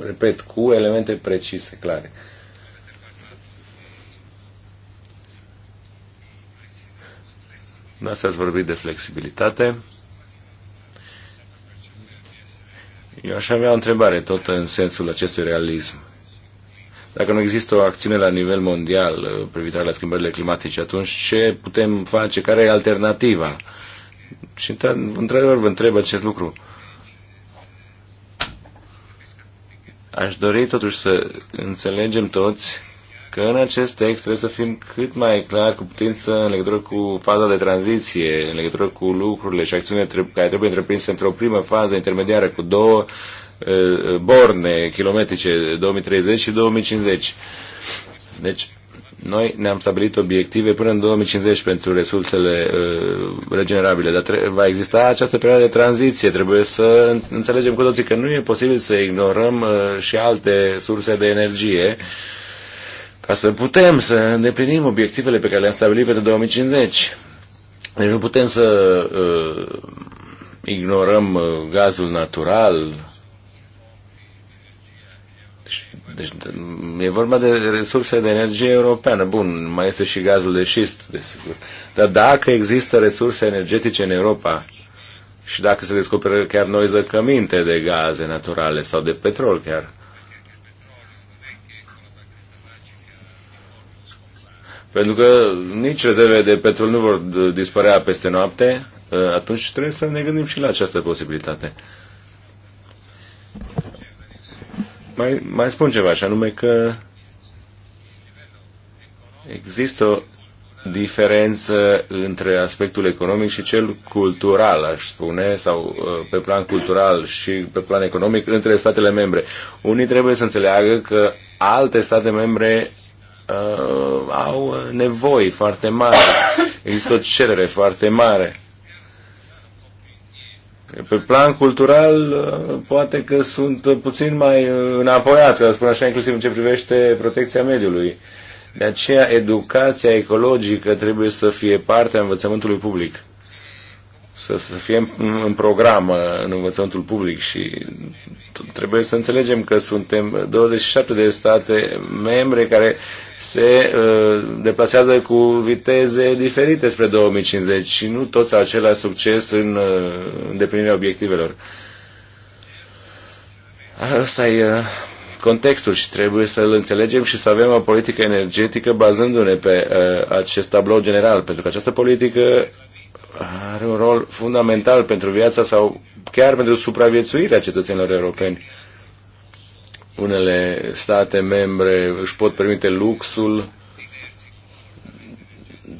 repet, cu elemente precise, clare. Noastră ați vorbit de flexibilitate. Eu aș avea o întrebare tot în sensul acestui realism. Dacă nu există o acțiune la nivel mondial uh, privitoare la schimbările climatice, atunci ce putem face? Care e alternativa? Și într-adevăr vă întreb acest lucru. Aș dori totuși să înțelegem toți că în acest text trebuie să fim cât mai clar cu putință în legătură cu faza de tranziție, în legătură cu lucrurile și acțiunile care trebuie întreprinse într-o primă fază intermediară cu două borne kilometrice 2030 și 2050. Deci, noi ne-am stabilit obiective până în 2050 pentru resursele uh, regenerabile, dar va exista această perioadă de tranziție. Trebuie să înțelegem cu toții că nu e posibil să ignorăm uh, și alte surse de energie uh, ca să putem să îndeplinim obiectivele pe care le-am stabilit pentru 2050. Deci nu putem să uh, ignorăm uh, gazul natural. Deci, deci e vorba de resurse de energie europeană. Bun, mai este și gazul de șist, desigur. Dar dacă există resurse energetice în Europa și dacă se descoperă chiar noi zăcăminte de gaze naturale sau de petrol chiar, Pentru că nici rezervele de petrol nu vor dispărea peste noapte, ă, atunci trebuie să ne gândim și la această posibilitate. Mai, mai spun ceva, și anume că există o diferență între aspectul economic și cel cultural, aș spune, sau ă, pe plan cultural și pe plan economic, între statele membre. Unii trebuie să înțeleagă că alte state membre uh, au nevoi foarte mari, există o cerere foarte mare. Pe plan cultural, uh, poate că sunt puțin mai înapoiați, să spun așa, inclusiv în ce privește protecția mediului. De aceea, educația ecologică trebuie să fie parte a învățământului public să, să fie în, în program uh, în învățământul public și trebuie să înțelegem că suntem 27 de state membre care se uh, deplasează cu viteze diferite spre 2050 și nu toți au același succes în uh, îndeplinirea obiectivelor. Asta e uh, contextul și trebuie să-l înțelegem și să avem o politică energetică bazându-ne pe uh, acest tablou general, pentru că această politică are un rol fundamental pentru viața sau chiar pentru supraviețuirea cetățenilor europeni. Unele state membre își pot permite luxul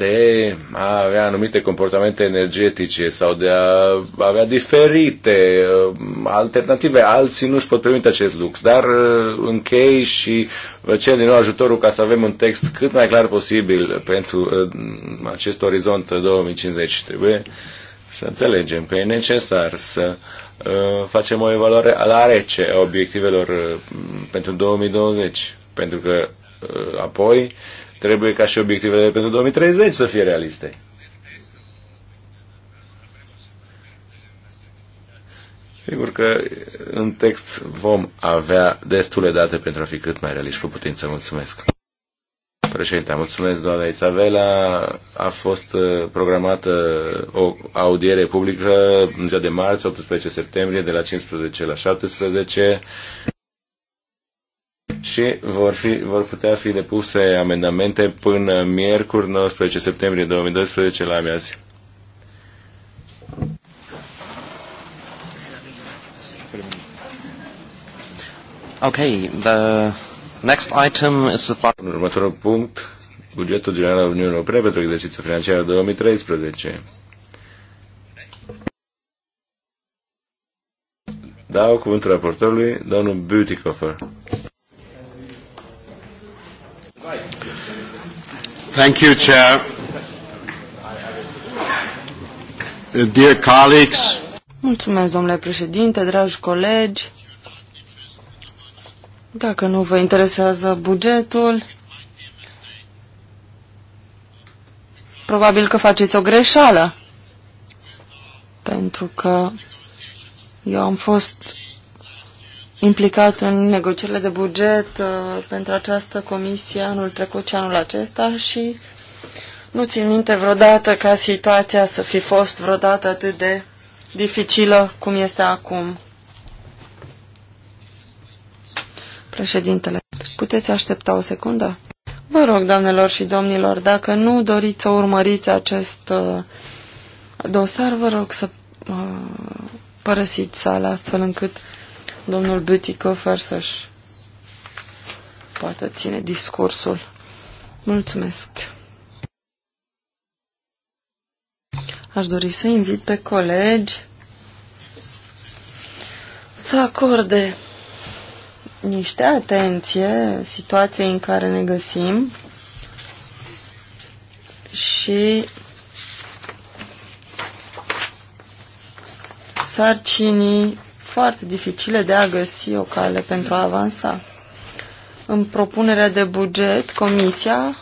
de a avea anumite comportamente energetice sau de a avea diferite uh, alternative. Alții nu își pot permite acest lux, dar uh, închei și vă cer din nou ajutorul ca să avem un text cât mai clar posibil pentru uh, acest orizont 2050. Trebuie să înțelegem că e necesar să facem o evaluare la rece a obiectivelor pentru 2020, pentru că apoi Trebuie ca și obiectivele pentru 2030 să fie realiste. Sigur că în text vom avea destule date pentru a fi cât mai realiști cu putință. Mulțumesc. Președinte, mulțumesc doamna Isabela. A fost uh, programată o audiere publică în ziua de marți, 18 septembrie, de la 15 la 17 și vor, fi, vor putea fi depuse amendamente până miercuri 19 septembrie 2012 la amiază. Okay, the next item is the... Următorul punct, bugetul general al Uniunii Europene pentru exercițiul financiar 2013. Dau cuvântul raportorului, domnul Beautycoffer. Thank you, Chair. Dear colleagues. Mulțumesc, domnule președinte, dragi colegi. Dacă nu vă interesează bugetul, probabil că faceți o greșeală. Pentru că eu am fost implicat în negocierile de buget uh, pentru această comisie anul trecut și anul acesta și nu țin minte vreodată ca situația să fi fost vreodată atât de dificilă cum este acum. Președintele, puteți aștepta o secundă? Vă rog, doamnelor și domnilor, dacă nu doriți să urmăriți acest uh, dosar, vă rog să uh, părăsiți sala astfel încât domnul Bütikofer să-și poată ține discursul. Mulțumesc! Aș dori să invit pe colegi să acorde niște atenție situației în care ne găsim și sarcinii foarte dificile de a găsi o cale pentru a avansa. În propunerea de buget, Comisia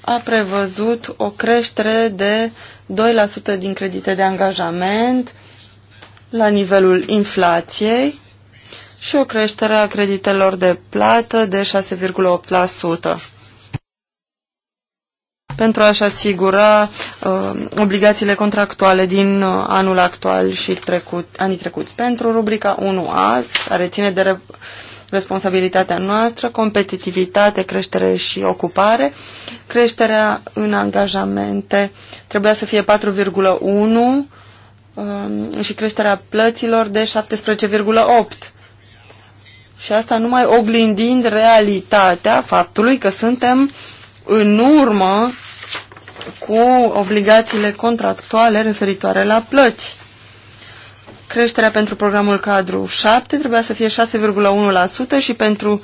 a prevăzut o creștere de 2% din credite de angajament la nivelul inflației și o creștere a creditelor de plată de 6,8% pentru a-și asigura uh, obligațiile contractuale din uh, anul actual și trecut, anii trecuți. Pentru rubrica 1A, care ține de re responsabilitatea noastră, competitivitate, creștere și ocupare, creșterea în angajamente trebuia să fie 4,1 uh, și creșterea plăților de 17,8 și asta numai oglindind realitatea faptului că suntem în urmă cu obligațiile contractuale referitoare la plăți. Creșterea pentru programul cadru 7 trebuia să fie 6,1% și pentru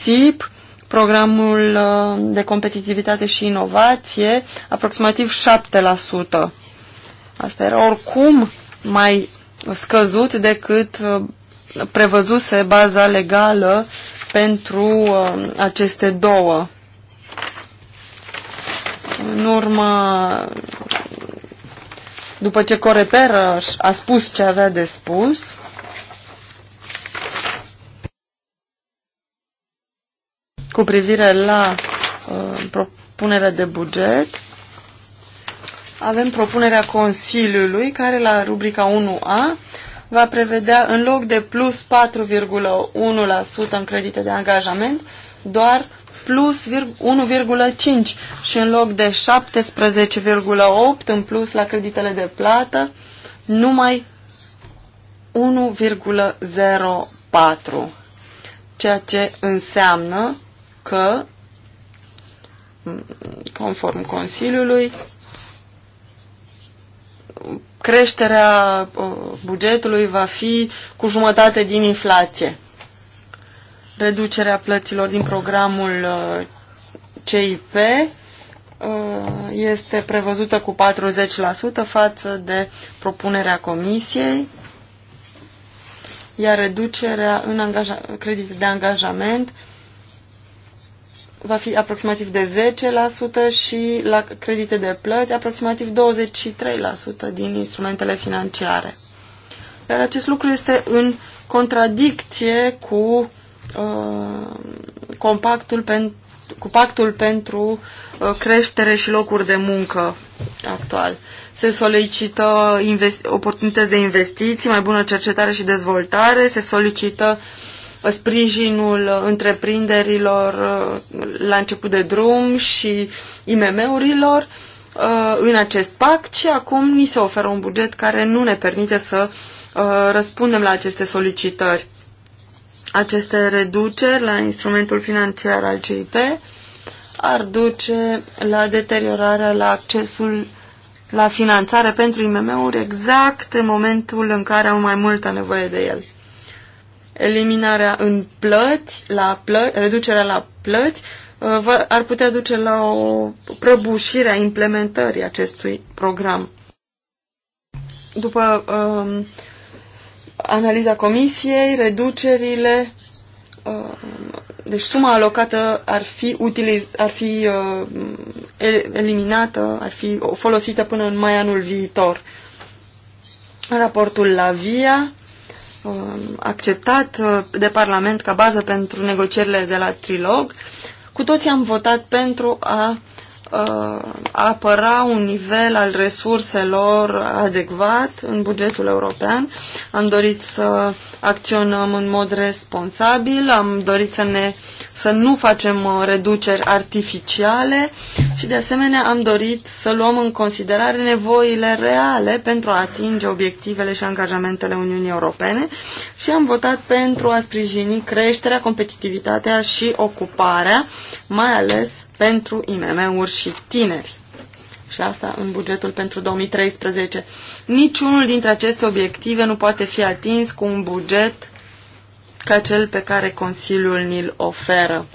SIP, programul uh, de competitivitate și inovație, aproximativ 7%. Asta era oricum mai scăzut decât uh, prevăzuse baza legală pentru uh, aceste două în urmă, după ce Coreper a spus ce avea de spus, cu privire la uh, propunerea de buget, avem propunerea Consiliului, care la rubrica 1A va prevedea în loc de plus 4,1% în credite de angajament, doar plus 1,5 și în loc de 17,8 în plus la creditele de plată, numai 1,04, ceea ce înseamnă că, conform Consiliului, creșterea uh, bugetului va fi cu jumătate din inflație reducerea plăților din programul uh, CIP uh, este prevăzută cu 40% față de propunerea comisiei, iar reducerea în credit credite de angajament va fi aproximativ de 10% și la credite de plăți aproximativ 23% din instrumentele financiare. Iar acest lucru este în contradicție cu Uh, compactul pen, cu pactul pentru uh, creștere și locuri de muncă actual. Se solicită oportunități de investiții, mai bună cercetare și dezvoltare, se solicită uh, sprijinul întreprinderilor la început de drum și IMM-urilor în acest pact și acum ni se oferă un buget care nu ne permite să răspundem la aceste solicitări. Aceste reduceri la instrumentul financiar al CIP ar duce la deteriorarea la accesul la finanțare pentru IMM-uri exact în momentul în care au mai multă nevoie de el. Eliminarea în plăți, la plăți reducerea la plăți uh, ar putea duce la o prăbușire a implementării acestui program. După uh, analiza comisiei, reducerile, uh, deci suma alocată ar fi, utiliz, ar fi uh, eliminată, ar fi folosită până în mai anul viitor. Raportul la VIA, uh, acceptat de Parlament ca bază pentru negocierile de la Trilog, cu toții am votat pentru a Uh, apăra un nivel al resurselor adecvat în bugetul european. Am dorit să acționăm în mod responsabil, am dorit să, ne, să nu facem uh, reduceri artificiale și de asemenea am dorit să luăm în considerare nevoile reale pentru a atinge obiectivele și angajamentele Uniunii Europene și am votat pentru a sprijini creșterea, competitivitatea și ocuparea, mai ales pentru IMM-uri și tineri. Și asta în bugetul pentru 2013. Niciunul dintre aceste obiective nu poate fi atins cu un buget ca cel pe care Consiliul ni-l oferă.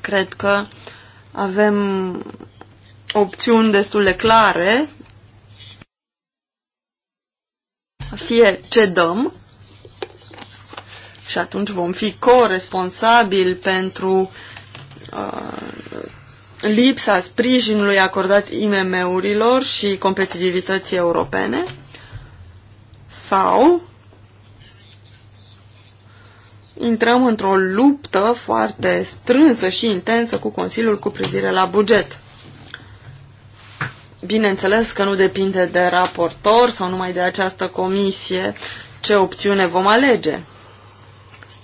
Cred că avem opțiuni destul de clare. Fie ce dăm și atunci vom fi corresponsabili pentru Uh, lipsa sprijinului acordat IMM-urilor și competitivității europene sau intrăm într-o luptă foarte strânsă și intensă cu Consiliul cu privire la buget. Bineînțeles că nu depinde de raportor sau numai de această comisie ce opțiune vom alege.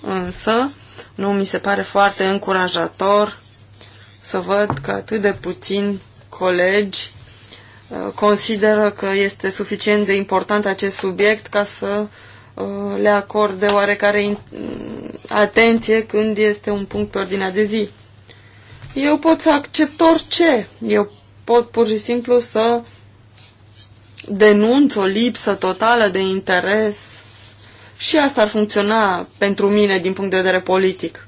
Însă, nu mi se pare foarte încurajator să văd că atât de puțin colegi uh, consideră că este suficient de important acest subiect ca să uh, le acorde oarecare mm, atenție când este un punct pe ordinea de zi. Eu pot să accept orice. Eu pot pur și simplu să denunț o lipsă totală de interes și asta ar funcționa pentru mine din punct de vedere politic.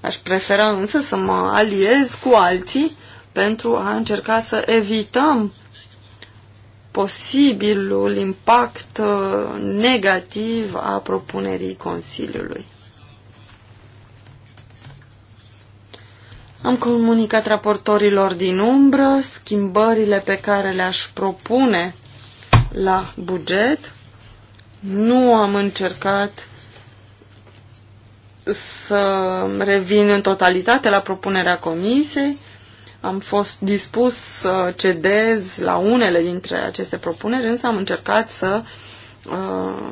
Aș prefera însă să mă aliez cu alții pentru a încerca să evităm posibilul impact uh, negativ a propunerii Consiliului. Am comunicat raportorilor din umbră schimbările pe care le-aș propune la buget nu am încercat să revin în totalitate la propunerea comisiei. Am fost dispus să cedez la unele dintre aceste propuneri, însă am încercat să uh,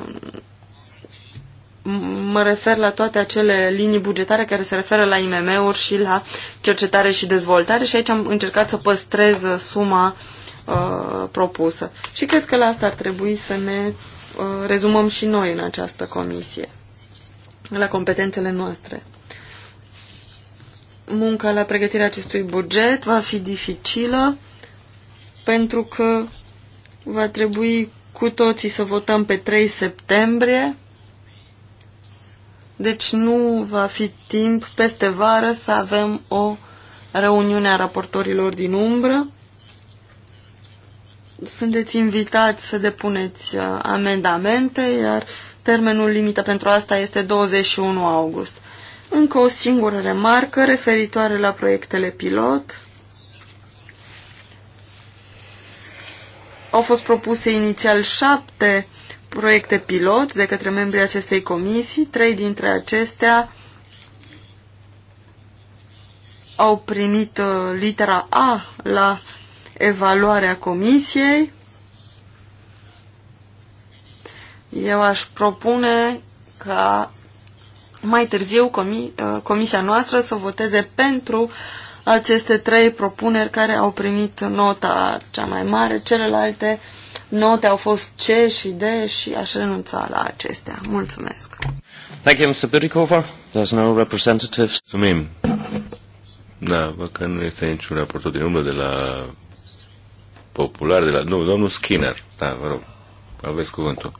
mă refer la toate acele linii bugetare care se referă la IMM-uri și la cercetare și dezvoltare și aici am încercat să păstrez suma uh, propusă. Și cred că la asta ar trebui să ne Uh, rezumăm și noi în această comisie, la competențele noastre. Munca la pregătirea acestui buget va fi dificilă pentru că va trebui cu toții să votăm pe 3 septembrie, deci nu va fi timp peste vară să avem o reuniune a raportorilor din umbră sunteți invitați să depuneți uh, amendamente, iar termenul limită pentru asta este 21 august. Încă o singură remarcă referitoare la proiectele pilot. Au fost propuse inițial șapte proiecte pilot de către membrii acestei comisii. Trei dintre acestea au primit uh, litera A la evaluarea comisiei. Eu aș propune ca mai târziu uh, comisia noastră să voteze pentru aceste trei propuneri care au primit nota cea mai mare, celelalte note au fost C și D și aș renunța la acestea. Mulțumesc. Thank you, Mr. Bidikofer. There's no representatives. Mulțumim. Da, văd că nu este niciun raportor din umbră de la popular de la... Nu, domnul Skinner. Da, vă rog. Aveți cuvântul.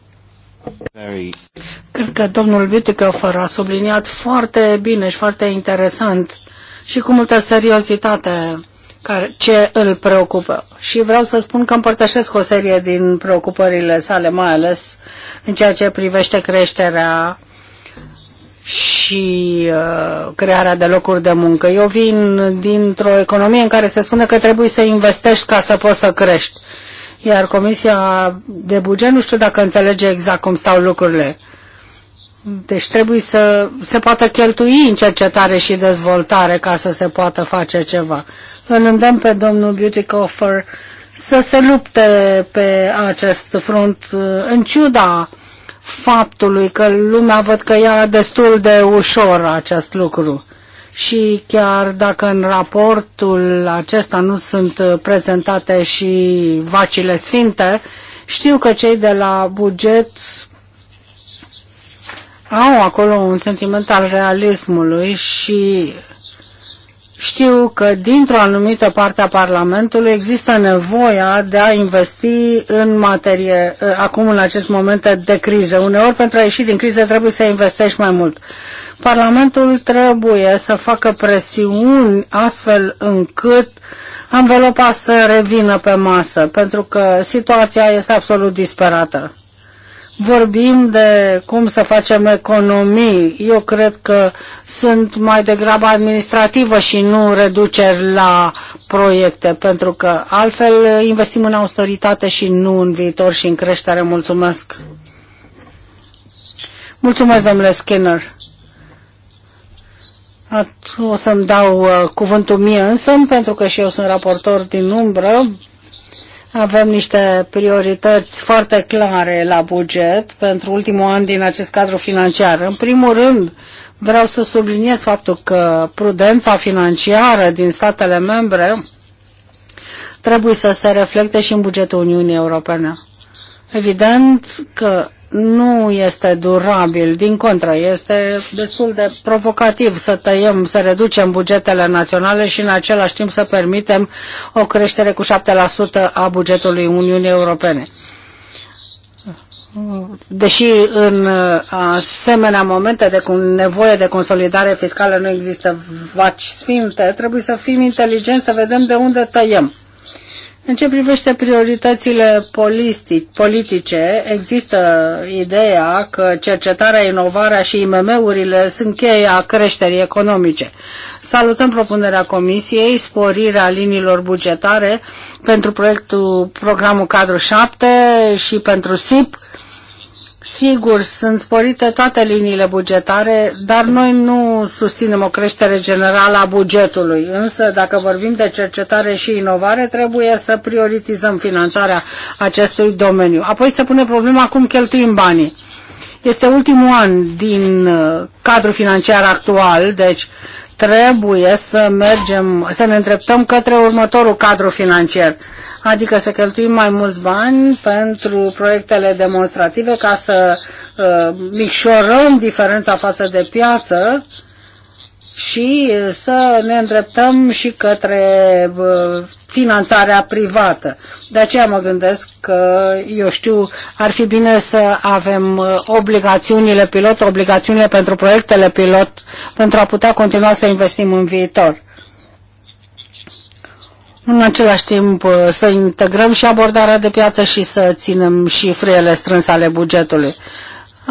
Cred că domnul Bütikofer a subliniat foarte bine și foarte interesant și cu multă seriozitate care, ce îl preocupă. Și vreau să spun că împărtășesc o serie din preocupările sale, mai ales în ceea ce privește creșterea și uh, crearea de locuri de muncă. Eu vin dintr-o economie în care se spune că trebuie să investești ca să poți să crești. Iar Comisia de Buget nu știu dacă înțelege exact cum stau lucrurile. Deci trebuie să se poată cheltui în cercetare și dezvoltare ca să se poată face ceva. Îl îndemn pe domnul Beauty Coffer să se lupte pe acest front uh, în ciuda faptului că lumea văd că ia destul de ușor acest lucru. Și chiar dacă în raportul acesta nu sunt prezentate și vacile sfinte, știu că cei de la buget au acolo un sentiment al realismului și știu că dintr-o anumită parte a Parlamentului există nevoia de a investi în materie, eh, acum în acest moment de criză. Uneori pentru a ieși din criză trebuie să investești mai mult. Parlamentul trebuie să facă presiuni astfel încât anvelopa să revină pe masă, pentru că situația este absolut disperată vorbim de cum să facem economii. Eu cred că sunt mai degrabă administrativă și nu reduceri la proiecte, pentru că altfel investim în austeritate și nu în viitor și în creștere. Mulțumesc! Mulțumesc, domnule Skinner! O să-mi dau uh, cuvântul mie însă, pentru că și eu sunt raportor din umbră avem niște priorități foarte clare la buget pentru ultimul an din acest cadru financiar. În primul rând, vreau să subliniez faptul că prudența financiară din statele membre trebuie să se reflecte și în bugetul Uniunii Europene. Evident că nu este durabil, din contră, este destul de provocativ să tăiem, să reducem bugetele naționale și în același timp să permitem o creștere cu 7% a bugetului Uniunii Europene. Deși în asemenea momente de nevoie de consolidare fiscală nu există vaci sfinte, trebuie să fim inteligenți, să vedem de unde tăiem. În ce privește prioritățile politice, există ideea că cercetarea, inovarea și IMM-urile sunt cheia creșterii economice. Salutăm propunerea Comisiei, sporirea liniilor bugetare pentru proiectul programul cadru 7 și pentru SIP, Sigur, sunt sporite toate liniile bugetare, dar noi nu susținem o creștere generală a bugetului. Însă, dacă vorbim de cercetare și inovare, trebuie să prioritizăm finanțarea acestui domeniu. Apoi se pune problema cum cheltuim banii. Este ultimul an din uh, cadrul financiar actual, deci trebuie să mergem, să ne îndreptăm către următorul cadru financiar, adică să cheltuim mai mulți bani pentru proiectele demonstrative ca să uh, micșorăm diferența față de piață uh, și uh, să ne îndreptăm și către uh, finanțarea privată. De aceea mă gândesc că, eu știu, ar fi bine să avem uh, obligațiunile pilot, obligațiunile pentru proiectele pilot, pentru a putea continua să investim în viitor. În același timp să integrăm și abordarea de piață și să ținem și strânse ale bugetului.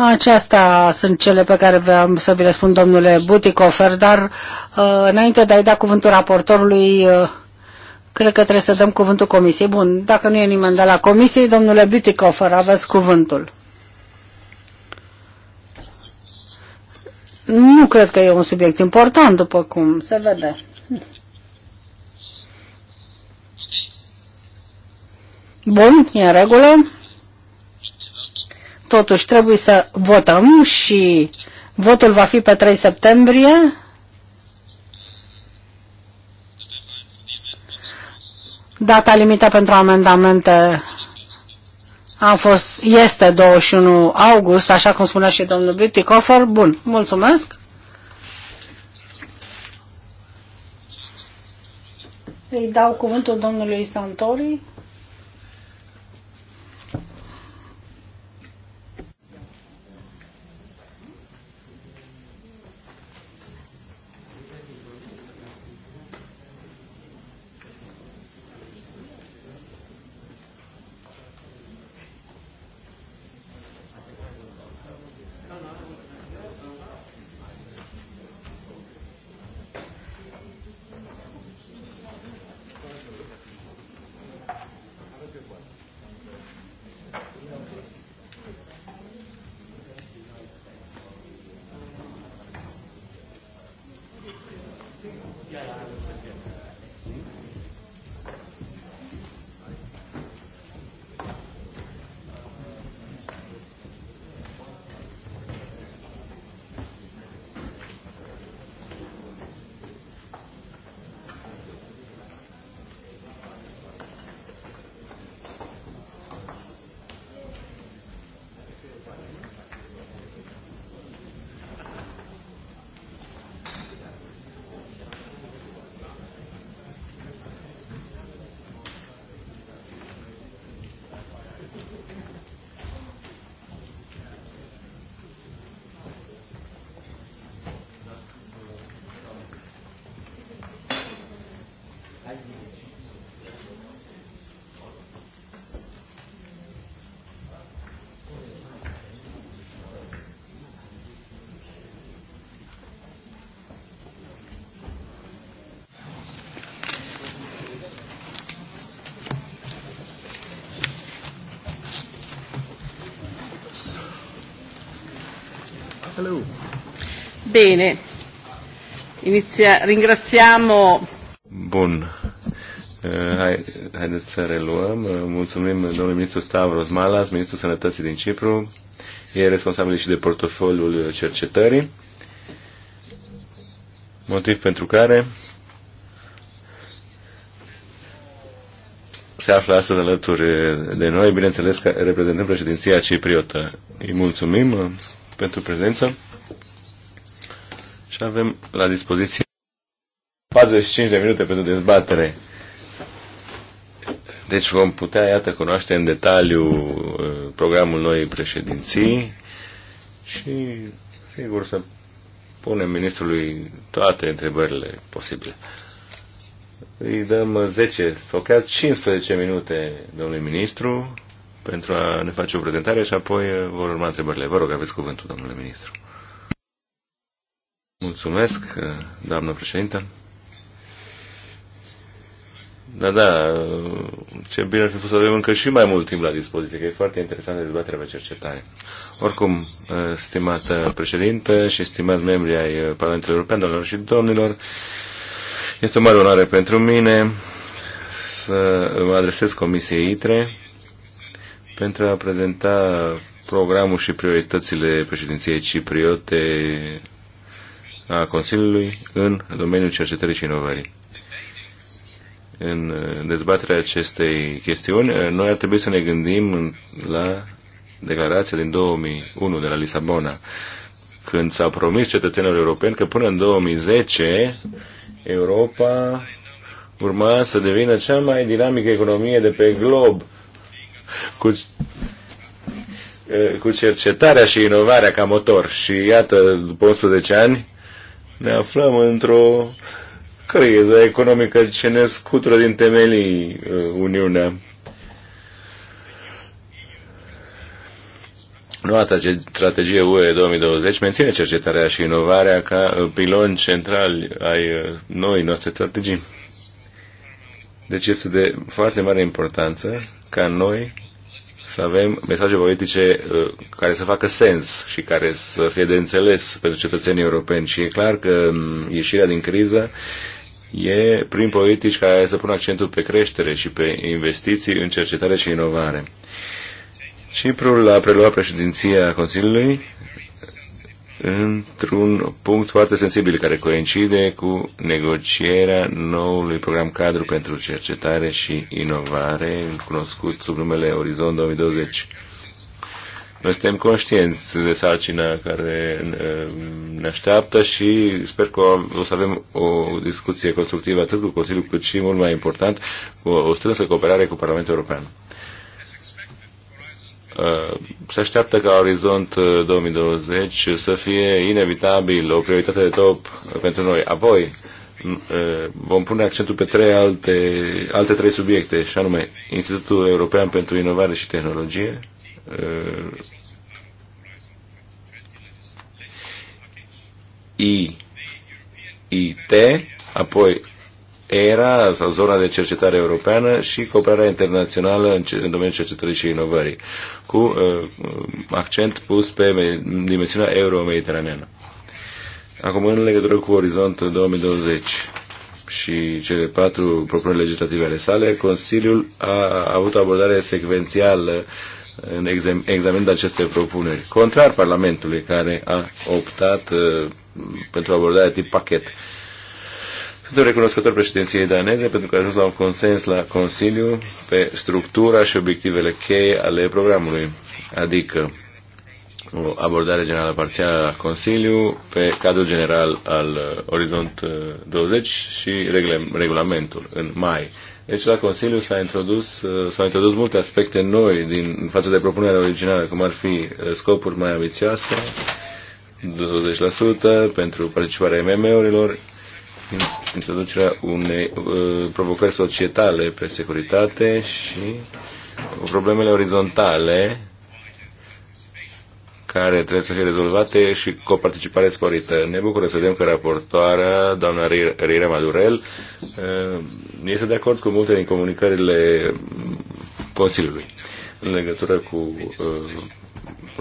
Aceasta sunt cele pe care vreau să vi le spun, domnule Buticofer, dar uh, înainte de a-i da cuvântul raportorului, uh, cred că trebuie să dăm cuvântul comisiei. Bun, dacă nu e nimeni de la comisie, domnule Buticofer, aveți cuvântul. Nu cred că e un subiect important, după cum se vede. Bun, e în regulă. Totuși, trebuie să votăm și votul va fi pe 3 septembrie. Data limită pentru amendamente a fost, este 21 august, așa cum spunea și domnul Beautycofer. Bun, mulțumesc. Îi dau cuvântul domnului Santori. Hello. Bine. Inizia, ringraziamo. Bun. Eh, hai, haideți să reluăm. Eh, mulțumim domnului ministru Stavros Malas, ministru sănătății din Cipru. E responsabil și de portofoliul cercetării. Motiv pentru care se află astăzi alături de noi, bineînțeles că reprezentăm președinția cipriotă. Îi mulțumim pentru prezență și avem la dispoziție 45 de minute pentru dezbatere. Deci vom putea, iată, cunoaște în detaliu uh, programul noi președinții și, sigur, să punem ministrului toate întrebările posibile. Îi dăm 10 sau chiar 15 minute domnului ministru pentru a ne face o prezentare și apoi eh, vor urma întrebările. Vă rog, aveți cuvântul, domnule ministru. Mulțumesc, eh, doamnă președintă. Da, da, eh, ce bine ar fi fost să avem încă și mai mult timp la dispoziție, că e foarte interesant de dezbaterea pe cercetare. Oricum, stimată președintă și stimați membri ai Parlamentului European, doamnelor și domnilor, este o mare onoare pentru mine să mă adresez Comisiei ITRE pentru a prezenta programul și prioritățile președinției cipriote a Consiliului în domeniul cercetării și inovării. În dezbaterea acestei chestiuni, noi ar trebui să ne gândim la declarația din 2001 de la Lisabona, când s-a promis cetățenilor europeni că până în 2010 Europa urma să devină cea mai dinamică economie de pe glob cu, cu cercetarea și inovarea ca motor. Și iată, după 11 ani, ne aflăm într-o criză economică ce ne scutură din temelii Uniunea. Noua strategie UE 2020 menține cercetarea și inovarea ca pilon central ai noi noastre strategii. Deci este de foarte mare importanță ca noi să avem mesaje politice uh, care să facă sens și care să fie de înțeles pentru cetățenii europeni. Și e clar că um, ieșirea din criză e prin politici care să pună accentul pe creștere și pe investiții în cercetare și inovare. Ciprul a preluat președinția Consiliului într-un punct foarte sensibil care coincide cu negocierea noului program cadru pentru cercetare și inovare, cunoscut sub numele Orizont 2020. Noi suntem conștienți de sarcina care uh, ne așteaptă și sper că o să avem o discuție constructivă atât cu Consiliul cât și, mult mai important, cu o strânsă cooperare cu Parlamentul European. Uh, se așteaptă ca Orizont 2020 uh, să fie inevitabil o prioritate de top uh, pentru noi. Apoi, vom pune accentul pe trei alte, alte trei subiecte, și anume Institutul European pentru Inovare și Tehnologie, IIT, IT, apoi era sau zona de cercetare europeană și cooperarea internațională în, în domeniul cercetării și inovării, cu uh, uh accent pus pe dimensiunea euro-mediteraneană. Acum, în legătură cu Orizont 2020 și cele patru propuneri legislative ale sale, Consiliul a avut o abordare secvențială în exam- examinând aceste propuneri, contrar Parlamentului, care a optat uh, pentru abordarea tip pachet. Uh, sunt recunoscător președinției daneze pentru că a ajuns la un consens la Consiliu pe structura și obiectivele cheie ale programului, adică o abordare generală parțială la Consiliu pe cadrul general al uh, Orizont 20 uh, și regulamentul în mai. Deci la Consiliu s au introdus, uh, s introdus multe aspecte noi din față de propunerea originală, cum ar fi scopuri mai ambițioase, 20% pentru participarea MM-urilor, introducerea unei uh, provocări societale pe securitate și problemele orizontale care trebuie să fie rezolvate și cu o participare sporită. Ne bucură să vedem că raportoarea, doamna Rire Madurel, uh, este de acord cu multe din comunicările Consiliului în legătură cu uh,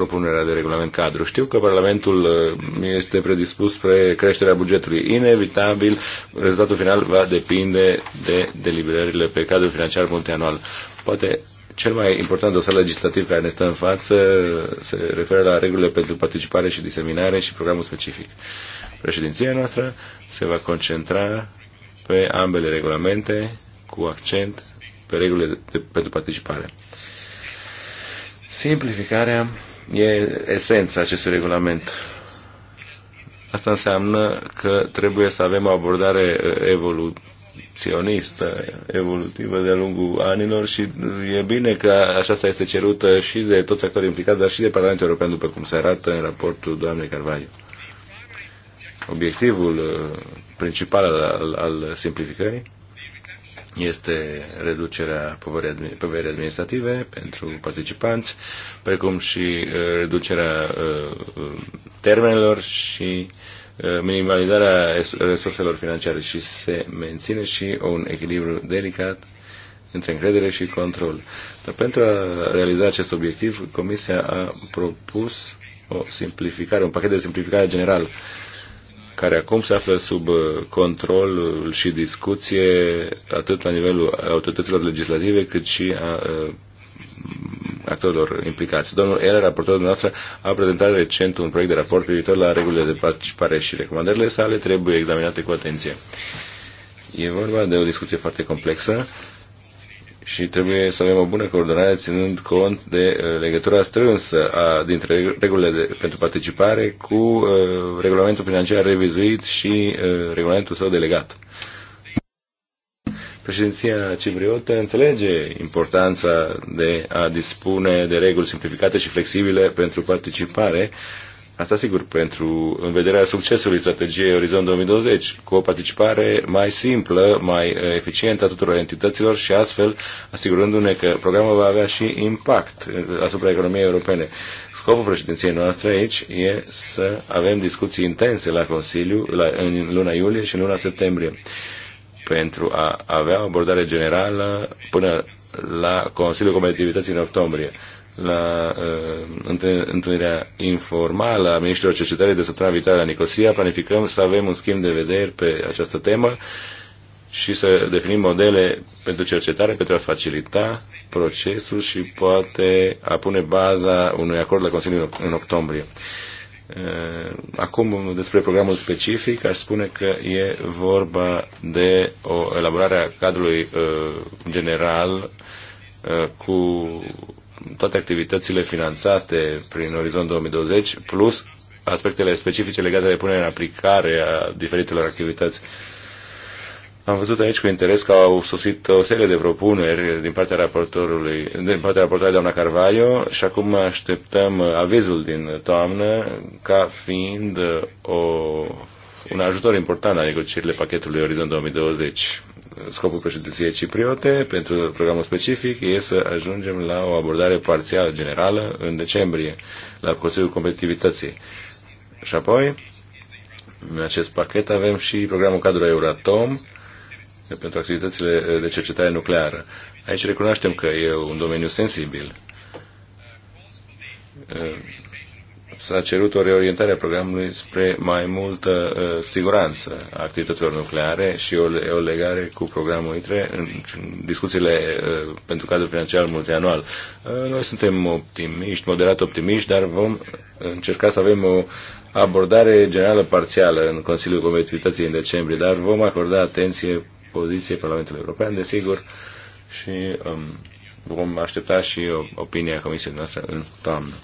propunerea de regulament cadru. Știu că Parlamentul uh, este predispus spre creșterea bugetului. Inevitabil, rezultatul final va depinde de deliberările pe cadrul financiar multianual. Poate cel mai important dosar legislativ care ne stă în față uh, se referă la regulile pentru participare și diseminare și programul specific. Președinția noastră se va concentra pe ambele regulamente cu accent pe regulile de, pentru participare. Simplificarea E esența acestui regulament. Asta înseamnă că trebuie să avem o abordare uh, evoluționistă, evolutivă de-a lungul anilor și uh, e bine că aceasta este cerută și de toți actorii implicați, dar și de Parlamentul European, după cum se arată în raportul doamnei Carvalho. Obiectivul uh, principal al, al simplificării este reducerea poverii administrative pentru participanți, precum și uh, reducerea uh, uh, termenelor și minimalizarea resurselor financiare și se menține și un echilibru delicat între încredere și control. Dar pentru a realiza acest obiectiv, Comisia a propus o simplificare, un pachet de simplificare general care acum se află sub uh, control și discuție atât la nivelul autorităților legislative cât și a uh, actorilor implicați. Domnul El, raportorul noastră, a prezentat recent un proiect de raport privitor la regulile de participare și recomandările sale trebuie examinate cu atenție. E vorba de o discuție foarte complexă și trebuie să avem o bună coordonare ținând cont de uh, legătura strânsă a, dintre regulile de, pentru participare cu uh, regulamentul financiar revizuit și uh, regulamentul său delegat. Președinția cipriotă înțelege importanța de a dispune de reguli simplificate și flexibile pentru participare uh, Asta sigur pentru în vederea succesului strategiei Orizont 2020, cu o participare mai simplă, mai uh, eficientă a tuturor entităților și astfel asigurându-ne că programul va avea și impact uh, asupra economiei europene. Scopul președinției noastre aici e să avem discuții intense la Consiliu la, în luna iulie și în luna septembrie pentru a avea o abordare generală până la Consiliul Competitivității în octombrie la uh, întâlnirea informală a ministrilor cercetării de săptămâna viitoare la Nicosia. Planificăm să avem un schimb de vedere pe această temă și să definim modele pentru cercetare pentru a facilita procesul și poate a pune baza unui acord la Consiliul în octombrie. Uh, acum, despre programul specific, aș spune că e vorba de o elaborare a cadrului uh, general uh, cu toate activitățile finanțate prin Orizont 2020, plus aspectele specifice legate de punerea în aplicare a diferitelor activități. Am văzut aici cu interes că au sosit o serie de propuneri din partea raportorului, din partea raportorului doamna Carvalho și acum așteptăm avizul din toamnă ca fiind o, un ajutor important la negocierile pachetului Orizont 2020 scopul președinției cipriote pentru programul specific e să ajungem la o abordare parțială generală în decembrie la Consiliul Competitivității. Și apoi, în acest pachet avem și programul cadru Euratom pentru activitățile de cercetare nucleară. Aici recunoaștem că e un domeniu sensibil s-a cerut o reorientare a programului spre mai multă uh, siguranță a activităților nucleare și o, o legare cu programul ITRE în discuțiile uh, pentru cadrul financiar multianual. Uh, noi suntem optimiști, moderat optimiști, dar vom încerca să avem o abordare generală parțială în Consiliul Competitivității în decembrie, dar vom acorda atenție poziției Parlamentului European, desigur, și um, vom aștepta și opinia Comisiei noastre în toamnă.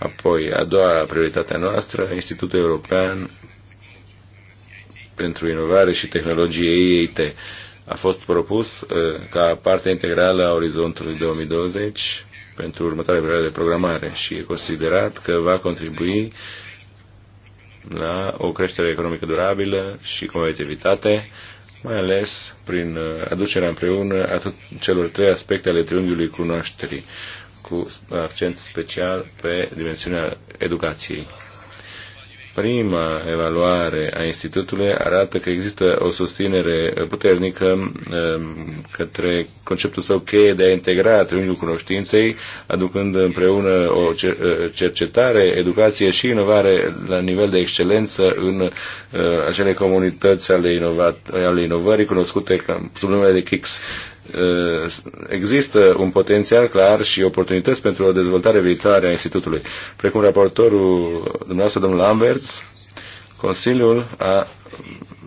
Apoi, a doua prioritate noastră, Institutul European pentru Inovare și Tehnologie EIT a fost propus uh, ca parte integrală a orizontului 2020 pentru următoarea perioadă de programare și e considerat că va contribui la o creștere economică durabilă și competitivitate, mai ales prin uh, aducerea împreună a celor trei aspecte ale triunghiului cunoașterii, cu accent special pe dimensiunea educației. Prima evaluare a Institutului arată că există o susținere puternică um, către conceptul său cheie de a integra triunghiul cunoștinței, aducând împreună o cercetare, educație și inovare la nivel de excelență în uh, acele comunități ale, inovat- ale inovării cunoscute ca sub numele de KICS Eh, există un potențial clar și oportunități pentru o dezvoltare viitoare a Institutului. Precum raportorul dumneavoastră, domnul Lamberts, Consiliul a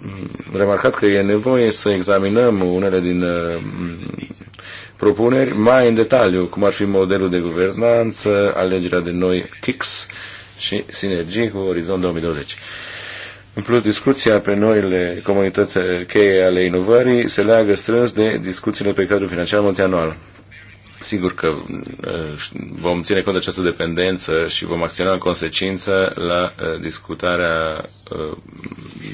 mm, remarcat că e nevoie să examinăm unele din eh, mm, propuneri mai în detaliu, cum ar fi modelul de guvernanță, alegerea de noi KICS și sinergii cu Orizont 2020. În plus, discuția pe noile comunități cheie ale inovării se leagă strâns de discuțiile pe cadrul financiar multianual. Sigur că uh, vom ține cont de această dependență și vom acționa în consecință la uh, discutarea uh,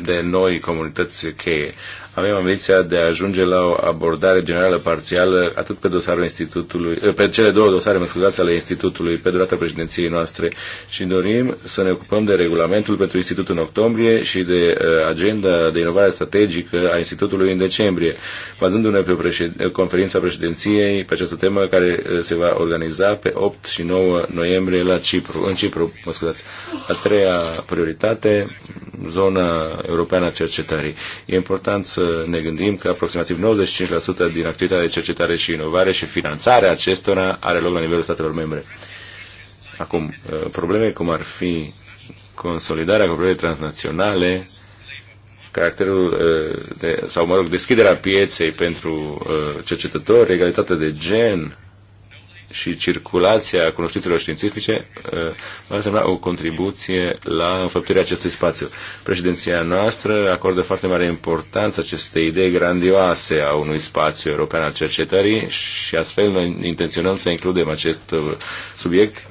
de noi comunități cheie avem ambiția de a ajunge la o abordare generală parțială, atât pe dosarul Institutului, eh, pe cele două dosare, mă scuzați, ale Institutului, pe durata președinției noastre și dorim să ne ocupăm de regulamentul pentru institutul în octombrie și de eh, agenda de inovare strategică a Institutului în decembrie, bazându-ne pe președ... conferința președinției pe această temă care eh, se va organiza pe 8 și 9 noiembrie la Cipru, în Cipru, mă scuzați. A treia prioritate, zona europeană a cercetării. E important să ne gândim că aproximativ 95% din activitatea de cercetare și inovare și finanțarea acestora are loc la nivelul statelor membre. Acum, uh, probleme cum ar fi consolidarea cooperării transnaționale, caracterul uh, de, sau, mă rog, deschiderea pieței pentru uh, cercetători, egalitatea de gen, și circulația cunoștințelor științifice uh, va însemna o contribuție la înfăptuirea acestui spațiu. Președinția noastră acordă foarte mare importanță acestei idei grandioase a unui spațiu european al cercetării și astfel noi intenționăm să includem acest uh, subiect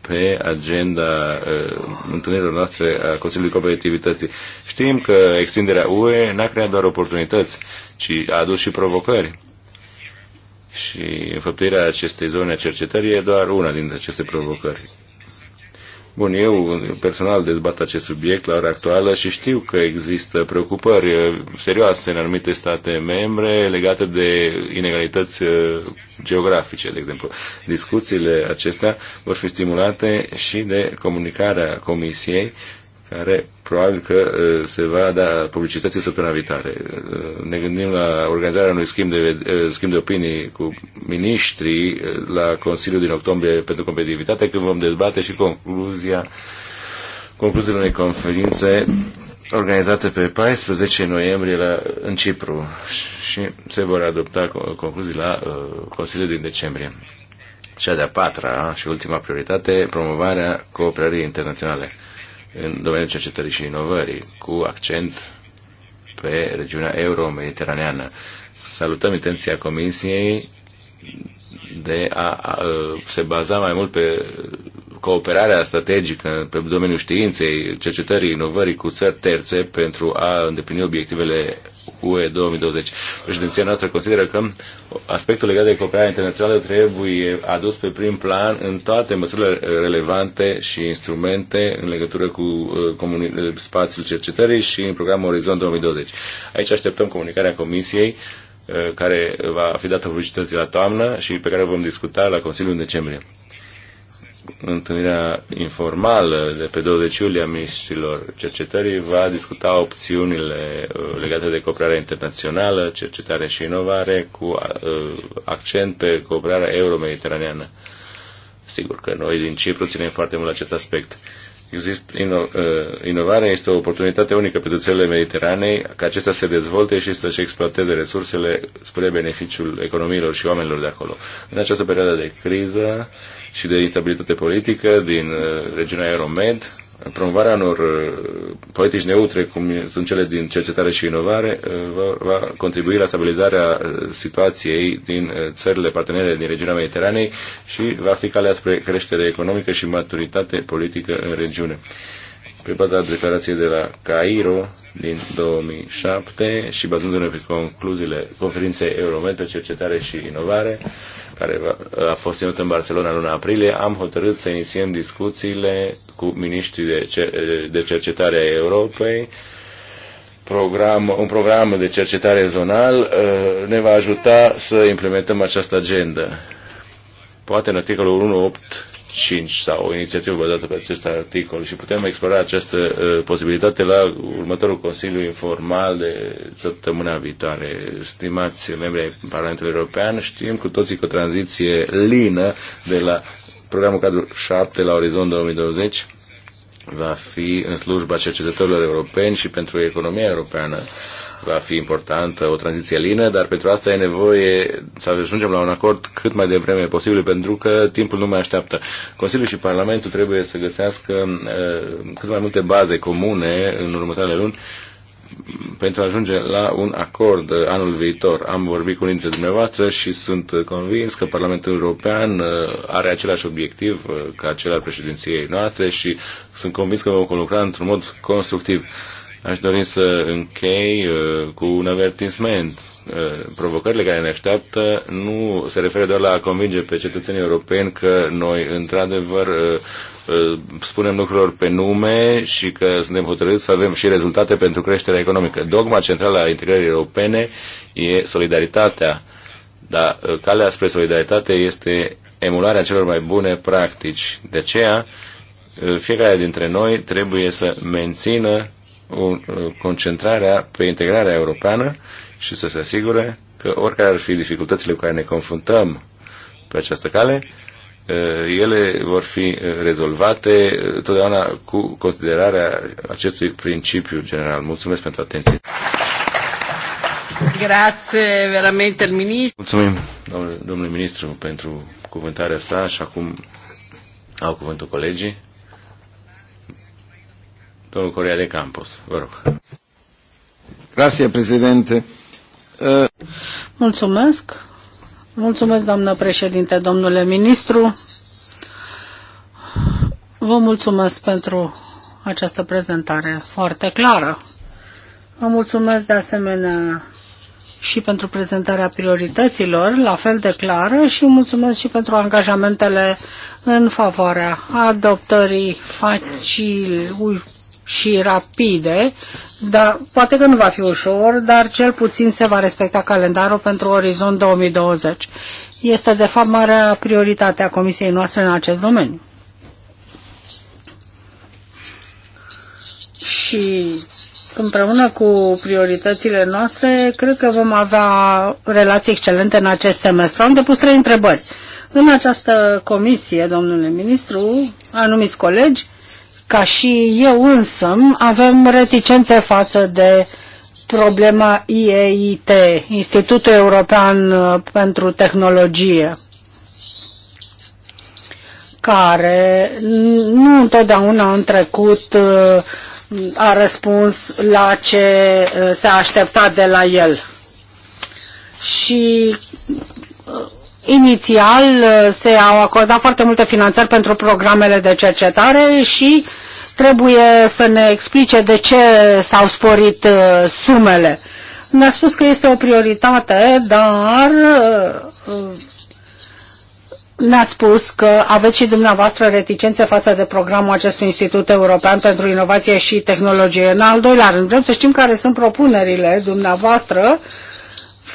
pe agenda uh, întâlnirilor noastre a Consiliului Competitivității. Știm că extinderea UE n-a creat doar oportunități, ci a adus și provocări și înfăptuirea acestei zone a cercetării e doar una dintre aceste provocări. Bun, eu personal dezbat acest subiect la ora actuală și știu că există preocupări serioase în anumite state membre legate de inegalități uh, geografice, de exemplu. Discuțiile acestea vor fi stimulate și de comunicarea Comisiei care probabil că uh, se va da publicității săptămâna viitoare. Uh, ne gândim la organizarea unui schimb de, uh, schimb de opinii cu miniștrii la Consiliul din octombrie pentru competitivitate, când vom dezbate și concluzia concluziile unei conferințe organizate pe 14 noiembrie la, în Cipru și se vor adopta concluzii la Consiliul din decembrie. Cea de-a patra și ultima prioritate, promovarea cooperării internaționale în domeniul cercetării și inovării, cu accent pe regiunea euro-mediteraneană. Salutăm intenția Comisiei de a, a se baza mai mult pe cooperarea strategică pe domeniul științei, cercetării, inovării cu țări terțe pentru a îndeplini obiectivele UE 2020. Președinția noastră consideră că aspectul legat de cooperarea internațională trebuie adus pe prim plan în toate măsurile relevante și instrumente în legătură cu uh, uh, spațiul cercetării și în programul Orizont 2020. Aici așteptăm comunicarea Comisiei uh, care va fi dată publicității la toamnă și pe care vom discuta la Consiliul în decembrie întâlnirea informală de pe 20 iulie a ministrilor cercetării va discuta opțiunile uh, legate de cooperarea internațională, cercetare și inovare, cu uh, accent pe cooperarea euro-mediteraneană. Sigur că noi din Cipru ținem foarte mult acest aspect. Există ino, uh, inovarea este o oportunitate unică pentru țările mediteranei ca acestea să se dezvolte și să-și exploateze resursele spre beneficiul economiilor și oamenilor de acolo. În această perioadă de criză și de instabilitate politică din uh, regiunea Euromed, promovarea unor uh, politici neutre, cum sunt cele din cercetare și inovare, uh, va, va contribui la stabilizarea uh, situației din țările partenere din regiunea Mediteranei și va fi calea spre creștere economică și maturitate politică în regiune. Pe baza declarației de la Cairo din 2007 și bazându-ne pe concluziile conferinței Euromed cercetare și inovare, care a fost ținut în Barcelona luna aprilie, am hotărât să inițiem discuțiile cu miniștrii de, cer- de cercetare a Europei. Program, un program de cercetare zonal uh, ne va ajuta să implementăm această agendă. Poate în articolul 5 sau o inițiativă bazată pe acest articol și putem explora această uh, posibilitate la următorul Consiliu Informal de săptămâna viitoare. Stimați membri ai Parlamentului European, știm cu toții că o tranziție lină de la programul cadru 7 la orizont 2020 va fi în slujba cercetătorilor europeni și pentru economia europeană. Uh, va fi importantă o tranziție lină, dar pentru asta e nevoie să ajungem la un acord cât mai devreme posibil, pentru că timpul nu mai așteaptă. Consiliul și Parlamentul trebuie să găsească uh, cât mai multe baze comune în următoarele luni pentru a ajunge la un acord uh, anul viitor. Am vorbit cu unii dintre dumneavoastră și sunt uh, convins că Parlamentul European uh, are același obiectiv ca cel al președinției noastre și sunt convins că vom lucra într-un mod constructiv. Aș dori să închei uh, cu un avertisment. Uh, provocările care ne așteaptă nu se referă doar la a convinge pe cetățenii europeni că noi, într-adevăr, uh, spunem lucrurilor pe nume și că suntem hotărâți să avem și rezultate pentru creșterea economică. Dogma centrală a integrării europene e solidaritatea, dar calea spre solidaritate este emularea celor mai bune practici. De aceea, fiecare dintre noi trebuie să mențină concentrarea pe integrarea europeană și să se asigure că oricare ar fi dificultățile cu care ne confruntăm pe această cale, ele vor fi rezolvate totdeauna cu considerarea acestui principiu general. Mulțumesc pentru atenție. Grazie, veramente, al ministru. Mulțumim, domnule, domnule ministru, pentru cuvântarea sa și acum au cuvântul colegii. Domnul Corea de Campos, vă rog. Grazie, președinte. Uh, mulțumesc. Mulțumesc, doamnă președinte, domnule ministru. Vă mulțumesc pentru această prezentare foarte clară. Vă mulțumesc de asemenea și pentru prezentarea priorităților, la fel de clară, și mulțumesc și pentru angajamentele în favoarea adoptării facil, și rapide, dar poate că nu va fi ușor, dar cel puțin se va respecta calendarul pentru orizont 2020. Este de fapt marea prioritate a comisiei noastre în acest domeniu. Și împreună cu prioritățile noastre, cred că vom avea relații excelente în acest semestru. Am depus trei întrebări. În această comisie, domnule ministru, anumiți colegi, ca și eu însă, avem reticențe față de problema IEIT, Institutul European uh, pentru Tehnologie, care nu întotdeauna în trecut uh, a răspuns la ce uh, se aștepta de la el. Și Inițial uh, se au acordat foarte multe finanțări pentru programele de cercetare și trebuie să ne explice de ce s-au sporit uh, sumele. Ne-a spus că este o prioritate, dar uh, ne a spus că aveți și dumneavoastră reticențe față de programul acestui Institut European pentru Inovație și Tehnologie. În al doilea rând, vrem să știm care sunt propunerile dumneavoastră uh,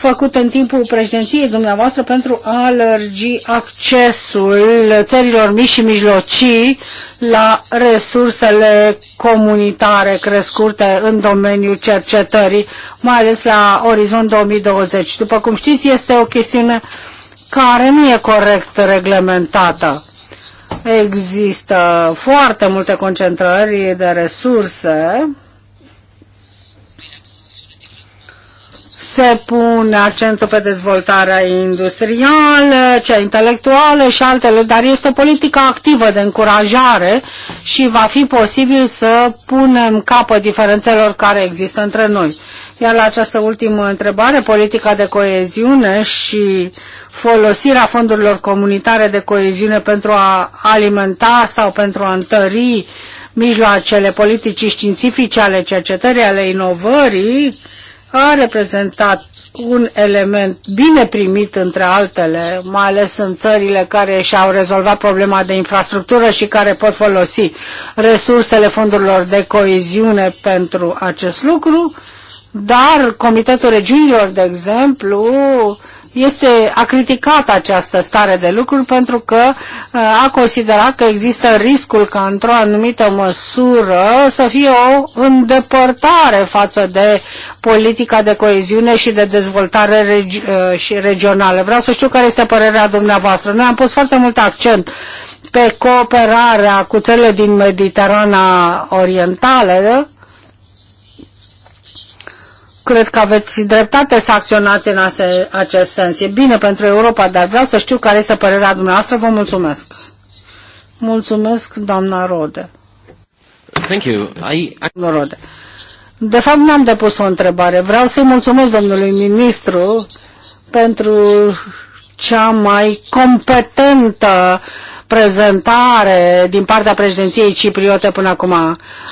făcut în timpul președinției dumneavoastră pentru a alergi accesul țărilor mici și mijlocii la resursele comunitare crescute în domeniul cercetării, mai ales la Orizont 2020. După cum știți, este o chestiune care nu e corect reglementată. Există foarte multe concentrări de resurse se pune accentul pe dezvoltarea industrială, cea intelectuală și altele, dar este o politică activă de încurajare și va fi posibil să punem capăt diferențelor care există între noi. Iar la această ultimă întrebare, politica de coeziune și folosirea fondurilor comunitare de coeziune pentru a alimenta sau pentru a întări mijloacele politicii științifice ale cercetării, ale inovării, a reprezentat un element bine primit între altele, mai ales în țările care și-au rezolvat problema de infrastructură și care pot folosi resursele fondurilor de coeziune pentru acest lucru, dar Comitetul Regiunilor, de exemplu, este, a criticat această stare de lucruri pentru că uh, a considerat că există riscul ca într-o anumită măsură să fie o îndepărtare față de politica de coeziune și de dezvoltare regi uh, și regională. Vreau să știu care este părerea dumneavoastră. Noi am pus foarte mult accent pe cooperarea cu țările din Mediterana Orientală, cred că aveți dreptate să acționați în ase, acest sens. E bine pentru Europa, dar vreau să știu care este părerea dumneavoastră. Vă mulțumesc. Mulțumesc, doamna Rode. Thank you. I, I... Rode. De fapt, n-am depus o întrebare. Vreau să-i mulțumesc domnului ministru pentru cea mai competentă prezentare din partea președinției cipriote până acum.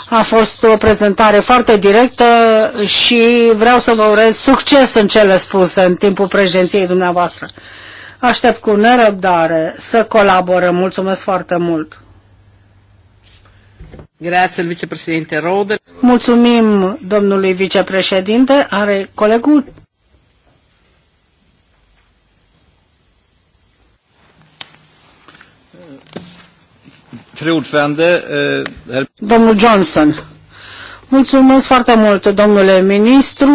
A fost o prezentare foarte directă și vreau să vă urez succes în cele spuse în timpul președinției dumneavoastră. Aștept cu nerăbdare să colaborăm. Mulțumesc foarte mult! Grazie, vicepreședinte Rode. Mulțumim domnului vicepreședinte. Are colegul Eh, Domnul Johnson. Mulțumesc foarte mult, domnule ministru.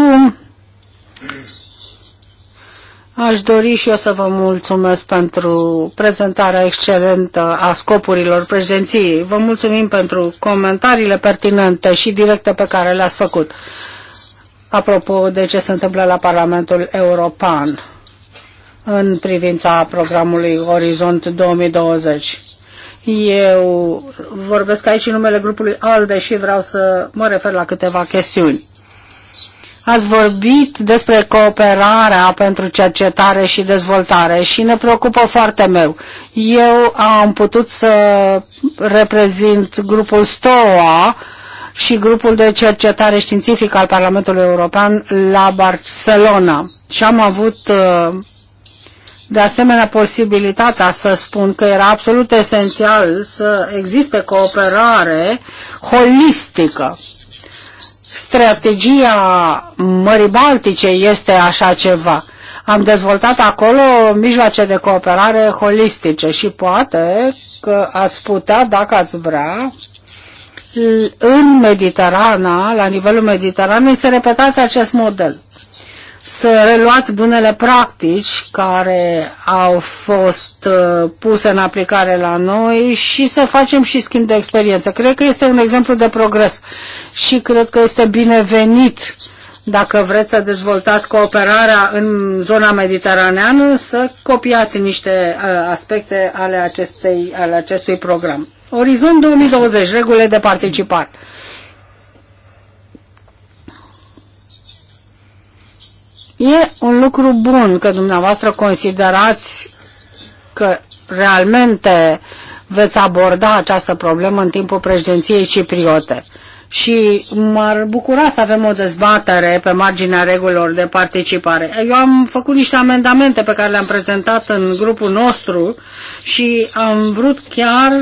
Aș dori și eu să vă mulțumesc pentru prezentarea excelentă a scopurilor președinției. Vă mulțumim pentru comentariile pertinente și directe pe care le-ați făcut. Apropo de ce se întâmplă la Parlamentul European în privința programului Orizont 2020. Eu vorbesc aici în numele grupului ALDE și vreau să mă refer la câteva chestiuni. Ați vorbit despre cooperarea pentru cercetare și dezvoltare și ne preocupă foarte meu. Eu am putut să reprezint grupul STOA și grupul de cercetare științifică al Parlamentului European la Barcelona și am avut uh, de asemenea posibilitatea să spun că era absolut esențial să existe cooperare holistică. Strategia Mării Baltice este așa ceva. Am dezvoltat acolo mijloace de cooperare holistice și poate că ați putea, dacă ați vrea, în Mediterana, la nivelul Mediteranei, să repetați acest model să reluați bunele practici care au fost uh, puse în aplicare la noi și să facem și schimb de experiență. Cred că este un exemplu de progres și cred că este binevenit dacă vreți să dezvoltați cooperarea în zona mediteraneană, să copiați niște uh, aspecte ale, acestei, ale acestui program. Orizont 2020, regulile de participare. E un lucru bun că dumneavoastră considerați că realmente veți aborda această problemă în timpul președinției cipriote. Și m-ar bucura să avem o dezbatere pe marginea regulilor de participare. Eu am făcut niște amendamente pe care le-am prezentat în grupul nostru și am vrut chiar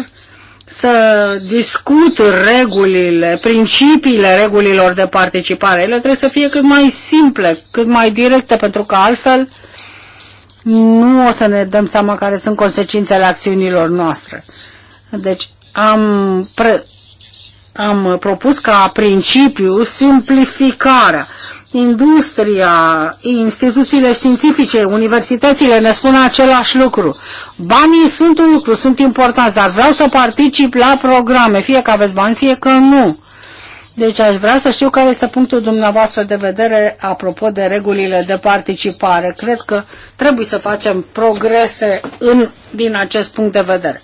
să discut regulile, principiile regulilor de participare. Ele trebuie să fie cât mai simple, cât mai directe, pentru că altfel nu o să ne dăm seama care sunt consecințele acțiunilor noastre. Deci am pre- am uh, propus ca principiu simplificarea. Industria, instituțiile științifice, universitățile ne spun același lucru. Banii sunt un lucru, sunt importanți, dar vreau să particip la programe, fie că aveți bani, fie că nu. Deci aș vrea să știu care este punctul dumneavoastră de vedere apropo de regulile de participare. Cred că trebuie să facem progrese în, din acest punct de vedere.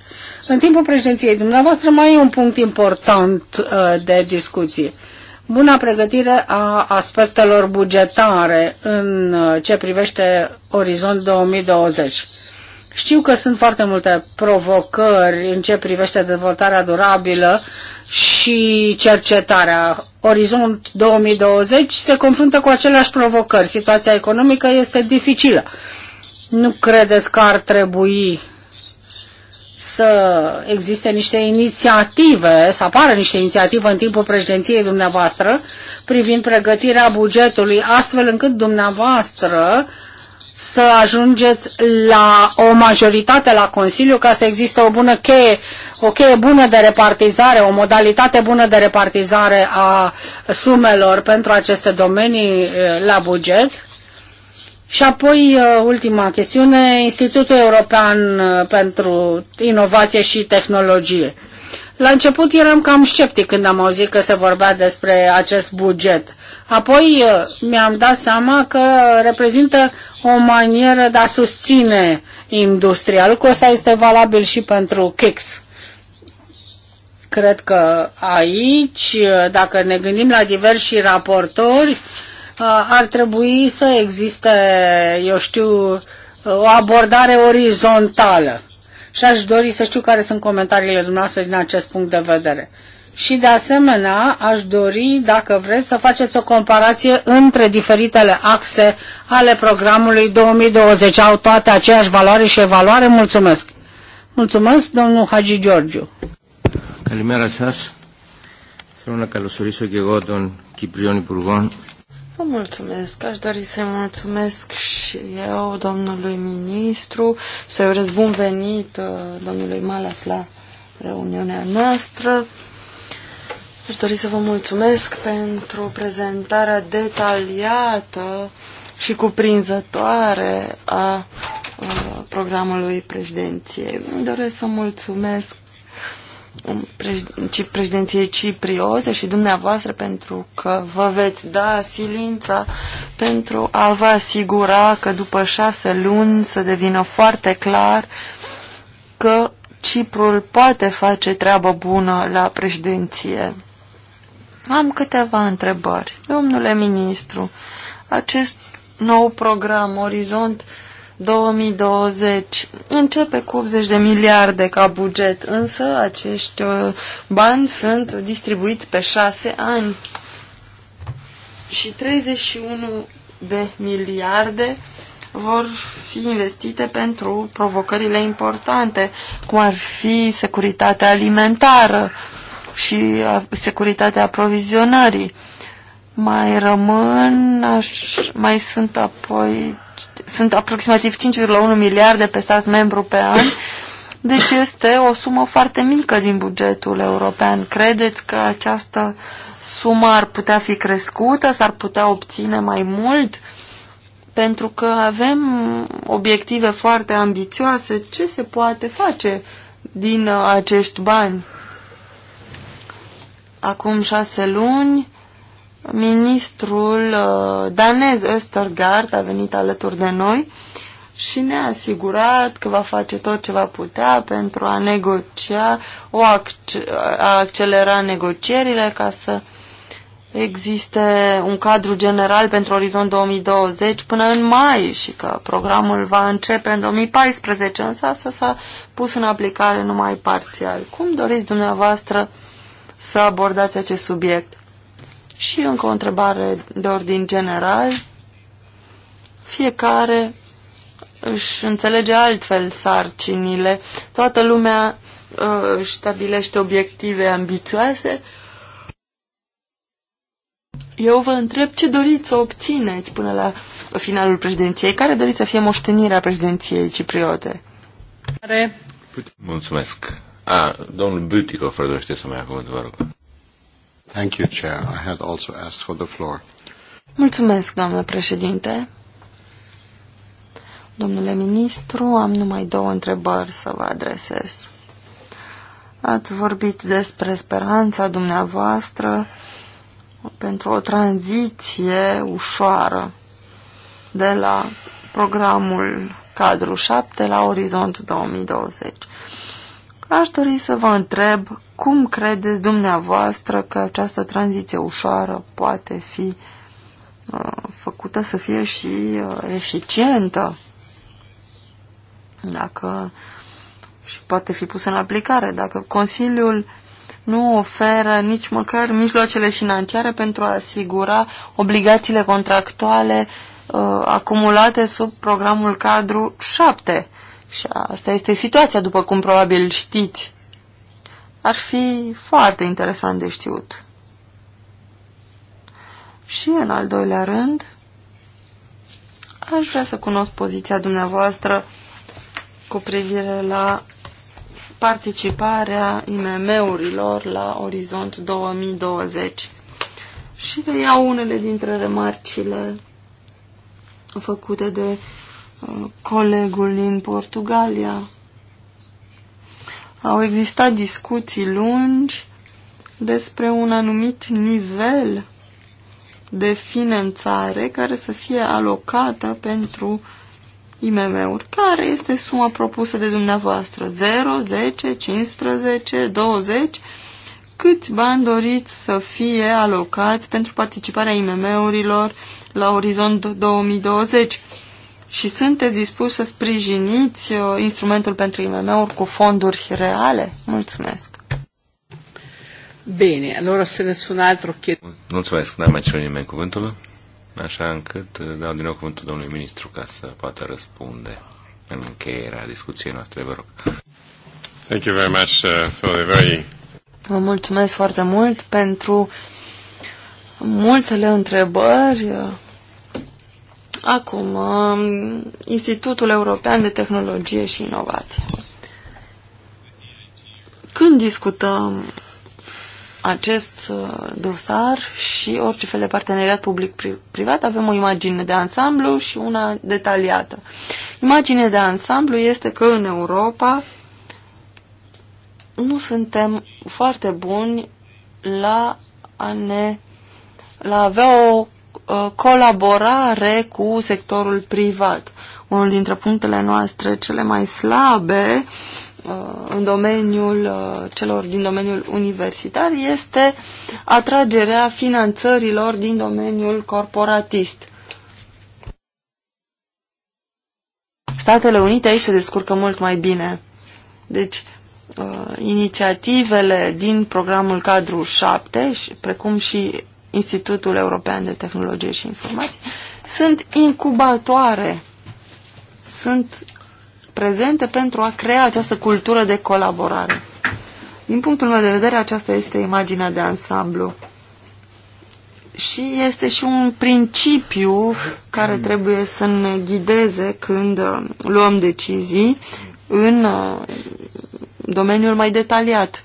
În timpul președinției dumneavoastră mai e un punct important uh, de discuție. Buna pregătire a aspectelor bugetare în uh, ce privește orizont 2020. Știu că sunt foarte multe provocări în ce privește dezvoltarea durabilă și cercetarea. Orizont 2020 se confruntă cu aceleași provocări. Situația economică este dificilă. Nu credeți că ar trebui să existe niște inițiative, să apară niște inițiative în timpul președinției dumneavoastră privind pregătirea bugetului, astfel încât dumneavoastră să ajungeți la o majoritate la Consiliu ca să existe o bună cheie, o cheie bună de repartizare, o modalitate bună de repartizare a sumelor pentru aceste domenii eh, la buget. Și apoi, eh, ultima chestiune, Institutul European eh, pentru Inovație și Tehnologie. La început eram cam sceptic când am auzit că se vorbea despre acest buget. Apoi uh, mi-am dat seama că reprezintă o manieră de a susține industria. Lucrul ăsta este valabil și pentru Kix. Cred că aici, uh, dacă ne gândim la diversi raportori, uh, ar trebui să existe, eu știu, o abordare orizontală și aș dori să știu care sunt comentariile dumneavoastră din acest punct de vedere. Și de asemenea, aș dori, dacă vreți, să faceți o comparație între diferitele axe ale programului 2020. Au toate aceeași valoare și evaluare? Mulțumesc! Mulțumesc, domnul Hagi Georgiu. Calimera, σας. Θέλω να καλωσορίσω και εγώ τον Vă mulțumesc. Aș dori să-i mulțumesc și eu, domnului ministru, să-i urez bun venit uh, domnului Malas la reuniunea noastră. Aș dori să vă mulțumesc pentru prezentarea detaliată și cuprinzătoare a uh, programului președinției. Doresc să mulțumesc Um, președinției cipriote și dumneavoastră pentru că vă veți da silința pentru a vă asigura că după șase luni să devină foarte clar că Ciprul poate face treabă bună la președinție. Am câteva întrebări. Domnule ministru, acest nou program Orizont 2020 începe cu 80 de miliarde ca buget, însă acești uh, bani sunt distribuiți pe 6 ani și 31 de miliarde vor fi investite pentru provocările importante, cum ar fi securitatea alimentară și uh, securitatea aprovizionării. Mai rămân, aș, mai sunt apoi sunt aproximativ 5,1 miliarde pe stat membru pe an, deci este o sumă foarte mică din bugetul european. Credeți că această sumă ar putea fi crescută, s-ar putea obține mai mult? Pentru că avem obiective foarte ambițioase. Ce se poate face din uh, acești bani? Acum șase luni Ministrul uh, danez Östergaard a venit alături de noi și ne-a asigurat că va face tot ce va putea pentru a negocia, o ac a accelera negocierile ca să existe un cadru general pentru orizont 2020 până în mai și că programul va începe în 2014, însă asta s-a pus în aplicare numai parțial. Cum doriți dumneavoastră să abordați acest subiect? Și încă o întrebare de ordin general. Fiecare își înțelege altfel sarcinile. Toată lumea uh, stabilește obiective ambițioase. Eu vă întreb ce doriți să obțineți până la finalul președinției. Care doriți să fie moștenirea președinției cipriote? Mulțumesc. A, domnul Butico dorește să mai acum, vă rog. Thank you, Chair. I had also asked for the floor. Mulțumesc, doamnă președinte. Domnule ministru, am numai două întrebări să vă adresez. Ați vorbit despre speranța dumneavoastră pentru o tranziție ușoară de la programul cadru 7 la orizont 2020. Aș dori să vă întreb cum credeți dumneavoastră că această tranziție ușoară poate fi uh, făcută să fie și uh, eficientă? Dacă și poate fi pusă în aplicare, dacă Consiliul nu oferă nici măcar mijloacele financiare pentru a asigura obligațiile contractuale uh, acumulate sub programul cadru 7 și asta este situația, după cum probabil știți. Ar fi foarte interesant de știut. Și în al doilea rând, aș vrea să cunosc poziția dumneavoastră cu privire la participarea IMM-urilor la Orizont 2020. Și reiau unele dintre remarcile făcute de colegul din Portugalia. Au existat discuții lungi despre un anumit nivel de finanțare care să fie alocată pentru IMM-uri. Care este suma propusă de dumneavoastră? 0, 10, 15, 20? Câți bani doriți să fie alocați pentru participarea IMM-urilor la orizont 2020? Și sunteți dispuși să sprijiniți uh, instrumentul pentru IMM-uri cu fonduri reale? Mulțumesc! Bine, allora ne nessun altro chiede... Mulțumesc, n-am mai cerut nimeni cuvântul, așa încât uh, dau din nou cuvântul domnului ministru ca să poată răspunde în încheierea discuției noastre, vă rog. Thank you very much uh, for the very... Vă mulțumesc foarte mult pentru multele întrebări Acum, um, Institutul European de Tehnologie și Inovație. Când discutăm acest uh, dosar și orice fel de parteneriat public-privat, avem o imagine de ansamblu și una detaliată. Imaginea de ansamblu este că în Europa nu suntem foarte buni la a ne la a avea o Uh, colaborare cu sectorul privat. Unul dintre punctele noastre cele mai slabe uh, în domeniul uh, celor din domeniul universitar este atragerea finanțărilor din domeniul corporatist. Statele Unite aici se descurcă mult mai bine. Deci, inițiativele din programul cadru 7, precum și Institutul European de Tehnologie și Informații, sunt incubatoare, sunt prezente pentru a crea această cultură de colaborare. Din punctul meu de vedere, aceasta este imaginea de ansamblu. Și este și un principiu care trebuie să ne ghideze când uh, luăm decizii în uh, domeniul mai detaliat.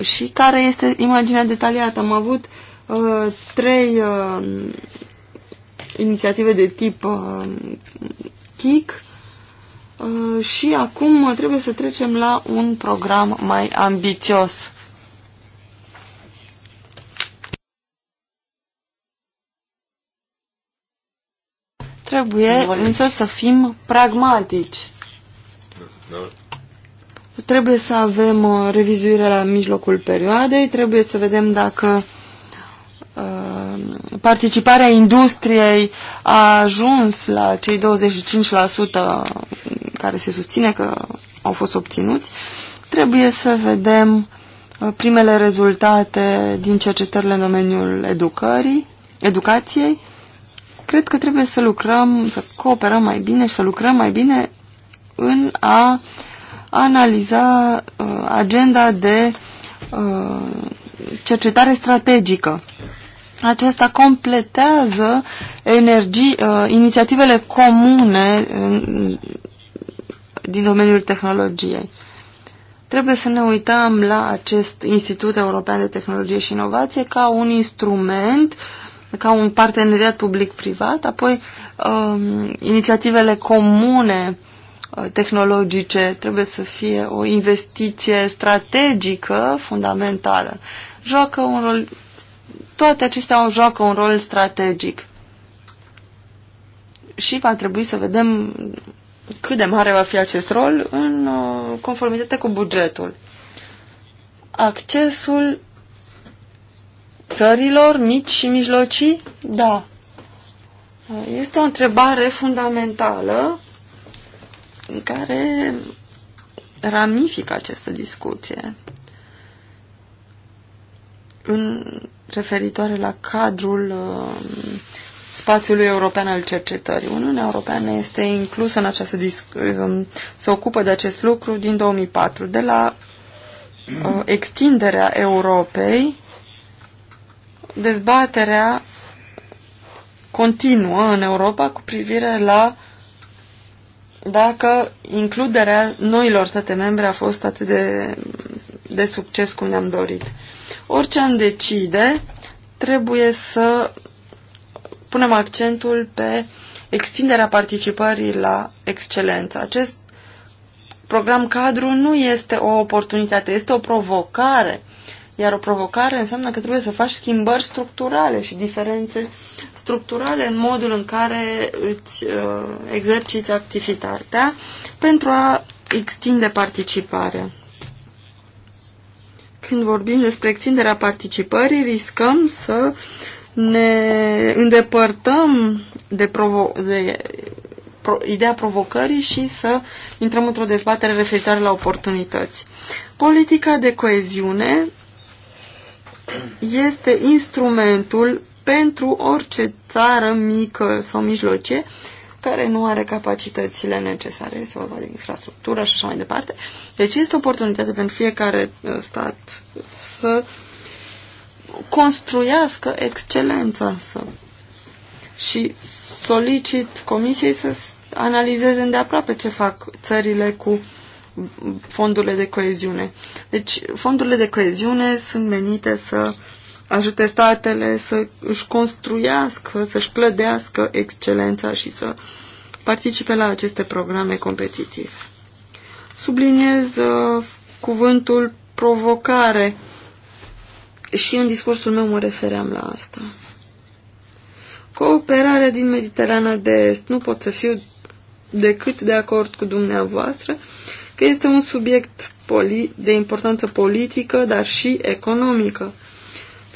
Și care este imaginea detaliată? Am avut uh, Uh, trei uh, inițiative de tip uh, KIC uh, și acum trebuie să trecem la un program mai ambițios. Trebuie însă să fim pragmatici. Trebuie să avem uh, revizuire la mijlocul perioadei, trebuie să vedem dacă Uh, participarea industriei a ajuns la cei 25% care se susține că au fost obținuți, trebuie să vedem uh, primele rezultate din cercetările în domeniul educării, educației. Cred că trebuie să lucrăm, să cooperăm mai bine și să lucrăm mai bine în a analiza uh, agenda de cercetare strategică aceasta completează energii, uh, inițiativele comune în, din domeniul tehnologiei. Trebuie să ne uităm la acest Institut European de Tehnologie și Inovație ca un instrument, ca un parteneriat public-privat, apoi um, inițiativele comune uh, tehnologice trebuie să fie o investiție strategică fundamentală. Joacă un rol toate acestea joacă un rol strategic. Și va trebui să vedem cât de mare va fi acest rol în uh, conformitate cu bugetul. Accesul țărilor mici și mijlocii? Da. Este o întrebare fundamentală în care ramifică această discuție. În referitoare la cadrul uh, spațiului european al cercetării. Uniunea Europeană este inclusă în această um, se ocupă de acest lucru din 2004, de la uh, extinderea Europei, dezbaterea continuă în Europa cu privire la dacă includerea noilor state membre a fost atât de, de succes cum ne-am dorit. Orice am decide, trebuie să punem accentul pe extinderea participării la excelență. Acest program cadru nu este o oportunitate, este o provocare. Iar o provocare înseamnă că trebuie să faci schimbări structurale și diferențe structurale în modul în care îți uh, exerciți activitatea pentru a extinde participarea când vorbim despre extinderea participării, riscăm să ne îndepărtăm de, provo- de pro- ideea provocării și să intrăm într-o dezbatere referitoare la oportunități. Politica de coeziune este instrumentul pentru orice țară mică sau mijlocie care nu are capacitățile necesare, este vorba de infrastructură și așa mai departe. Deci este o oportunitate pentru fiecare uh, stat să construiască excelența să și solicit comisiei să analizeze îndeaproape ce fac țările cu fondurile de coeziune. Deci fondurile de coeziune sunt menite să ajute statele să își construiască, să-și clădească excelența și să participe la aceste programe competitive. Subliniez uh, cuvântul provocare și în discursul meu mă refeream la asta. Cooperarea din Mediterana de Est. Nu pot să fiu decât de acord cu dumneavoastră că este un subiect de importanță politică, dar și economică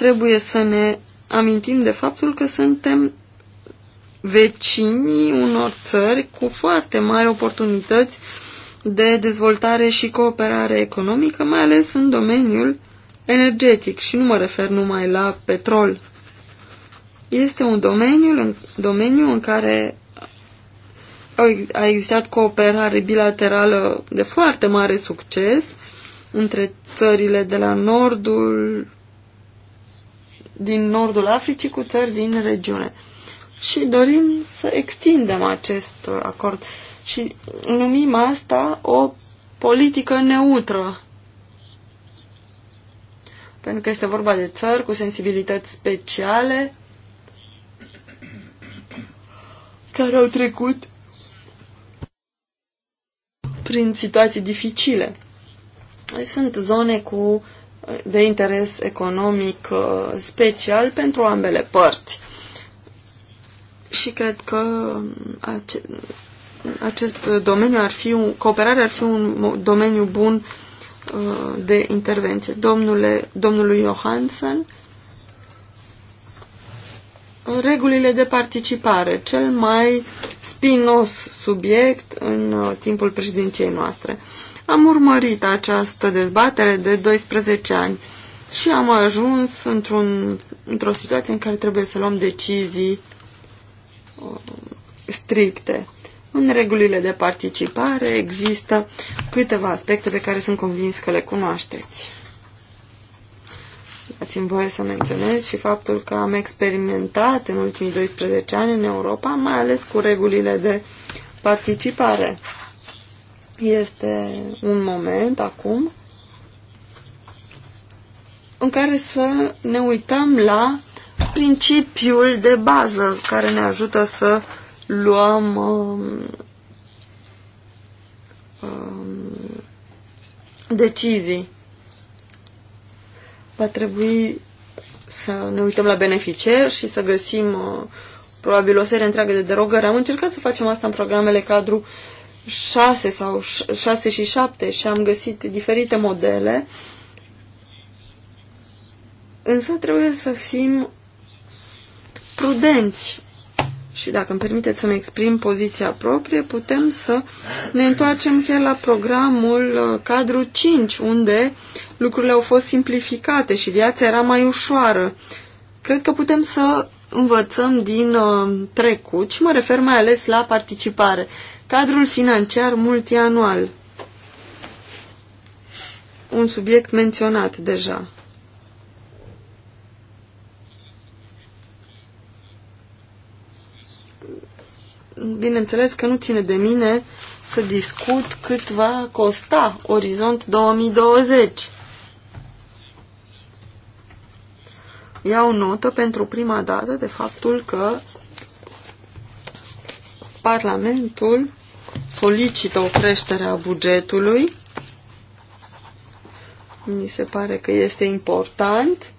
trebuie să ne amintim de faptul că suntem vecinii unor țări cu foarte mari oportunități de dezvoltare și cooperare economică, mai ales în domeniul energetic și nu mă refer numai la petrol. Este un domeniu, domeniu în care a existat cooperare bilaterală de foarte mare succes între țările de la nordul din nordul Africii cu țări din regiune. Și dorim să extindem acest uh, acord și numim asta o politică neutră. Pentru că este vorba de țări cu sensibilități speciale care au trecut prin situații dificile. Sunt zone cu de interes economic uh, special pentru ambele părți. Și cred că um, acest domeniu ar fi, un, cooperarea ar fi un domeniu bun uh, de intervenție. Domnule, domnului Johansen, regulile de participare, cel mai spinos subiect în uh, timpul președinției noastre. Am urmărit această dezbatere de 12 ani și am ajuns într-un, într-o situație în care trebuie să luăm decizii uh, stricte. În regulile de participare există câteva aspecte pe care sunt convins că le cunoașteți. Dați-mi voie să menționez și faptul că am experimentat în ultimii 12 ani în Europa, mai ales cu regulile de participare. Este un moment acum în care să ne uităm la principiul de bază care ne ajută să luăm um, um, decizii. Va trebui să ne uităm la beneficiari și să găsim uh, probabil o serie întreagă de derogări. Am încercat să facem asta în programele cadru 6 sau 6 și 7 și am găsit diferite modele, însă trebuie să fim prudenți și dacă îmi permiteți să-mi exprim poziția proprie, putem să ne întoarcem chiar la programul uh, cadru 5, unde lucrurile au fost simplificate și viața era mai ușoară. Cred că putem să învățăm din uh, trecut și mă refer mai ales la participare. Cadrul financiar multianual. Un subiect menționat deja. Bineînțeles că nu ține de mine să discut cât va costa Orizont 2020. Iau notă pentru prima dată de faptul că Parlamentul solicită o creștere a bugetului. Mi se pare că este important.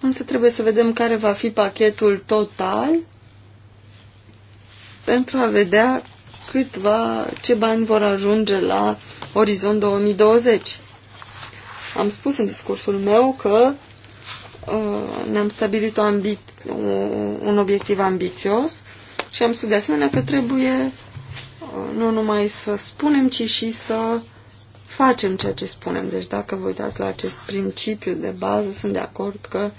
Însă trebuie să vedem care va fi pachetul total pentru a vedea cât va, ce bani vor ajunge la Orizont 2020. Am spus în discursul meu că Uh, ne-am stabilit o ambi un obiectiv ambițios și am spus de asemenea că trebuie uh, nu numai să spunem, ci și să facem ceea ce spunem. Deci dacă vă uitați la acest principiu de bază, sunt de acord că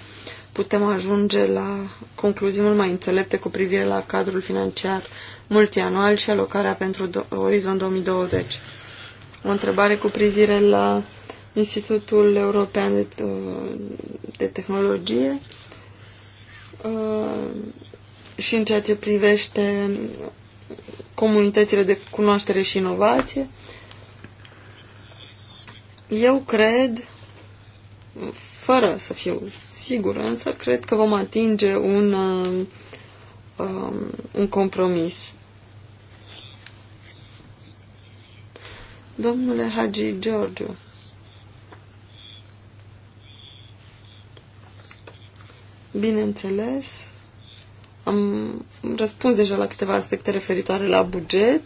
putem ajunge la concluzii mult mai înțelepte cu privire la cadrul financiar multianual și alocarea pentru Orizont 2020. O întrebare cu privire la Institutul European de, uh, de Tehnologie uh, și în ceea ce privește comunitățile de cunoaștere și inovație. Eu cred, fără să fiu sigur, însă cred că vom atinge un, uh, um, un compromis. Domnule Hagi Georgiu, Bineînțeles, am răspuns deja la câteva aspecte referitoare la buget.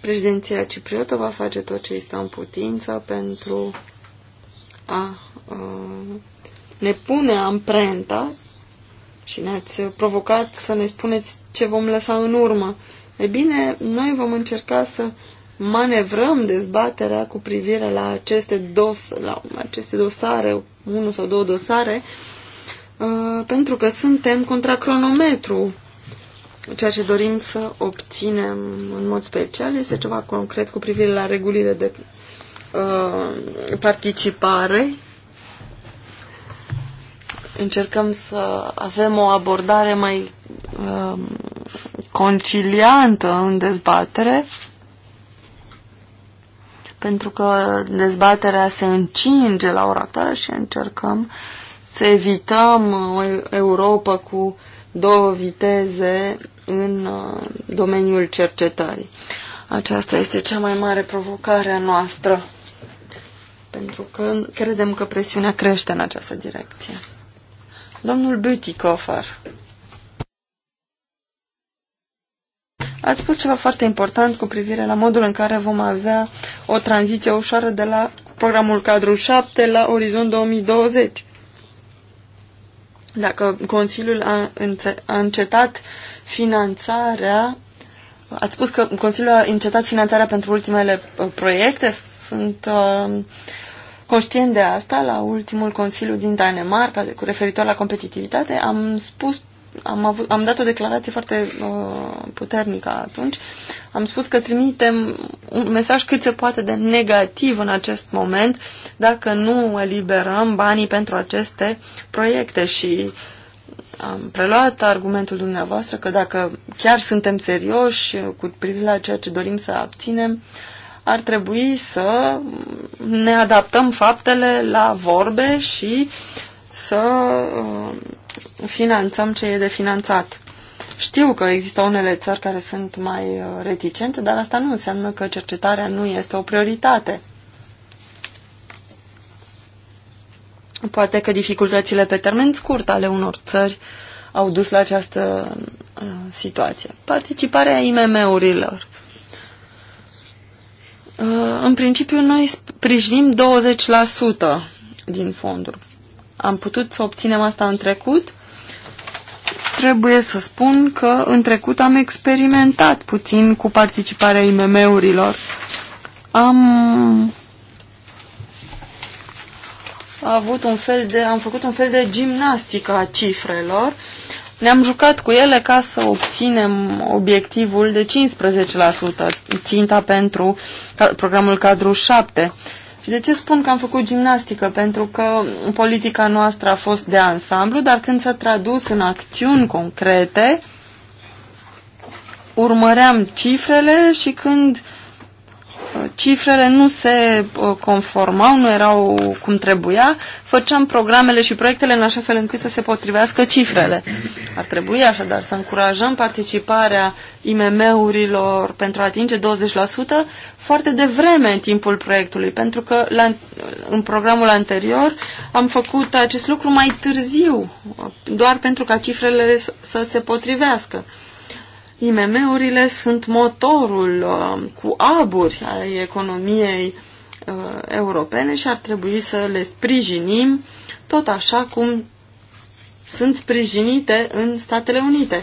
Președinția cipriotă va face tot ce este în putință pentru a uh, ne pune amprenta și ne-ați provocat să ne spuneți ce vom lăsa în urmă. E bine, noi vom încerca să manevrăm dezbaterea cu privire la aceste, dos, la aceste dosare, unul sau două dosare, uh, pentru că suntem contra cronometru. Ceea ce dorim să obținem în mod special este ceva concret cu privire la regulile de uh, participare. Încercăm să avem o abordare mai uh, conciliantă în dezbatere pentru că dezbaterea se încinge la ora ta și încercăm să evităm o uh, Europa cu două viteze în uh, domeniul cercetării. Aceasta este cea mai mare provocare a noastră, pentru că credem că presiunea crește în această direcție. Domnul Bütikofer. Ați spus ceva foarte important cu privire la modul în care vom avea o tranziție ușoară de la programul cadru 7 la orizont 2020. Dacă Consiliul a, a încetat finanțarea, ați spus că Consiliul a încetat finanțarea pentru ultimele uh, proiecte, sunt uh, conștient de asta la ultimul Consiliu din Danemarca, cu referitor la competitivitate, am spus am, avut, am dat o declarație foarte uh, puternică atunci. Am spus că trimitem un mesaj cât se poate de negativ în acest moment dacă nu eliberăm banii pentru aceste proiecte și am preluat argumentul dumneavoastră că dacă chiar suntem serioși cu privire la ceea ce dorim să abținem, ar trebui să ne adaptăm faptele la vorbe și să uh, finanțăm ce e de finanțat. Știu că există unele țări care sunt mai uh, reticente, dar asta nu înseamnă că cercetarea nu este o prioritate. Poate că dificultățile pe termen scurt ale unor țări au dus la această uh, situație. Participarea IMM-urilor. Uh, în principiu, noi sprijinim 20% din fonduri. Am putut să obținem asta în trecut trebuie să spun că în trecut am experimentat puțin cu participarea IMM-urilor. Am avut un fel de, am făcut un fel de gimnastică a cifrelor. Ne-am jucat cu ele ca să obținem obiectivul de 15%, ținta pentru programul cadru 7. De ce spun că am făcut gimnastică? Pentru că politica noastră a fost de ansamblu, dar când s-a tradus în acțiuni concrete, urmăream cifrele și când uh, cifrele nu se uh, conformau, nu erau cum trebuia, făceam programele și proiectele în așa fel încât să se potrivească cifrele. Ar trebui așadar să încurajăm participarea IMM-urilor pentru a atinge 20% foarte devreme în timpul proiectului, pentru că la, în programul anterior am făcut acest lucru mai târziu, doar pentru ca cifrele să se potrivească. IMM-urile sunt motorul uh, cu aburi al economiei uh, europene și ar trebui să le sprijinim tot așa cum sunt sprijinite în Statele Unite.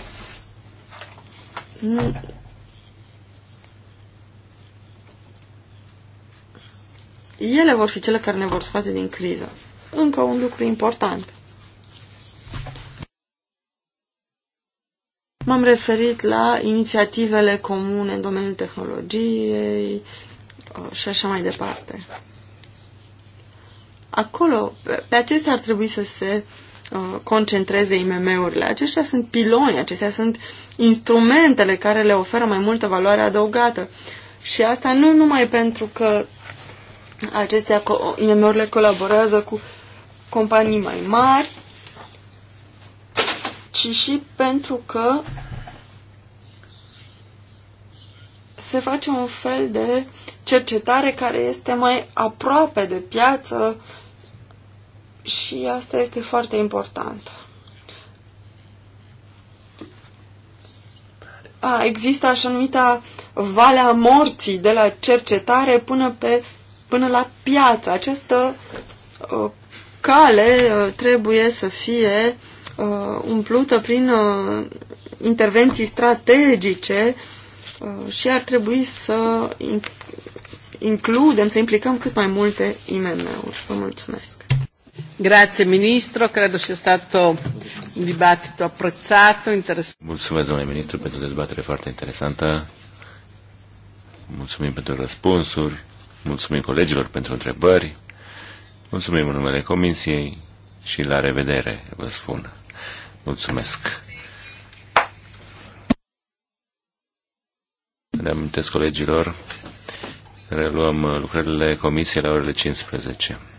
Ele vor fi cele care ne vor scoate din criză. Încă un lucru important. M-am referit la inițiativele comune în domeniul tehnologiei uh, și așa mai departe. Acolo, pe acestea ar trebui să se uh, concentreze IMM-urile. Aceștia sunt piloni, acestea sunt instrumentele care le oferă mai multă valoare adăugată. Și asta nu numai pentru că acestea IMM-urile colaborează cu companii mai mari, ci și pentru că se face un fel de cercetare care este mai aproape de piață și asta este foarte important. A, există așa numita valea morții de la cercetare până, pe, până la piață. Această uh, cale uh, trebuie să fie uh, umplută prin uh, intervenții strategice uh, și ar trebui să includem, să implicăm cât mai multe IMM-uri. Vă mulțumesc! Grazie Ministro, credo sia stato un dibattito apprezzato, interessante. Mulțumesc, domnule Ministru, pentru dezbatere foarte interesantă. Mulțumim pentru răspunsuri, mulțumim colegilor pentru întrebări, mulțumim în numele Comisiei și la revedere, vă spun. Mulțumesc. Ne amintesc colegilor, reluăm lucrările comisiei la orele 15.